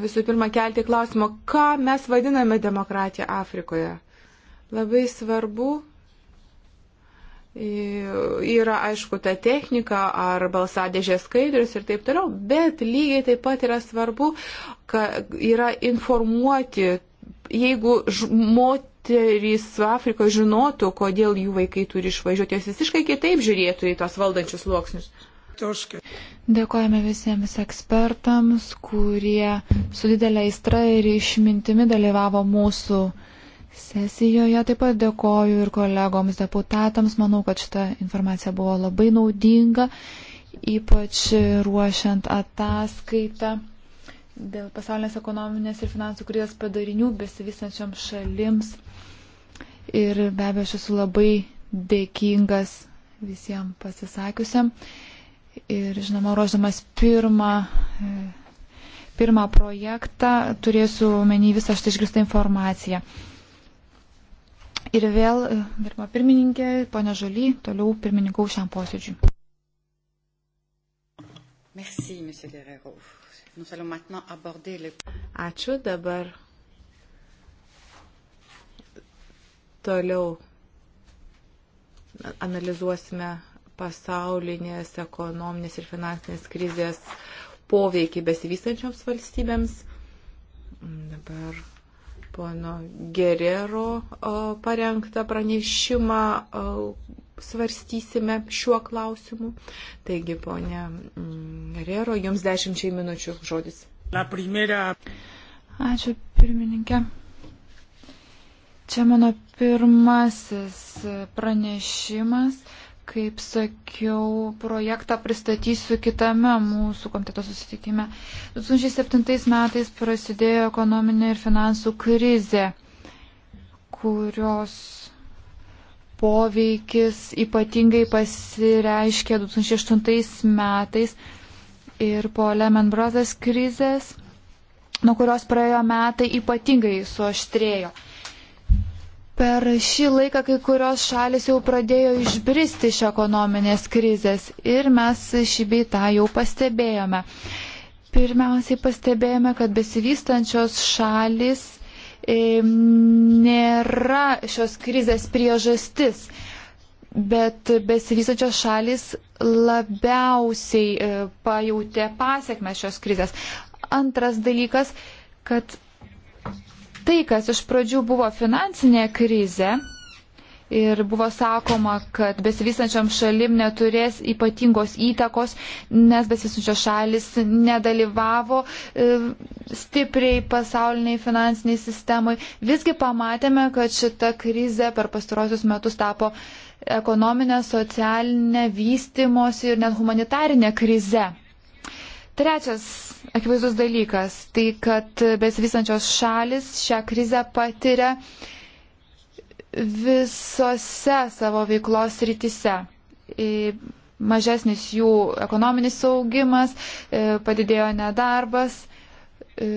visų pirma kelti klausimą, ką mes vadiname demokratija Afrikoje. Labai svarbu yra, aišku, ta technika ar balsadėžės skaidrius ir taip toliau, bet lygiai taip pat yra svarbu, kad yra informuoti, jeigu žmoti moterys Afrikoje žinotų, kodėl jų vaikai turi išvažiuoti, jos visiškai kitaip žiūrėtų į tos valdančius sluoksnius. Dėkojame visiems ekspertams, kurie su didelė aistra ir išmintimi dalyvavo mūsų sesijoje. Taip pat dėkoju ir kolegoms deputatams. Manau, kad šita informacija buvo labai naudinga, ypač ruošiant ataskaitą dėl pasaulinės ekonominės ir finansų krizės padarinių besivysančiam šalims. Ir be abejo, aš esu labai dėkingas visiems pasisakiusiam. Ir, žinoma, ruoždamas pirmą, e, pirmą projektą turėsiu menį visą šitą išgirstą informaciją. Ir vėl, e, gerbama pirmininkė, ponia Žaly, toliau pirmininkau šiam posėdžiui. Merci, Ačiū dabar. Toliau analizuosime pasaulinės ekonominės ir finansinės krizės poveikį besivystančioms valstybėms. Dabar pono Gerero parengtą pranešimą svarstysime šiuo klausimu. Taigi, ponė mm, Gerero, jums dešimčiai minučių žodis. La primera. Ačiū, pirmininkė. Čia mano pirmasis pranešimas kaip sakiau, projektą pristatysiu kitame mūsų komiteto susitikime. 2007 metais prasidėjo ekonominė ir finansų krizė, kurios poveikis ypatingai pasireiškė 2008 metais ir po Lehman Brothers krizės, nuo kurios praėjo metai ypatingai suaštrėjo. Per šį laiką kai kurios šalis jau pradėjo išbristi iš ekonominės krizės ir mes šį bei tą jau pastebėjome. Pirmiausiai pastebėjome, kad besivystančios šalis e, nėra šios krizės priežastis, bet besivystančios šalis labiausiai e, pajutė pasiekmes šios krizės. Antras dalykas, kad Tai, kas iš pradžių buvo finansinė krizė ir buvo sakoma, kad besivystančiam šalim neturės ypatingos įtakos, nes besivystančios šalis nedalyvavo e, stipriai pasauliniai finansiniai sistemai. Visgi pamatėme, kad šita krize per pastarosius metus tapo ekonominė, socialinė, vystimosi ir net humanitarinė krize. Trečias akivaizdus dalykas - tai, kad besivysančios šalis šią krizę patiria visose savo veiklos rytise. E, mažesnis jų ekonominis augimas, e, padidėjo nedarbas, e,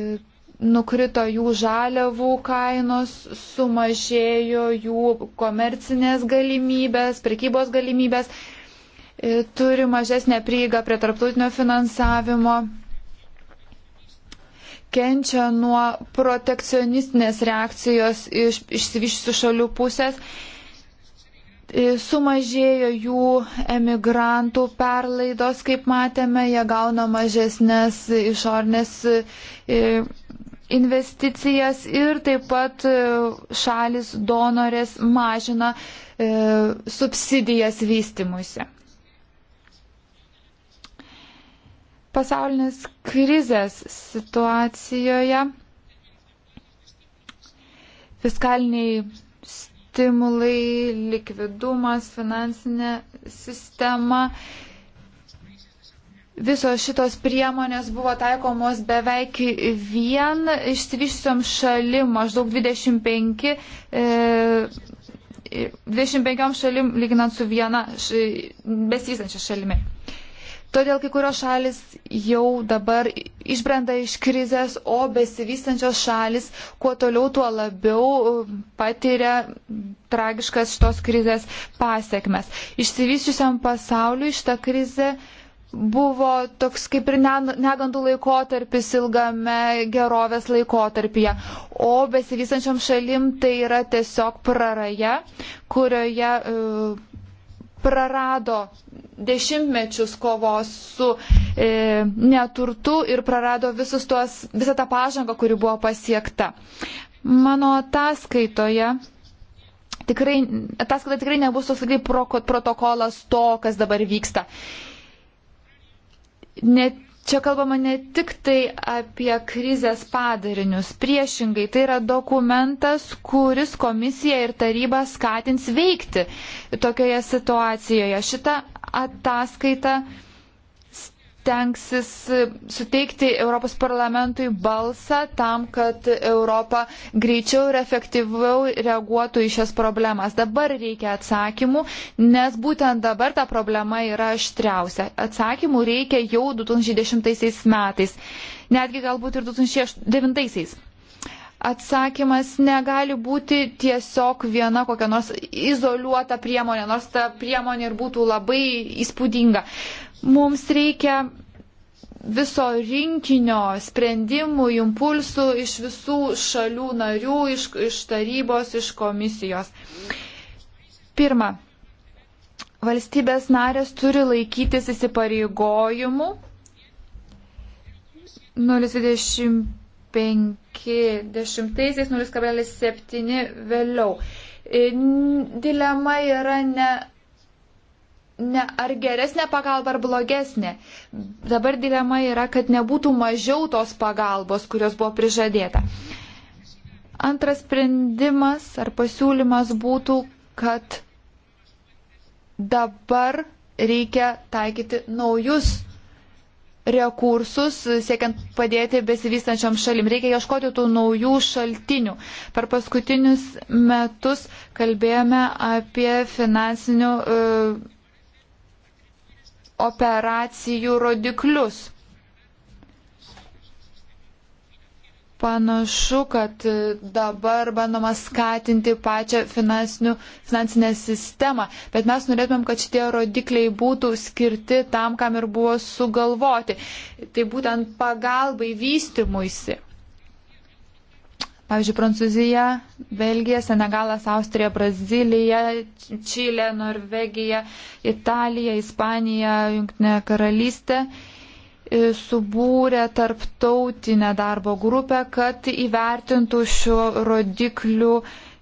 nukrito jų žaliavų kainos, sumažėjo jų komercinės galimybės, prekybos galimybės. E, turi mažesnę prieigą prie tarptautinio finansavimo, kenčia nuo protekcionistinės reakcijos iš išsivyščiusių šalių pusės, e, sumažėjo jų emigrantų perlaidos, kaip matėme, jie gauna mažesnės išornės e, investicijas ir taip pat šalis donorės mažina e, subsidijas vystimuisi. pasaulinės krizės situacijoje fiskaliniai stimulai, likvidumas, finansinė sistema. Visos šitos priemonės buvo taikomos beveik vien išsivyščiom šalim, maždaug 25, e, 25 šalim, lyginant su viena š, besivystančia šalimi. E, Todėl kai kurios šalis jau dabar išbrenda iš krizės, o besivystančios šalis kuo toliau, tuo labiau um, patiria tragiškas šitos krizės pasiekmes. Išsivyščiusiam pasauliu šitą krizę buvo toks kaip ir negandų laikotarpis ilgame gerovės laikotarpyje, o besivystančiam šalim tai yra tiesiog praraja, kurioje. Uh, prarado dešimtmečius kovos su e, neturtu ir prarado tuos, visą tą pažangą, kuri buvo pasiekta. Mano ataskaitoje tikrai, ataskaita tikrai nebus toks tikrai protokolas to, kas dabar vyksta. Net Čia kalbama ne tik tai apie krizės padarinius, priešingai tai yra dokumentas, kuris komisija ir taryba skatins veikti tokioje situacijoje. Šita ataskaita stengsis e, suteikti Europos parlamentui balsą tam, kad Europa greičiau ir efektyviau reaguotų į šias problemas. Dabar reikia atsakymų, nes būtent dabar ta problema yra aštriausia. Atsakymų reikia jau 2010 metais, netgi galbūt ir 2009. -aisiais. Atsakymas negali būti tiesiog viena kokia nors izoliuota priemonė, nors ta priemonė ir būtų labai įspūdinga Mums reikia viso rinkinio sprendimų, impulsų iš visų šalių narių, iš, iš tarybos, iš komisijos. Pirma, valstybės narės turi laikytis įsipareigojimų 0,25-0,7 vėliau. Dilema yra ne ne ar geresnė pagalba, ar blogesnė. Dabar dilema yra, kad nebūtų mažiau tos pagalbos, kurios buvo prižadėta. Antras sprendimas ar pasiūlymas būtų, kad dabar reikia taikyti naujus rekursus, siekiant padėti besivystančiam šalim. Reikia ieškoti tų naujų šaltinių. Per paskutinius metus kalbėjome apie finansinių. Uh, operacijų rodiklius. Panašu, kad dabar bandoma skatinti pačią finansinę sistemą, bet mes norėtumėm, kad šitie rodikliai būtų skirti tam, kam ir buvo sugalvoti. Tai būtent pagalbai vystimuisi. Pavyzdžiui, Prancūzija, Belgija, Senegalas, Austrija, Brazilija, Čilė, Norvegija, Italija, Ispanija, Junktinė karalystė e, subūrė tarptautinę darbo grupę, kad įvertintų šio rodiklių,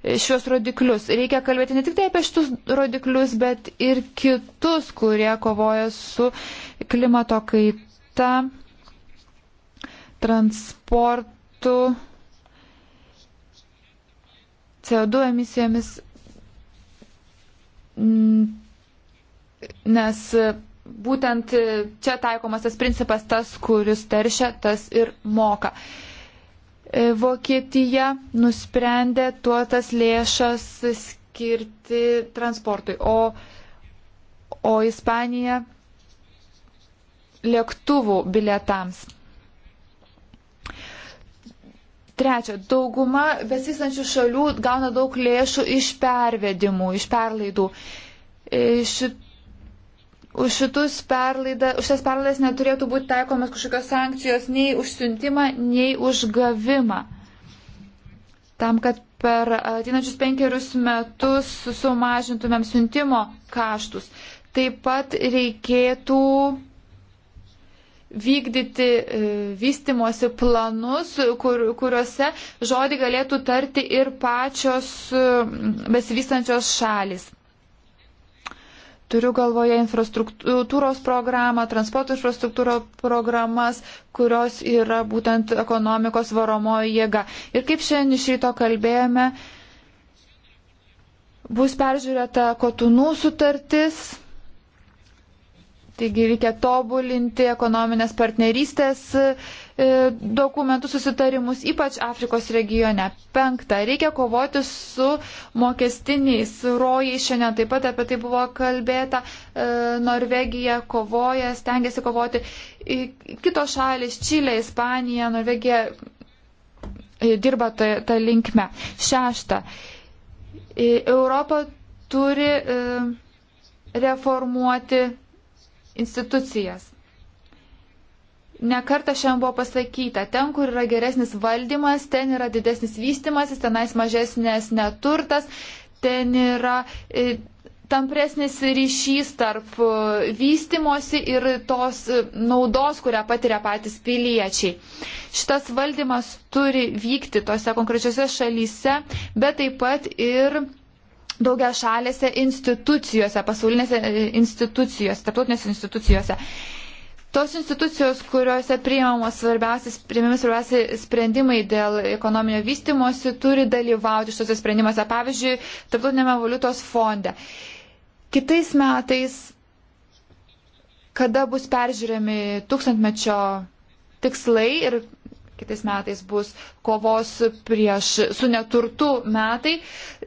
e, šios rodiklius. Reikia kalbėti ne tik tai apie šitus rodiklius, bet ir kitus, kurie kovoja su klimato kaita, transportu CO2 emisijomis, nes būtent čia taikomas tas principas, tas, kuris teršia, tas ir moka. E, Vokietija nusprendė tuo tas lėšas skirti transportui, o, o Ispanija lėktuvų bilietams. Trečia, dauguma besistančių šalių gauna daug lėšų iš pervedimų, iš perlaidų. E, Šit, už, perlaida, už šias perlaidas neturėtų būti taikomas kažkokios sankcijos nei už siuntimą, nei už gavimą. Tam, kad per atinačius penkerius metus sumažintumėm siuntimo kaštus. Taip pat reikėtų vykdyti e, vystimosi planus, kur, kuriuose žodį galėtų tarti ir pačios e, besivystančios šalis. Turiu galvoje infrastruktūros programą, transporto infrastruktūros programas, kurios yra būtent ekonomikos varomoji jėga. Ir kaip šiandien iš ryto kalbėjome, bus peržiūrėta kotunų sutartis Taigi reikia tobulinti ekonominės partnerystės e, dokumentų susitarimus, ypač Afrikos regione. Penkta, reikia kovoti su mokestiniais rojais. Šiandien taip pat apie tai buvo kalbėta. E, Norvegija kovoja, stengiasi kovoti. Kitos šalis - Čilė, Ispanija, Norvegija e, dirba tą, tą linkmę. Šešta, Europa turi reformuoti institucijas. Nekarta šiandien buvo pasakyta, ten, kur yra geresnis valdymas, ten yra didesnis vystimasis, tenais mažesnės neturtas, ten yra e, tampresnis ryšys tarp e, vystimosi ir tos e, naudos, kurią patiria patys piliečiai. Šitas valdymas turi vykti tose konkrečiose šalyse, bet taip pat ir daugia šalėse institucijose, pasaulinėse e, institucijose, tarptautinėse institucijose. Tos institucijos, kuriuose priimami svarbiausi sprendimai dėl ekonominio vystimosi, turi dalyvauti šiuose sprendimuose, pavyzdžiui, Tarptautinėme valiutos fonde. Kitais metais, kada bus peržiūrėmi tūkstantmečio tikslai ir kitais metais bus kovos prieš su neturtu metai,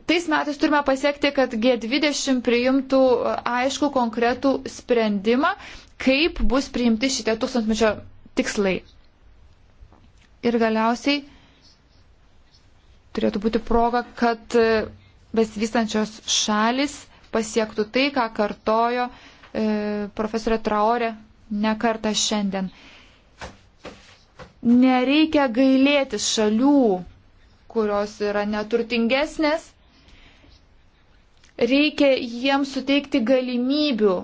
tais metais turime pasiekti, kad G20 priimtų e, aišku konkretų sprendimą, kaip bus priimti šitie tūkstantmečio tikslai. Ir galiausiai turėtų būti proga, kad e, besivystančios šalis pasiektų tai, ką kartojo e, profesorė Traorė nekarta šiandien. Nereikia gailėti šalių, kurios yra neturtingesnės, Reikia jiems suteikti galimybių,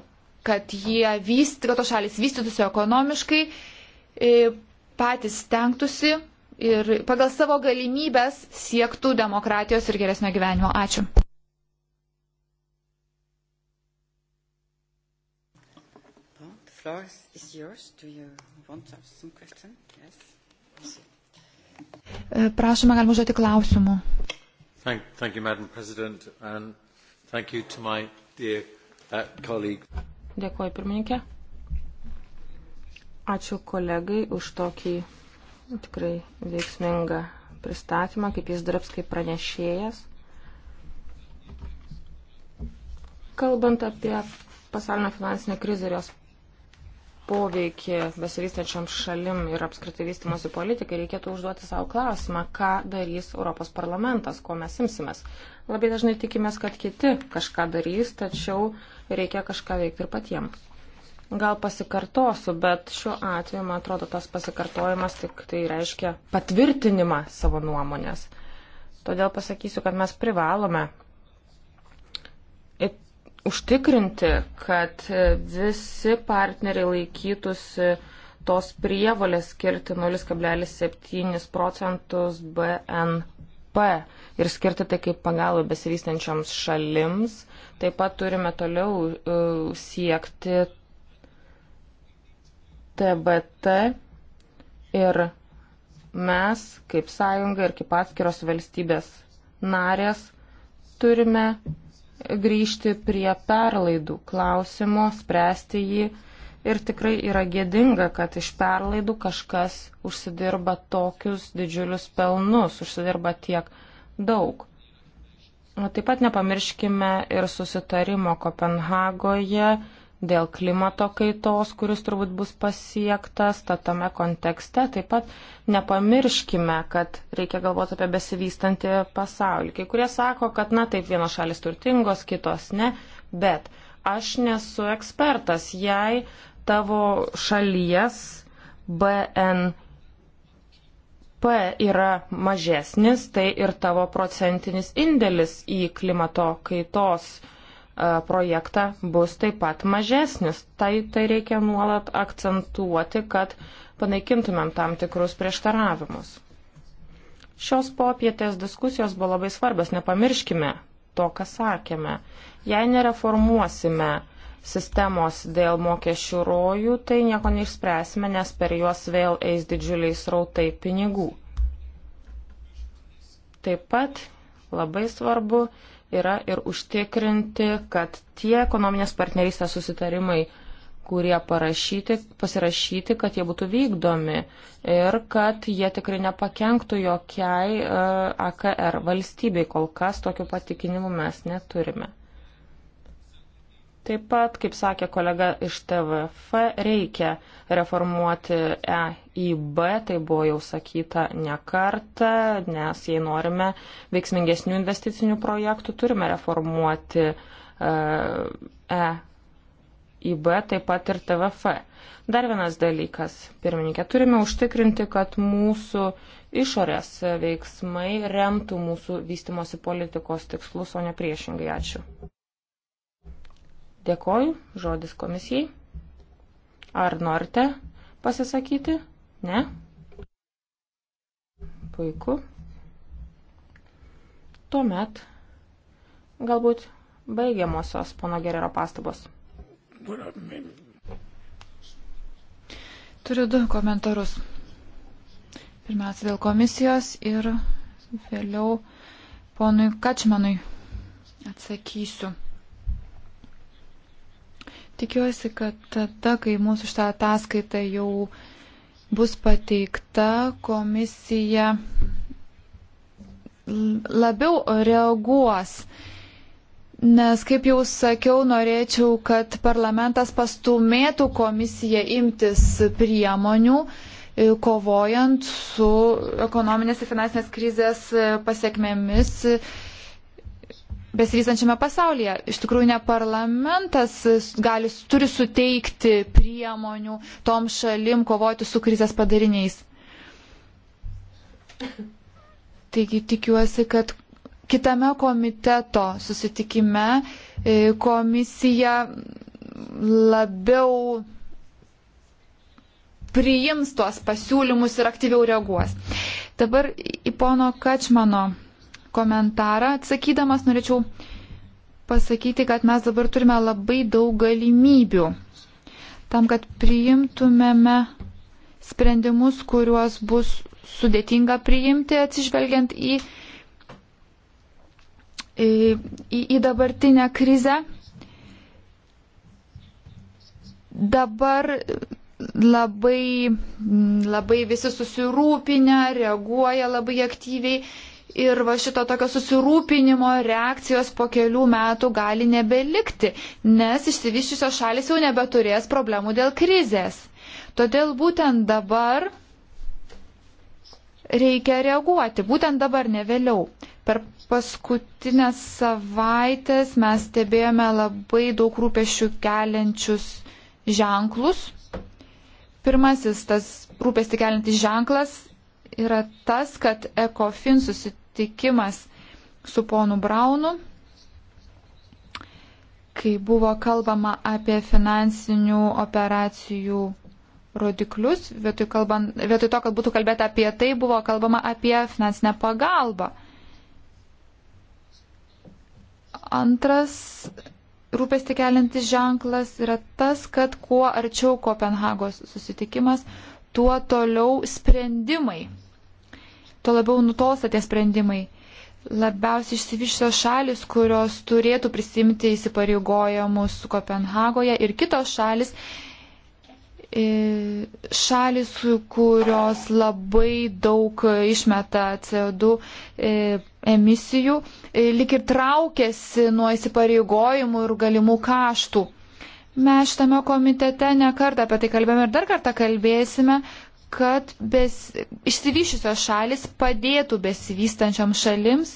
kad jie vystytų, kad to šalis vystytųsi ekonomiškai, e, patys stengtųsi ir pagal savo galimybės siektų demokratijos ir geresnio gyvenimo. Ačiū. floor is yours. Do you want to ask some question? Yes. E, prašome, galima užduoti klausimų. Thank, thank you, Madam President. And Thank you to my dear uh, colleague. Dėkuoju pirmininkė. Ačiū kolegai už tokį tikrai veiksmingą pristatymą, kaip jis dirbs kaip pranešėjas. Kalbant apie pasaulinę finansinę krizę ir jos poveikį besivystančiam šalim ir apskritai vystimosi politikai, reikėtų užduoti savo klausimą, ką darys Europos parlamentas, ko mes imsimės. Labai dažnai tikimės, kad kiti kažką darys, tačiau reikia kažką veikti ir patiems. Gal pasikartosiu, bet šiuo atveju, man atrodo, tas pasikartojimas tik tai reiškia patvirtinimą savo nuomonės. Todėl pasakysiu, kad mes privalome užtikrinti, kad visi partneriai laikytųsi tos prievalės skirti 0,7 procentus BNP ir skirti tai kaip pagalba besivystančioms šalims. Taip pat turime toliau uh, siekti TBT ir mes, kaip sąjunga ir kaip atskiros valstybės narės, turime grįžti prie perlaidų klausimo, spręsti jį. Ir tikrai yra gėdinga, kad iš perlaidų kažkas užsidirba tokius didžiulius pelnus, užsidirba tiek daug. O taip pat nepamirškime ir susitarimo Kopenhagoje dėl klimato kaitos, kuris turbūt bus pasiektas, tad tame kontekste taip pat nepamirškime, kad reikia galvoti apie besivystantį pasaulį. Kai kurie sako, kad na taip vienos šalis turtingos, kitos ne, bet aš nesu ekspertas, jei tavo šalies BNP yra mažesnis, tai ir tavo procentinis indėlis į klimato kaitos projektą bus taip pat mažesnis. Tai, tai reikia nuolat akcentuoti, kad panaikintumėm tam tikrus prieštaravimus. Šios popietės diskusijos buvo labai svarbios, nepamirškime to, ką sakėme. Jei nereformuosime sistemos dėl mokesčių rojų, tai nieko neišspręsime, nes per juos vėl eis didžiuliai srautai pinigų. Taip pat labai svarbu yra ir užtikrinti, kad tie ekonominės partnerystės susitarimai, kurie parašyti, pasirašyti, kad jie būtų vykdomi ir kad jie tikrai nepakenktų jokiai e, AKR valstybei. Kol kas tokių patikinimų mes neturime. Taip pat, kaip sakė kolega iš TVF, reikia reformuoti EIB, tai buvo jau sakyta ne kartą, nes jei norime veiksmingesnių investicinių projektų, turime reformuoti EIB, e taip pat ir TVF. Dar vienas dalykas, pirmininkė, turime užtikrinti, kad mūsų išorės veiksmai remtų mūsų vystimosi politikos tikslus, o ne priešingai. Ačiū. Dėkoju, žodis komisijai. Ar norite pasisakyti? Ne? Puiku. Tuomet galbūt baigiamosios pono Gerero pastabos. Turiu du komentarus. Pirmiausia, dėl komisijos ir vėliau ponui Kačmanui atsakysiu. Tikiuosi, kad tada, kai mūsų šitą ataskaitą jau bus pateikta, komisija labiau reaguos. Nes, kaip jau sakiau, norėčiau, kad parlamentas pastumėtų komisiją imtis priemonių, e, kovojant su ekonominės ir finansinės krizės e, pasiekmėmis besivystančiame pasaulyje. Iš tikrųjų, ne parlamentas gali, turi suteikti priemonių tom šalim kovoti su krizės padariniais. Taigi tikiuosi, kad kitame komiteto susitikime e, komisija labiau priims tuos pasiūlymus ir aktyviau reaguos. Dabar į pono Kačmano komentarą. Atsakydamas norėčiau pasakyti, kad mes dabar turime labai daug galimybių tam, kad priimtumėme sprendimus, kuriuos bus sudėtinga priimti atsižvelgiant į, į, į dabartinę krizę. Dabar labai, labai visi susirūpinę, reaguoja labai aktyviai ir va šito tokio susirūpinimo reakcijos po kelių metų gali nebelikti, nes išsivyščiusios šalis jau nebeturės problemų dėl krizės. Todėl būtent dabar reikia reaguoti, būtent dabar ne vėliau. Per paskutinės savaitės mes stebėjome labai daug rūpešių keliančius ženklus. Pirmasis tas rūpesti keliantis ženklas yra tas, kad ECOFIN susitikė susitikimas su ponu Braunu, kai buvo kalbama apie finansinių operacijų rodiklius, vietoj, kalbant, vietoj to, kad būtų kalbėta apie tai, buvo kalbama apie finansinę pagalbą. Antras rūpesti keliantis ženklas yra tas, kad kuo arčiau Kopenhagos susitikimas, tuo toliau sprendimai tuo labiau nutolsta tie sprendimai. Labiausiai išsivyščios šalis, kurios turėtų prisimti įsipareigojimus Kopenhagoje ir kitos šalis, e, šalis, kurios labai daug išmeta CO2 e, emisijų, e, lik ir traukėsi nuo įsipareigojimų ir galimų kaštų. Mes šitame komitete nekartą apie tai kalbėjome ir dar kartą kalbėsime, kad bes, išsivyšiusios šalis padėtų besivystančiam šalims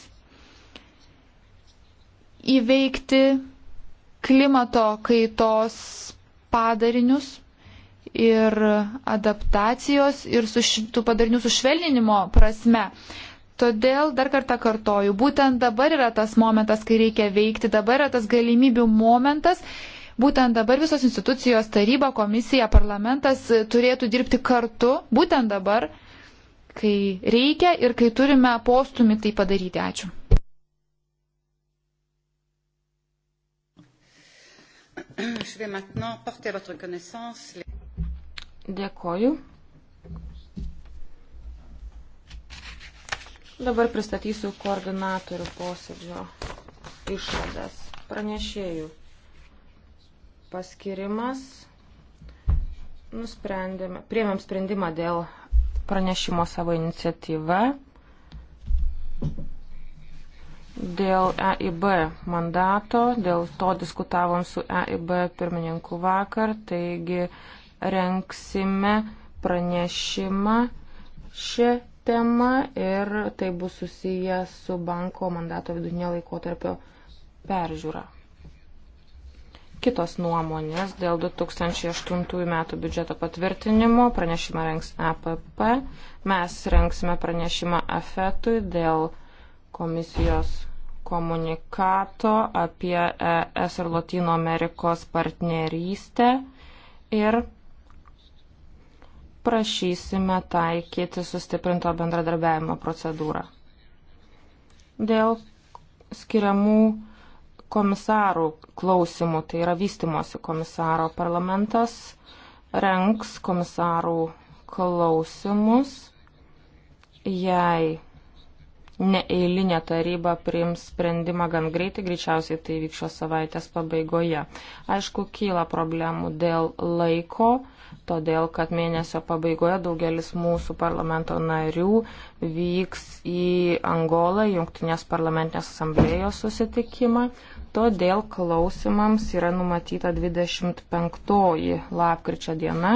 įveikti klimato kaitos padarinius ir adaptacijos ir su šitų padarinių sušvelninimo prasme. Todėl dar kartą kartoju, būtent dabar yra tas momentas, kai reikia veikti, dabar yra tas galimybių momentas Būtent dabar visos institucijos, taryba, komisija, parlamentas e, turėtų dirbti kartu, būtent dabar, kai reikia ir kai turime postumį tai padaryti. Ačiū. Dėkoju. Dabar pristatysiu koordinatorių posėdžio išvadas pranešėjų paskirimas. Nusprendėme, priemėm sprendimą dėl pranešimo savo iniciatyvą dėl EIB mandato, dėl to diskutavom su EIB pirmininku vakar, taigi renksime pranešimą šią temą ir tai bus susiję su banko mandato vidurinio laikotarpio peržiūra kitos nuomonės dėl 2008 metų biudžeto patvirtinimo. Pranešimą rengs APP. Mes rengsime pranešimą AFETui dėl komisijos komunikato apie ES ir Latino Amerikos partnerystę ir prašysime taikyti sustiprinto bendradarbiavimo procedūrą. Dėl skiriamų komisarų klausimų, tai yra vystimosi komisaro parlamentas renks komisarų klausimus, jei neeilinė taryba priims sprendimą gan greitai, greičiausiai tai vyks šios savaitės pabaigoje. Aišku, kyla problemų dėl laiko, todėl kad mėnesio pabaigoje daugelis mūsų parlamento narių vyks į Angolą, Junktinės parlamentinės asamblėjos susitikimą todėl klausimams yra numatyta 25 lapkričio diena.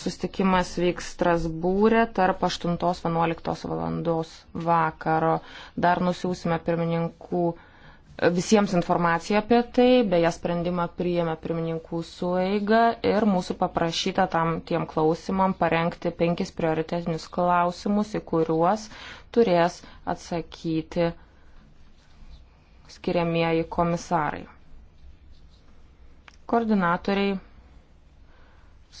Sustikimas vyks Strasbūrė tarp 8-11 valandos vakaro. Dar nusiūsime pirmininkų visiems informaciją apie tai, beje sprendimą priėmė pirmininkų sueiga ir mūsų paprašyta tam tiem klausimam parengti penkis prioritetinius klausimus, į kuriuos turės atsakyti skiriamieji komisarai. Koordinatoriai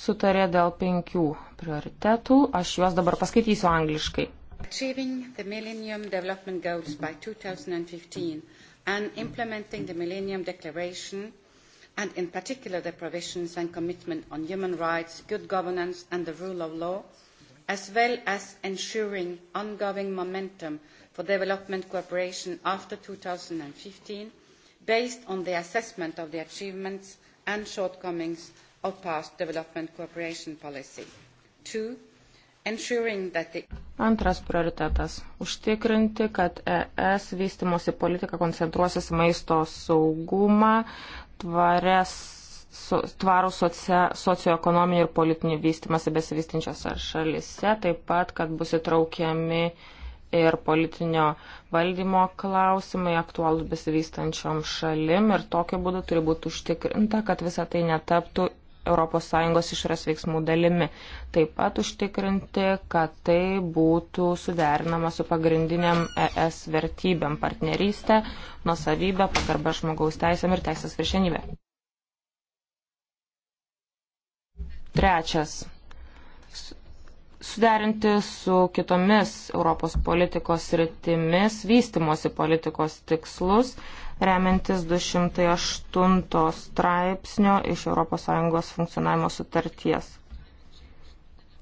sutarė dėl penkių prioritetų, aš juos dabar paskaitysiu angliškai. Achieving the Millennium Development Goals by 2015 and implementing the Millennium Declaration and in particular the provisions and commitment on human rights, good governance and the rule of law, as well as ensuring ongoing momentum for Development Cooperation after 2015 based on the assessment of the achievements and shortcomings of past development cooperation policy. Two, ensuring that the Antras prioritetas - užtikrinti, kad ES vystimosi politika koncentruosis maisto saugumą, tvarės, so, tvarų socia, socioekonominį ir politinį vystimąsi besivystinčiose šalise, taip pat, kad bus įtraukiami uh, ir politinio valdymo klausimai aktualūs besivystančiom šalim ir tokiu būdu turi būti užtikrinta, kad visa tai netaptų ES išras veiksmų dalimi. Taip pat užtikrinti, kad tai būtų suderinama su pagrindiniam ES vertybėm - partnerystė, nusavybė, pagarba žmogaus teisėm ir teisės viršenybė. Trečias suderinti su kitomis Europos politikos rytimis, vystimosi politikos tikslus, remiantis 208 straipsnio iš ES funkcionavimo sutarties.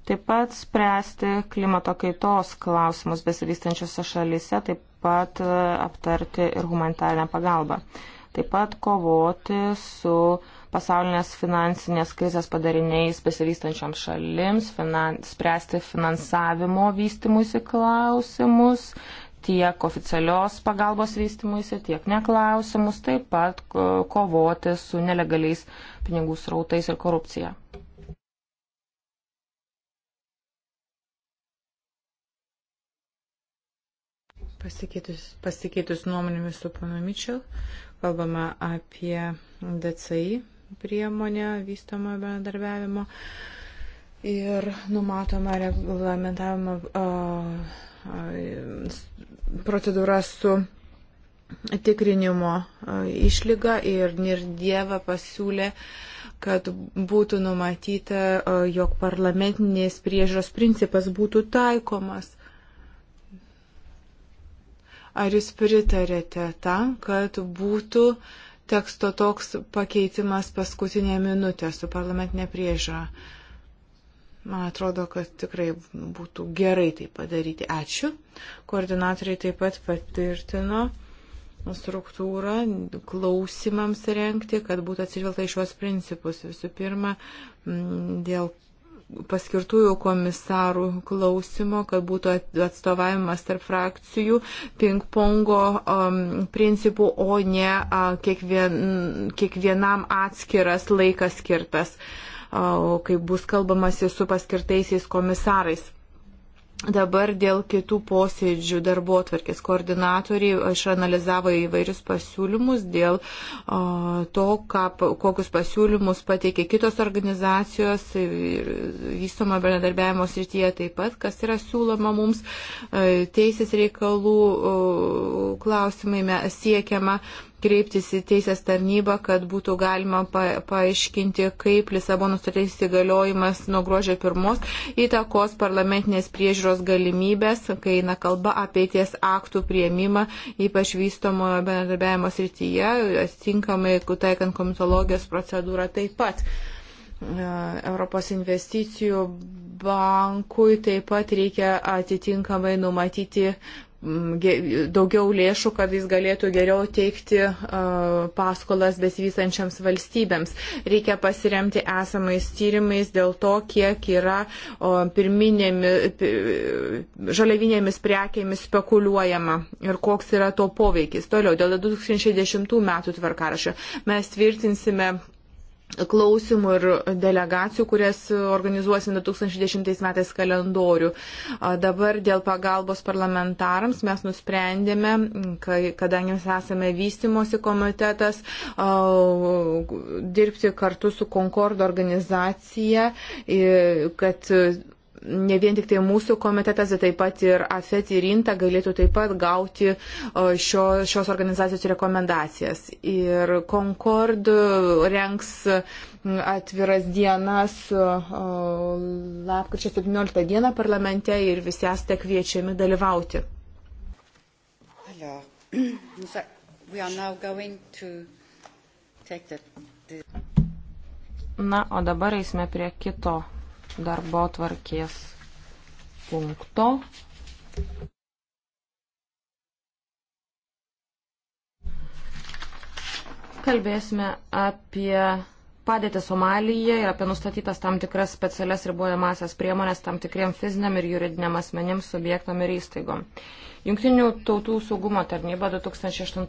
Taip pat spręsti klimato kaitos klausimus besivystančiose šalyse, taip pat e, aptarti ir humanitarinę pagalbą. Taip pat kovoti su pasaulinės finansinės krizės padariniais besivystančioms šalims, finan, spręsti finansavimo vystimuisi klausimus, tiek oficialios pagalbos vystimuisi, tiek neklausimus, taip pat kovoti su nelegaliais pinigų srautais ir korupcija. Pasikeitus, pasikeitus nuomonėmis su panu Mičel, kalbame apie DCI, priemonė vystamo bendarbiavimo ir numatoma reglamentavimo procedūra su tikrinimo išlyga ir Nirdieva pasiūlė, kad būtų numatyta, jog parlamentinės priežiūros principas būtų taikomas. Ar jūs pritarėte tam, kad būtų uh, teksto toks pakeitimas paskutinė minutė su parlamentinė priežiūra. Man atrodo, kad tikrai būtų gerai tai padaryti. Ačiū. Koordinatoriai taip pat patvirtino struktūrą klausimams renkti, kad būtų atsižvelgta į šios principus. Visų pirma, dėl paskirtųjų komisarų klausimo, kad būtų atstovavimas tarp frakcijų ping-pongo um, principų, o ne uh, kiekvien, kiekvienam atskiras laikas skirtas, uh, kai bus kalbamasi su paskirtaisiais komisarais. Dabar dėl kitų posėdžių darbo atvarkės koordinatoriai išanalizavo įvairius pasiūlymus dėl o, to, ką, kokius pasiūlymus pateikė kitos organizacijos vystoma bendradarbiavimo srityje taip pat, kas yra siūloma mums teisės reikalų klausimai siekiama kreiptis į teisės tarnybą, kad būtų galima pa paaiškinti, kaip Lisabonos sutarties įgaliojimas nuo gruožio pirmos įtakos parlamentinės priežiūros galimybės, kai eina kalba apie ties aktų prieimimą, ypač vystomojo bendradarbiavimo srityje, atitinkamai taikant komitologijos procedūrą taip pat. E, Europos investicijų bankui taip pat reikia atitinkamai numatyti Mm, daugiau lėšų, kad jis galėtų geriau teikti paskolas besivysančiams valstybėms. Reikia pasiremti esamais tyrimais dėl to, kiek yra pirminėmis žaliavinėmis prekėmis spekuliuojama ir koks yra to poveikis. Toliau, dėl 2010 metų tvarkarašio mes tvirtinsime klausimų ir delegacijų, kurias organizuosim 2010 metais kalendorių. Dabar dėl pagalbos parlamentarams mes nusprendėme, kai, kadangi mes esame vystimosi komitetas, dirbti kartu su Concord organizacija, kad ne vien tik tai mūsų komitetas, bet taip pat ir AFET ir INTA galėtų taip pat gauti šio, šios organizacijos rekomendacijas. Ir Concord renks atviras dienas lapkričio 17 dieną parlamente ir visi esate kviečiami dalyvauti. *clears throat* Na, o dabar eisime prie kito darbo tvarkės punkto. Kalbėsime apie padėtį Somalyje ir apie nustatytas tam tikras specialias ribojamasias priemonės tam tikriem fiziniam ir juridiniam asmenim, subjektam ir įstaigom. Junktinių tautų saugumo tarnyba 2008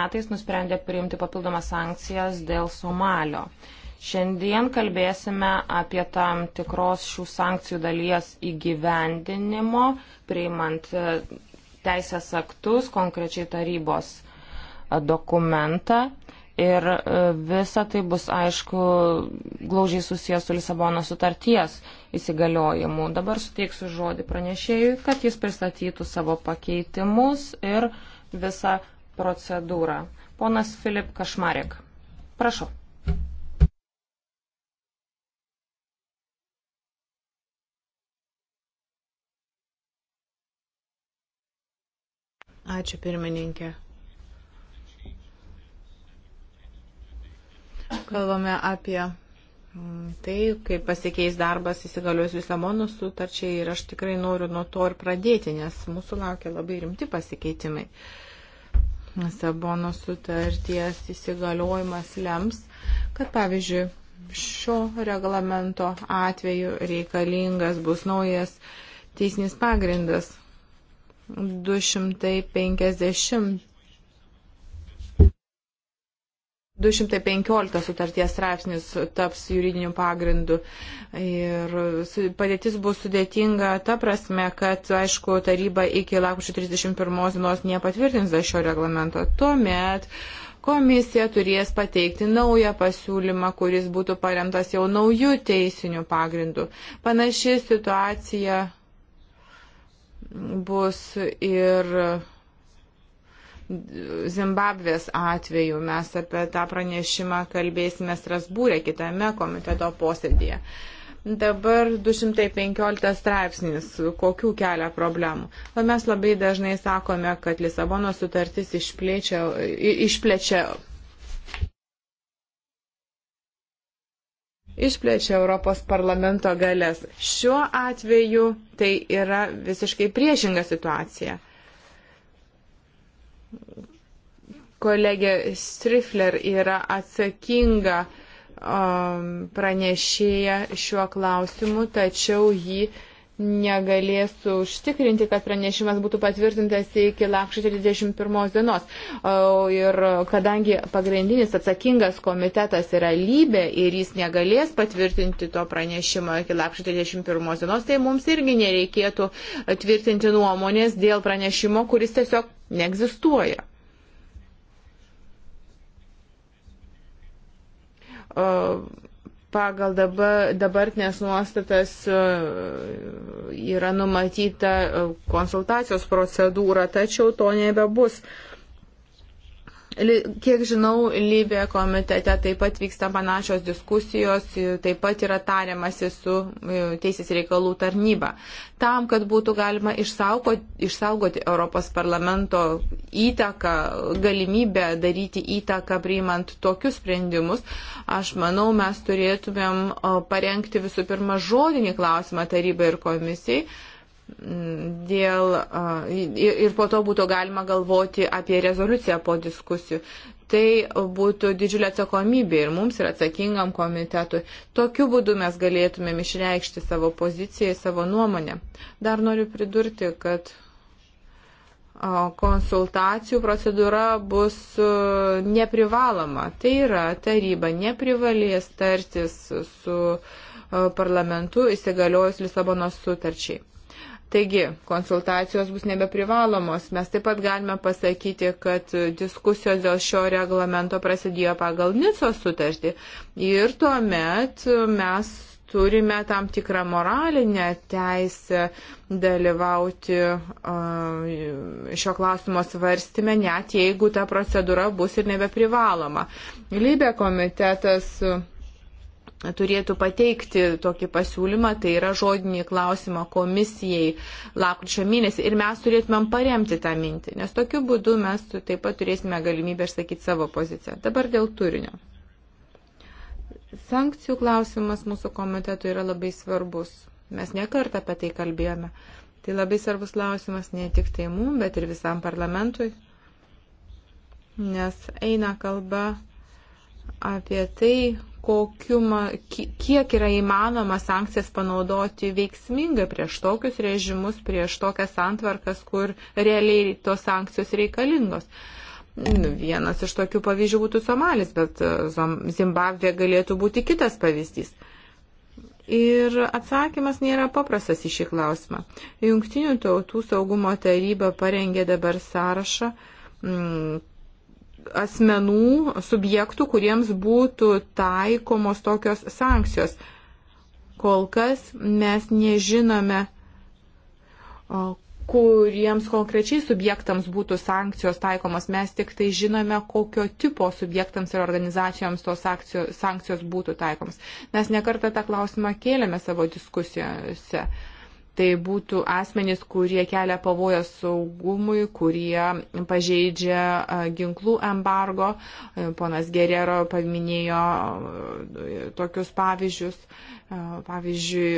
metais nusprendė priimti papildomas sankcijas dėl Somalio. Šiandien kalbėsime apie tam tikros šių sankcijų dalies įgyvendinimo, priimant e, teisės aktus, konkrečiai tarybos e, dokumentą. Ir e, visa tai bus, aišku, glaužiai susijęs su Lisabono sutarties įsigaliojimu. Dabar suteiksiu žodį pranešėjui, kad jis pristatytų savo pakeitimus ir visą procedūrą. Ponas Filip Kašmarek. Prašau. Ačiū pirmininkė. Kalbame apie mm, tai, kaip pasikeis darbas įsigaliojus Lisabono sutarčiai ir aš tikrai noriu nuo to ir pradėti, nes mūsų laukia labai rimti pasikeitimai. Lisabono sutarties įsigaliojimas lems, kad pavyzdžiui, šio reglamento atveju reikalingas bus naujas teisinis pagrindas 250. 215 sutarties straipsnis taps juridiniu pagrindu ir padėtis bus sudėtinga ta prasme, kad, aišku, taryba iki lakušio 31 dienos nepatvirtins šio reglamento. Tuomet komisija turės pateikti naują pasiūlymą, kuris būtų paremtas jau naujų teisinių pagrindų. Panaši situacija bus ir Zimbabvės atveju. Mes apie tą pranešimą kalbėsime Strasbūrė kitame komiteto posėdėje. Dabar 215 straipsnis, kokių kelia problemų. O mes labai dažnai sakome, kad Lisabono sutartis išplečia, išplečia išplečia Europos parlamento galės. Šiuo atveju tai yra visiškai priešinga situacija. Kolegė Strifler yra atsakinga um, pranešėja šiuo klausimu, tačiau jį uh, negalės užtikrinti, kad pranešimas būtų patvirtintas iki lakščio 31 dienos. Ir kadangi pagrindinis atsakingas komitetas yra lybė ir jis negalės patvirtinti to pranešimo iki lakščio 31 dienos, tai mums irgi nereikėtų tvirtinti nuomonės dėl pranešimo, kuris tiesiog neegzistuoja. Uh, pagal dabar, dabartinės nuostatas e, yra numatyta e, konsultacijos procedūra, tačiau to nebebus. bus Kiek žinau, Lybė komitete taip pat vyksta panašios diskusijos, taip pat yra tariamasi su e, Teisės reikalų tarnyba. Tam, kad būtų galima išsaugoti, išsaugoti Europos parlamento įtaką, galimybę daryti įtaką priimant tokius sprendimus, aš manau, mes turėtumėm parengti visų pirma žodinį klausimą tarybai ir komisijai dėl, ir po to būtų galima galvoti apie rezoliuciją po diskusijų. Tai būtų didžiulė atsakomybė ir mums ir atsakingam komitetui. Tokiu būdu mes galėtumėm išreikšti savo poziciją, savo nuomonę. Dar noriu pridurti, kad konsultacijų procedūra bus neprivaloma. Tai yra, taryba neprivalės tartis su parlamentu įsigaliojus Lisabonos sutarčiai. Taigi, konsultacijos bus nebeprivalomos. Mes taip pat galime pasakyti, kad diskusijos dėl šio reglamento prasidėjo pagal Nico sutartį. Ir tuomet mes turime tam tikrą moralinę teisę dalyvauti šio klausimo svarstymę, net jeigu ta procedūra bus ir nebeprivaloma. Lybė komitetas turėtų pateikti tokį pasiūlymą, tai yra žodinį klausimą komisijai lapkričio mėnesį ir mes turėtumėm paremti tą mintį, nes tokiu būdu mes taip pat turėsime galimybę išsakyti savo poziciją. Dabar dėl turinio. Sankcijų klausimas mūsų komitetui yra labai svarbus. Mes nekart apie tai kalbėjome. Tai labai svarbus klausimas ne tik tai mum, bet ir visam parlamentui, nes eina kalba apie tai, kokiu, kiek yra įmanoma sankcijas panaudoti veiksmingai prieš tokius režimus, prieš tokias santvarkas, kur realiai tos sankcijos reikalingos. Nu, vienas iš tokių pavyzdžių būtų Somalis, bet e, Zimbabvė galėtų būti kitas pavyzdys. Ir atsakymas nėra paprastas į šį klausimą. Jungtinių tautų saugumo taryba parengė dabar sąrašą mm, asmenų, subjektų, kuriems būtų taikomos tokios sankcijos. Kol kas mes nežinome, kuriems konkrečiai subjektams būtų sankcijos taikomos. Mes tik tai žinome, kokio tipo subjektams ir organizacijoms tos sankcijos būtų taikomos. Mes nekartą tą klausimą kėlėme savo diskusijose. Uh, tai būtų asmenys, kurie kelia pavoją saugumui, kurie pažeidžia ginklų embargo. Ponas Gerero paminėjo tokius pavyzdžius. Pavyzdžiui,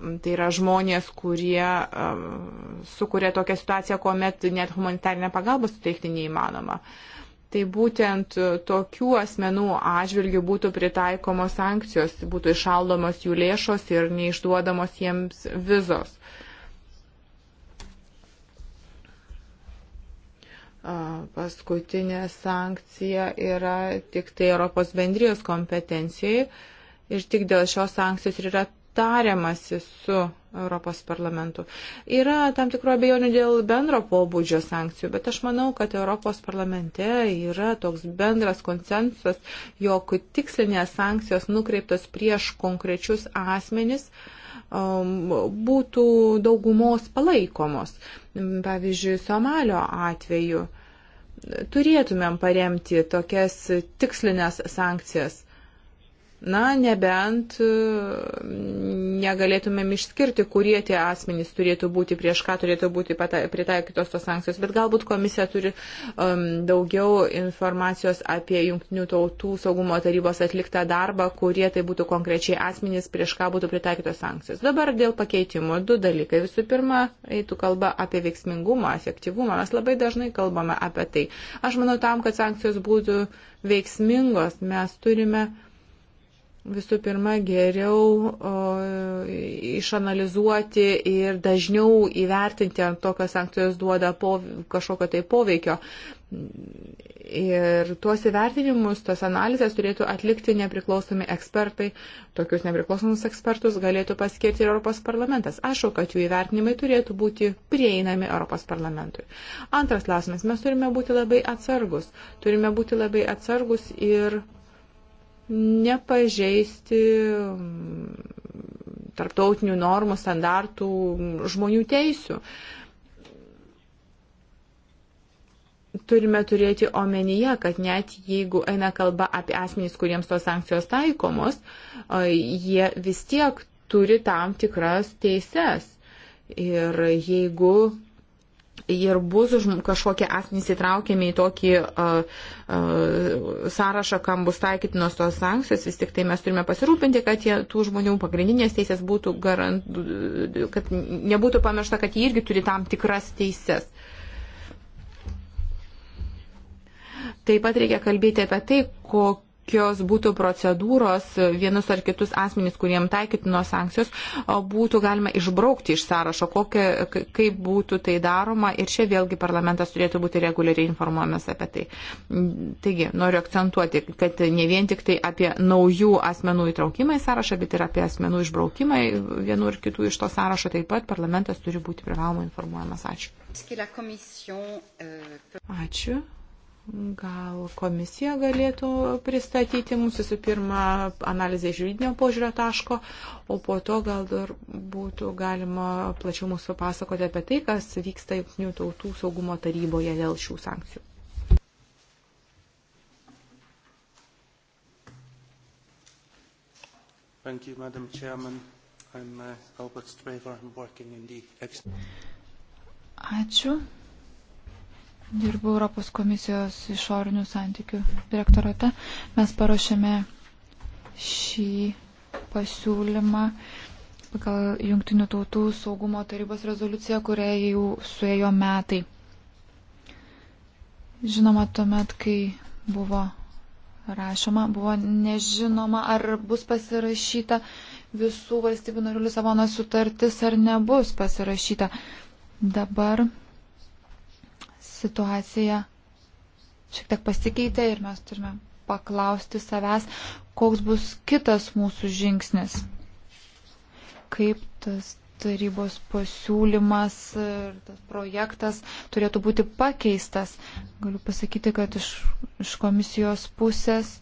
Tai yra žmonės, kurie um, sukuria tokią situaciją, kuomet net humanitarinę pagalbą suteikti neįmanoma. Uh, tai būtent tokių asmenų atžvilgių būtų pritaikomos sankcijos, būtų išaldomos jų lėšos ir neišduodamos jiems vizos. Paskutinė sankcija yra tik tai Europos bendrijos kompetencijai ir tik dėl šios sankcijos yra tariamasi su Europos parlamentu. Yra tam tikro abejonių dėl bendro pobūdžio sankcijų, bet aš manau, kad Europos parlamente yra toks bendras konsensusas, jog tikslinės sankcijos nukreiptos prieš konkrečius asmenis um, būtų daugumos palaikomos. Pavyzdžiui, Somalio atveju turėtumėm paremti tokias tikslinės sankcijas Na, nebent e, negalėtumėm išskirti, kurie tie asmenys turėtų būti, prieš ką turėtų būti pritaikytos tos sankcijos, bet galbūt komisija turi um, daugiau informacijos apie Junktinių tautų saugumo tarybos atliktą darbą, kurie tai būtų konkrečiai asmenys, prieš ką būtų pritaikytos sankcijos. Dabar dėl pakeitimo du dalykai. Visų pirma, eitų kalba apie veiksmingumą, efektyvumą. Mes labai dažnai kalbame apie tai. Aš manau, tam, kad sankcijos būtų veiksmingos, mes turime visų pirma geriau o, išanalizuoti ir dažniau įvertinti, ar tokios sankcijos duoda po, kažkokio tai poveikio. Ir tuos įvertinimus, tos analizės turėtų atlikti nepriklausomi ekspertai. Tokius nepriklausomus ekspertus galėtų paskirti ir Europos parlamentas. Aišku, kad jų įvertinimai turėtų būti prieinami Europos parlamentui. Antras klausimas. Mes turime būti labai atsargus. Turime būti labai atsargus ir nepažeisti tarptautinių normų, standartų, žmonių teisių. Turime turėti omenyje, kad net jeigu eina kalba apie asmenys, kuriems tos sankcijos taikomos, jie vis tiek turi tam tikras teises. Ir jeigu ir bus kažkokie asmenys įtraukiami į tokį a, a, sąrašą, kam bus taikytinos tos sankcijos, vis tik tai mes turime pasirūpinti, kad jie, tų žmonių pagrindinės teisės būtų garant, kad nebūtų pamiršta, kad jie irgi turi tam tikras teises. Taip pat reikia kalbėti apie tai, kokie kokios būtų procedūros vienus ar kitus asmenys, kuriem taikytinos sankcijos, būtų galima išbraukti iš sąrašo, kokia, kaip būtų tai daroma ir čia vėlgi parlamentas turėtų būti reguliariai informuojamas apie tai. Taigi, noriu akcentuoti, kad ne vien tik tai apie naujų asmenų įtraukimą į sąrašą, bet ir apie asmenų išbraukimą vienų ir kitų iš to sąrašo taip pat parlamentas turi būti privalomai informuojamas. Ačiū. Euh, Ačiū. Gal komisija galėtų pristatyti mums visų pirma analizę žiūrinio požiūrio taško, o po to gal dar būtų galima plačiau mūsų papasakoti apie tai, kas vyksta Junktinių tautų saugumo taryboje dėl šių sankcijų. Thank you, Madam Chairman. I'm uh, Albert Straver. I'm working in the... Ačiū dirbu Europos komisijos išorinių santykių direktorate. Mes paruošėme šį pasiūlymą pagal Junktinių tautų saugumo tarybos rezoliuciją, kuriai jau suėjo metai. Žinoma, tuomet, kai buvo rašoma, buvo nežinoma, ar bus pasirašyta visų valstybių narių Lisabono sutartis, ar nebus pasirašyta. Dabar situacija šiek tiek pasikeitė ir mes turime paklausti savęs, koks bus kitas mūsų žingsnis. Kaip tas tarybos pasiūlymas ir tas projektas turėtų būti pakeistas. Galiu pasakyti, kad iš, iš komisijos pusės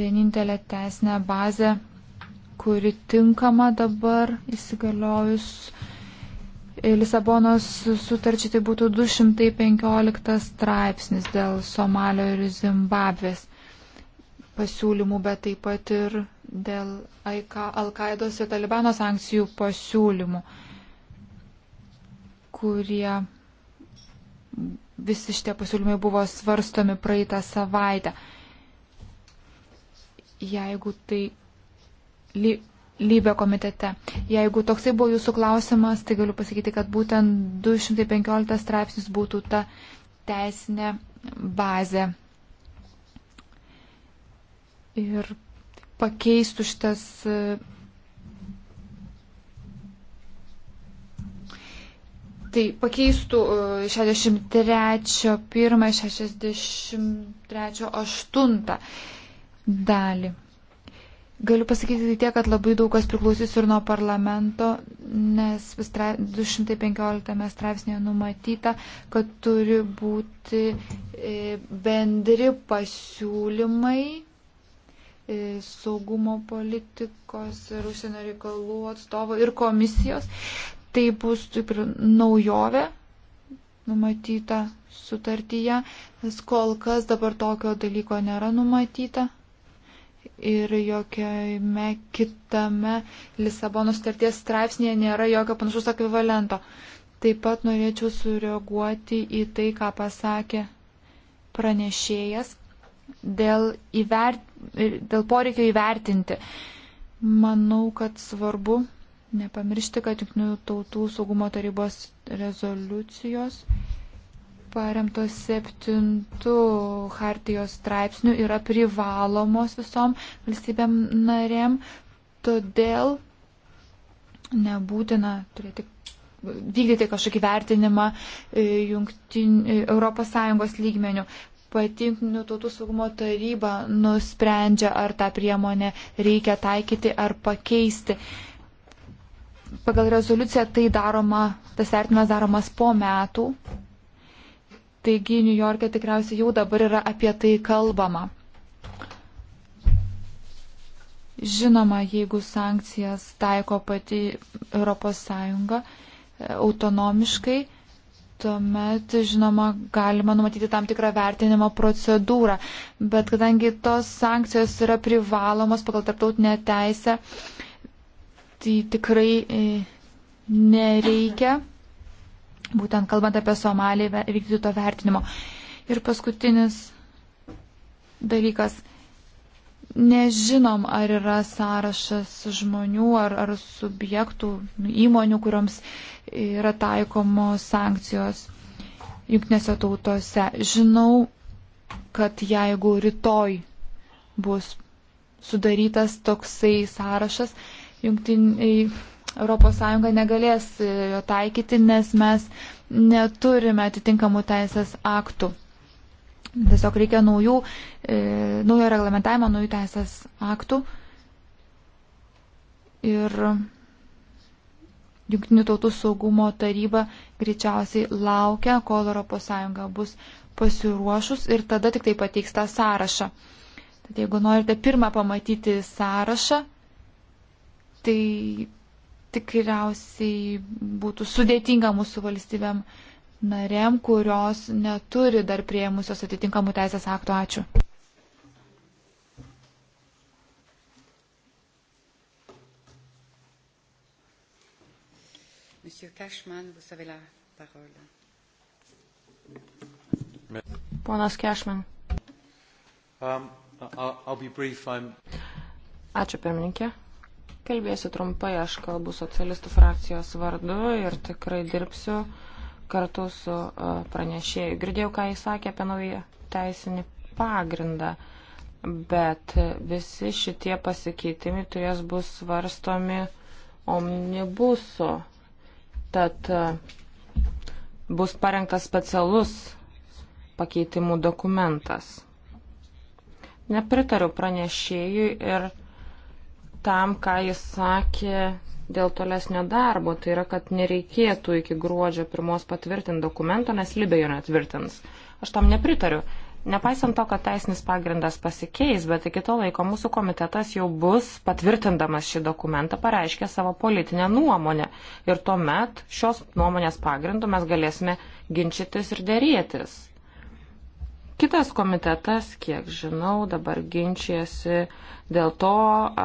vienintelė teisinė bazė, kuri tinkama dabar įsigaliojus Lisabonos sutarčiai tai būtų 215 straipsnis dėl Somalio ir Zimbabvės pasiūlymų, bet taip pat ir dėl Al-Qaidos ir Talibano sankcijų pasiūlymų, kurie visi šitie pasiūlymai buvo svarstomi praeitą savaitę. Jeigu tai lybė komitete. Jeigu toksai buvo jūsų klausimas, tai galiu pasakyti, kad būtent 215 straipsnis būtų ta teisinė bazė. Ir pakeistų šitas Tai pakeistų 63.1, e, 63.8 dalį. Galiu pasakyti tiek, kad labai daug kas priklausys ir nuo parlamento, nes 215 straipsnėje numatyta, kad turi būti e, bendri pasiūlymai e, saugumo politikos ir užsienio reikalų atstovo ir komisijos. Tai bus taip ir naujovė numatyta sutartyje, nes kol kas dabar tokio dalyko nėra numatyta ir jokiame kitame Lisabono starties straipsnėje nėra jokio panašus ekvivalento. Taip pat norėčiau sureaguoti į tai, ką pasakė pranešėjas dėl, įvert, dėl poreikio įvertinti. Manau, kad svarbu nepamiršti, kad Junktinių tautų saugumo tarybos rezoliucijos paremtos septintų hartijos straipsnių yra privalomos visom valstybėm narėm, todėl nebūtina turėti vykdyti kažkokį vertinimą e, jungtin, ES lygmenių. Pati Junktinių tautų saugumo taryba nusprendžia, ar tą priemonę reikia taikyti ar pakeisti pagal rezoliuciją tai daroma, tas vertinimas daromas po metų, Taigi, New York'e tikriausiai jau dabar yra apie tai kalbama. Žinoma, jeigu sankcijas taiko pati ES e, autonomiškai, tuomet, žinoma, galima numatyti tam tikrą vertinimo procedūrą. Bet kadangi tos sankcijos yra privalomos pagal tarptautinę teisę, tai tikrai e, nereikia būtent kalbant apie Somalį vykdyti to vertinimo. Ir paskutinis dalykas. Nežinom, ar yra sąrašas žmonių ar, ar subjektų, įmonių, kuriams yra taikomos sankcijos jungtinėse tautose. Žinau, kad jeigu rytoj bus sudarytas toksai sąrašas, jungtiniai ES negalės e, jo taikyti, nes mes neturime atitinkamų teisės aktų. Tiesiog reikia naujų, e, naujo reglamentavimo, naujų teisės aktų. Ir Junktinių tautų saugumo taryba greičiausiai laukia, kol ES bus pasiruošus ir tada tik tai pateiks tą sąrašą. Tad jeigu norite pirmą pamatyti sąrašą, tai tikriausiai būtų sudėtinga mūsų valstybėm narėm, kurios neturi dar prieimusios atitinkamų teisės aktų. Ačiū. Ponas Kešman. Um, I'll, I'll brief, Ačiū pirmininkė. Kalbėsiu trumpai, aš kalbu socialistų frakcijos vardu ir tikrai dirbsiu kartu su pranešėju. Girdėjau, ką jis sakė apie naują teisinį pagrindą, bet visi šitie pasikeitimai turės bus svarstomi omnibusu. Tad bus parengtas specialus pakeitimų dokumentas. Nepritariu pranešėjui ir tam, ką jis sakė dėl tolesnio darbo. Tai yra, kad nereikėtų iki gruodžio pirmos patvirtinti dokumento, nes Libija jo netvirtins. Aš tam nepritariu. Nepaisant to, kad teisinis pagrindas pasikeis, bet iki to laiko mūsų komitetas jau bus patvirtindamas šį dokumentą pareiškę savo politinę nuomonę. Ir tuomet šios nuomonės pagrindu mes galėsime ginčytis ir dėrėtis. Kitas komitetas, kiek žinau, dabar ginčijasi dėl to,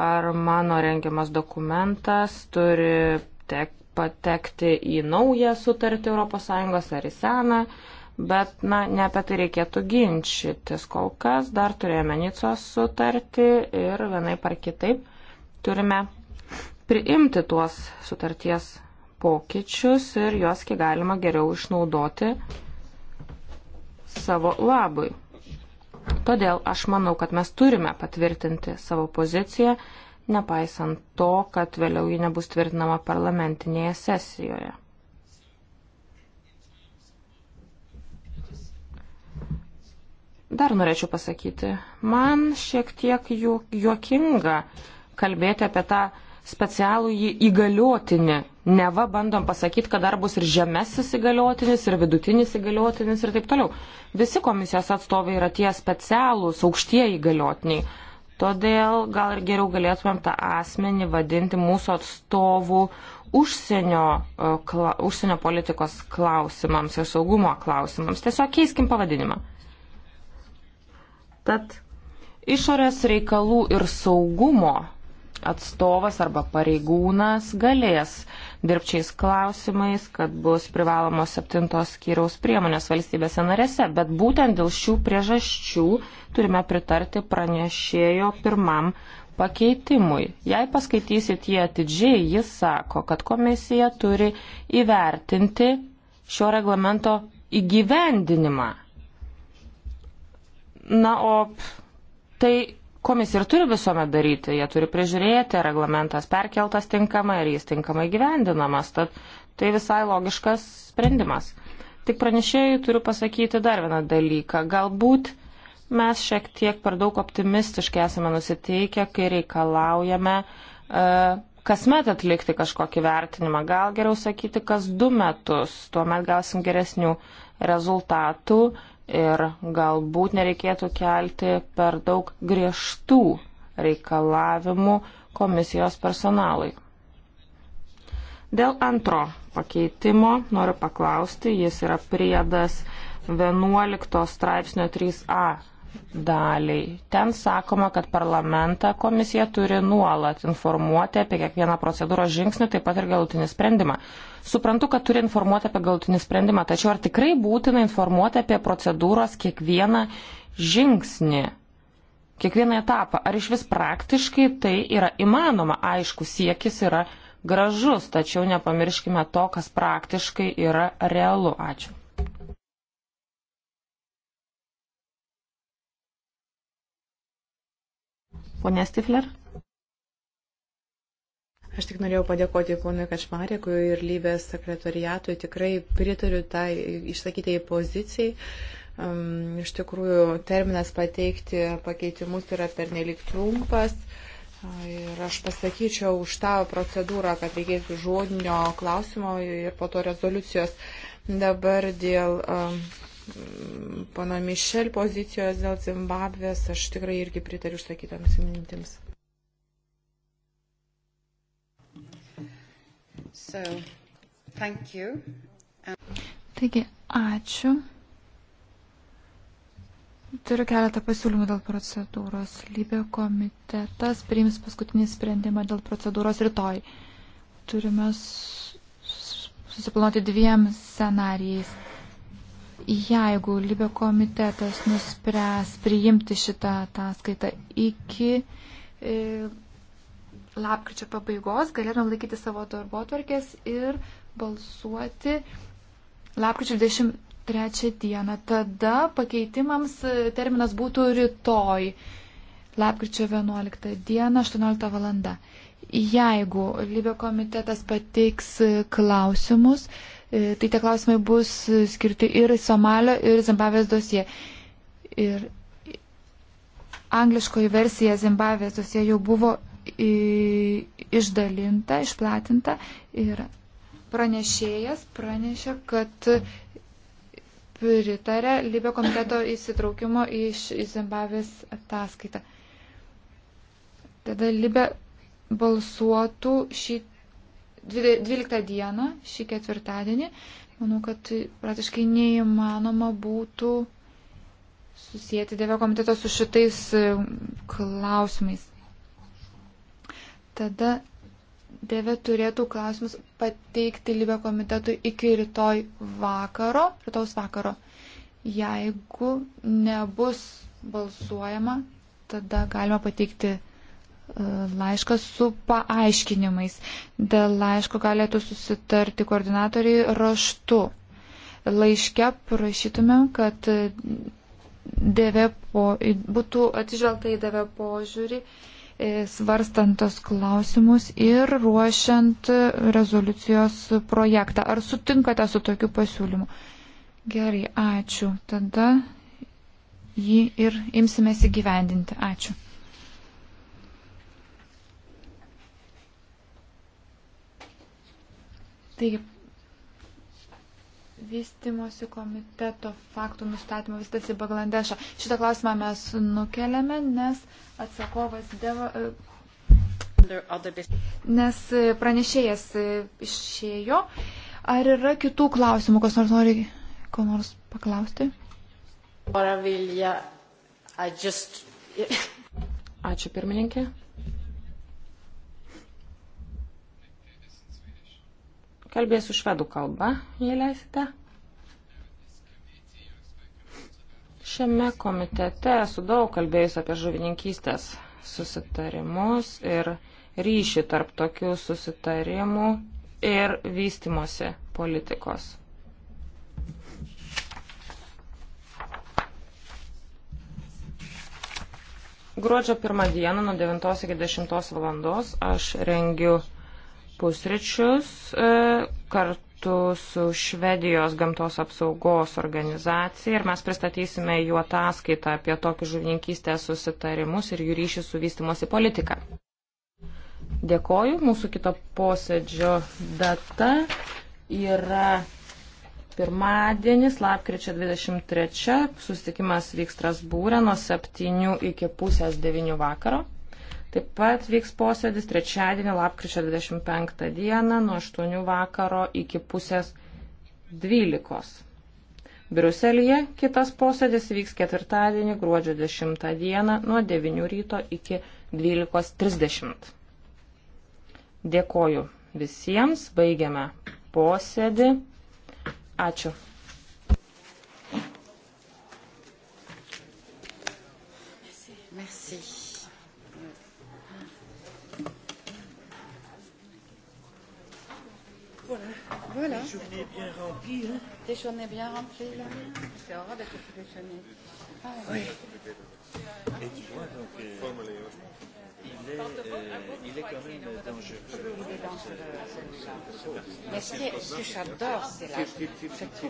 ar mano rengiamas dokumentas turi tek, patekti į naują sutartį ES ar į seną, bet na, ne apie tai reikėtų ginčytis. Kol kas dar turėjome Nicos sutartį ir vienai par kitaip turime priimti tuos sutarties pokyčius ir juos kiek galima geriau išnaudoti savo labui. Todėl aš manau, kad mes turime patvirtinti savo poziciją, nepaisant to, kad vėliau ji nebus tvirtinama parlamentinėje sesijoje. Dar norėčiau pasakyti, man šiek tiek juokinga kalbėti apie tą specialų jį įgaliotinį. Neva bandom pasakyti, kad dar bus ir žemesis įgaliotinis, ir vidutinis įgaliotinis ir taip toliau. Visi komisijos atstovai yra tie specialūs, aukštieji įgaliotiniai. Todėl gal ir geriau galėtumėm tą asmenį vadinti mūsų atstovų užsienio, e, kla, užsienio politikos klausimams ir saugumo klausimams. Tiesiog keiskim pavadinimą. Tad išorės reikalų ir saugumo atstovas arba pareigūnas galės dirbčiais klausimais, kad bus privalomos septintos skyriaus priemonės valstybėse narėse. Bet būtent dėl šių priežasčių turime pritarti pranešėjo pirmam pakeitimui. Jei paskaitysit jį atidžiai, jis sako, kad komisija turi įvertinti šio reglamento įgyvendinimą. Na, o tai komisija ir turi visuomet daryti. Jie turi prižiūrėti, reglamentas perkeltas tinkamai ir jis tinkamai gyvendinamas. Tad tai visai logiškas sprendimas. Tik pranešėjai turiu pasakyti dar vieną dalyką. Galbūt mes šiek tiek per daug optimistiškai esame nusiteikę, kai reikalaujame uh, kasmet atlikti kažkokį vertinimą. Gal geriau sakyti, kas du metus, tuomet gausim geresnių rezultatų ir galbūt nereikėtų kelti per daug griežtų reikalavimų komisijos personalui. Dėl antro pakeitimo noriu paklausti, jis yra priedas 11 straipsnio 3a daliai. Ten sakoma, kad parlamentą komisija turi nuolat informuoti apie kiekvieną procedūros žingsnį, taip pat ir galutinį sprendimą. Suprantu, kad turi informuoti apie galtinį sprendimą, tačiau ar tikrai būtina informuoti apie procedūros kiekvieną žingsnį, kiekvieną etapą? Ar iš vis praktiškai tai yra įmanoma? Aišku, siekis yra gražus, tačiau nepamirškime to, kas praktiškai yra realu. Ačiū. Pone Stifler? Aš tik norėjau padėkoti ponui Kašmarėkui ir Lybės sekretoriatui. Tikrai pritariu tai išsakytai pozicijai. Um, iš tikrųjų, terminas pateikti pakeitimus yra pernelik trumpas. Ir aš pasakyčiau už tą procedūrą, kad reikėtų žodinio klausimo ir po to rezoliucijos. Dabar dėl um, pana Mišel pozicijos dėl Zimbabvės aš tikrai irgi pritariu išsakytoms mintims. So, thank you. And... Taigi, ačiū. Turiu keletą pasiūlymų dėl procedūros. Lybė komitetas priims paskutinį sprendimą dėl procedūros rytoj. Turime susiplanuoti dviem scenarijais. Jeigu Libė komitetas nuspręs priimti šitą ataskaitą iki. E, lapkričio pabaigos galėtumėm laikyti savo darbo tvarkės ir balsuoti lapkričio 23 dieną. Tada pakeitimams terminas būtų rytoj, lapkričio 11 dieną, 18 valanda. Jeigu Libio komitetas pateiks klausimus, e, tai tie klausimai bus skirti ir Somalio, ir Zimbabvės dosie. Ir angliškoji versija Zimbabvės dosie jau buvo išdalinta, išplatinta ir pranešėjas pranešė, kad pritarė Libio komiteto įsitraukimo iš Zimbabvės ataskaitą. Tada Libė balsuotų šį 12 dieną, šį ketvirtadienį. Manau, kad praktiškai neįmanoma būtų susijęti Dievo komiteto su šitais klausimais. Tada Deve turėtų klausimus pateikti Libio komitetui iki rytoj vakaro, rytojus vakaro. Jeigu nebus balsuojama, tada galima pateikti e, laišką su paaiškinimais. Dėl laiško galėtų susitarti koordinatoriai raštu. Laiške prašytumėm, kad DV po, būtų atsižvelgta į DV požiūrį E, svarstantos klausimus ir ruošiant rezoliucijos projektą. Ar sutinkate su tokiu pasiūlymu? Gerai, ačiū. Tada jį ir imsime įgyvendinti. Ačiū. Taigi, vystimosi komiteto faktų nustatymo vystasi Baglandešą. Šitą klausimą mes nukeliame, nes atsakovas deva. E, nes pranešėjas išėjo. Ar yra kitų klausimų, kas nors nori ko nors paklausti? Ačiū pirmininkė. Kalbėsiu švedų kalbą, jei leisite. Šiame komitete esu daug kalbėjus apie žuvininkystės susitarimus ir ryšį tarp tokių susitarimų ir vystimosi politikos. Gruodžio pirmą dieną nuo 9 iki 10 valandos aš rengiu pusryčius e, kartu su Švedijos gamtos apsaugos organizacija ir mes pristatysime jų ataskaitą apie tokius žuvininkystės susitarimus ir jų ryšį su vystimosi politika. Dėkoju. Mūsų kito posėdžio data yra pirmadienis, lapkričio 23. Susitikimas vyks Strasbūrė nuo 7 iki pusės 9 vakaro. Taip pat vyks posėdis trečiadienį, lapkričio 25 dieną nuo 8 vakaro iki pusės 12. Briuselėje kitas posėdis vyks ketvirtadienį, gruodžio 10 dieną nuo 9 ryto iki 12.30. Dėkoju visiems, baigiame posėdį. Ačiū. Voilà. Des journées bien remplies. Hein. Des journées bien remplies, là. C'est horreur d'être déjeuner. Ah, oui. oui. Et tu vois, donc, euh, il, est, euh, il est quand même dangereux. Il est dangereux, celui-là. Mais ce que j'adore, c'est la...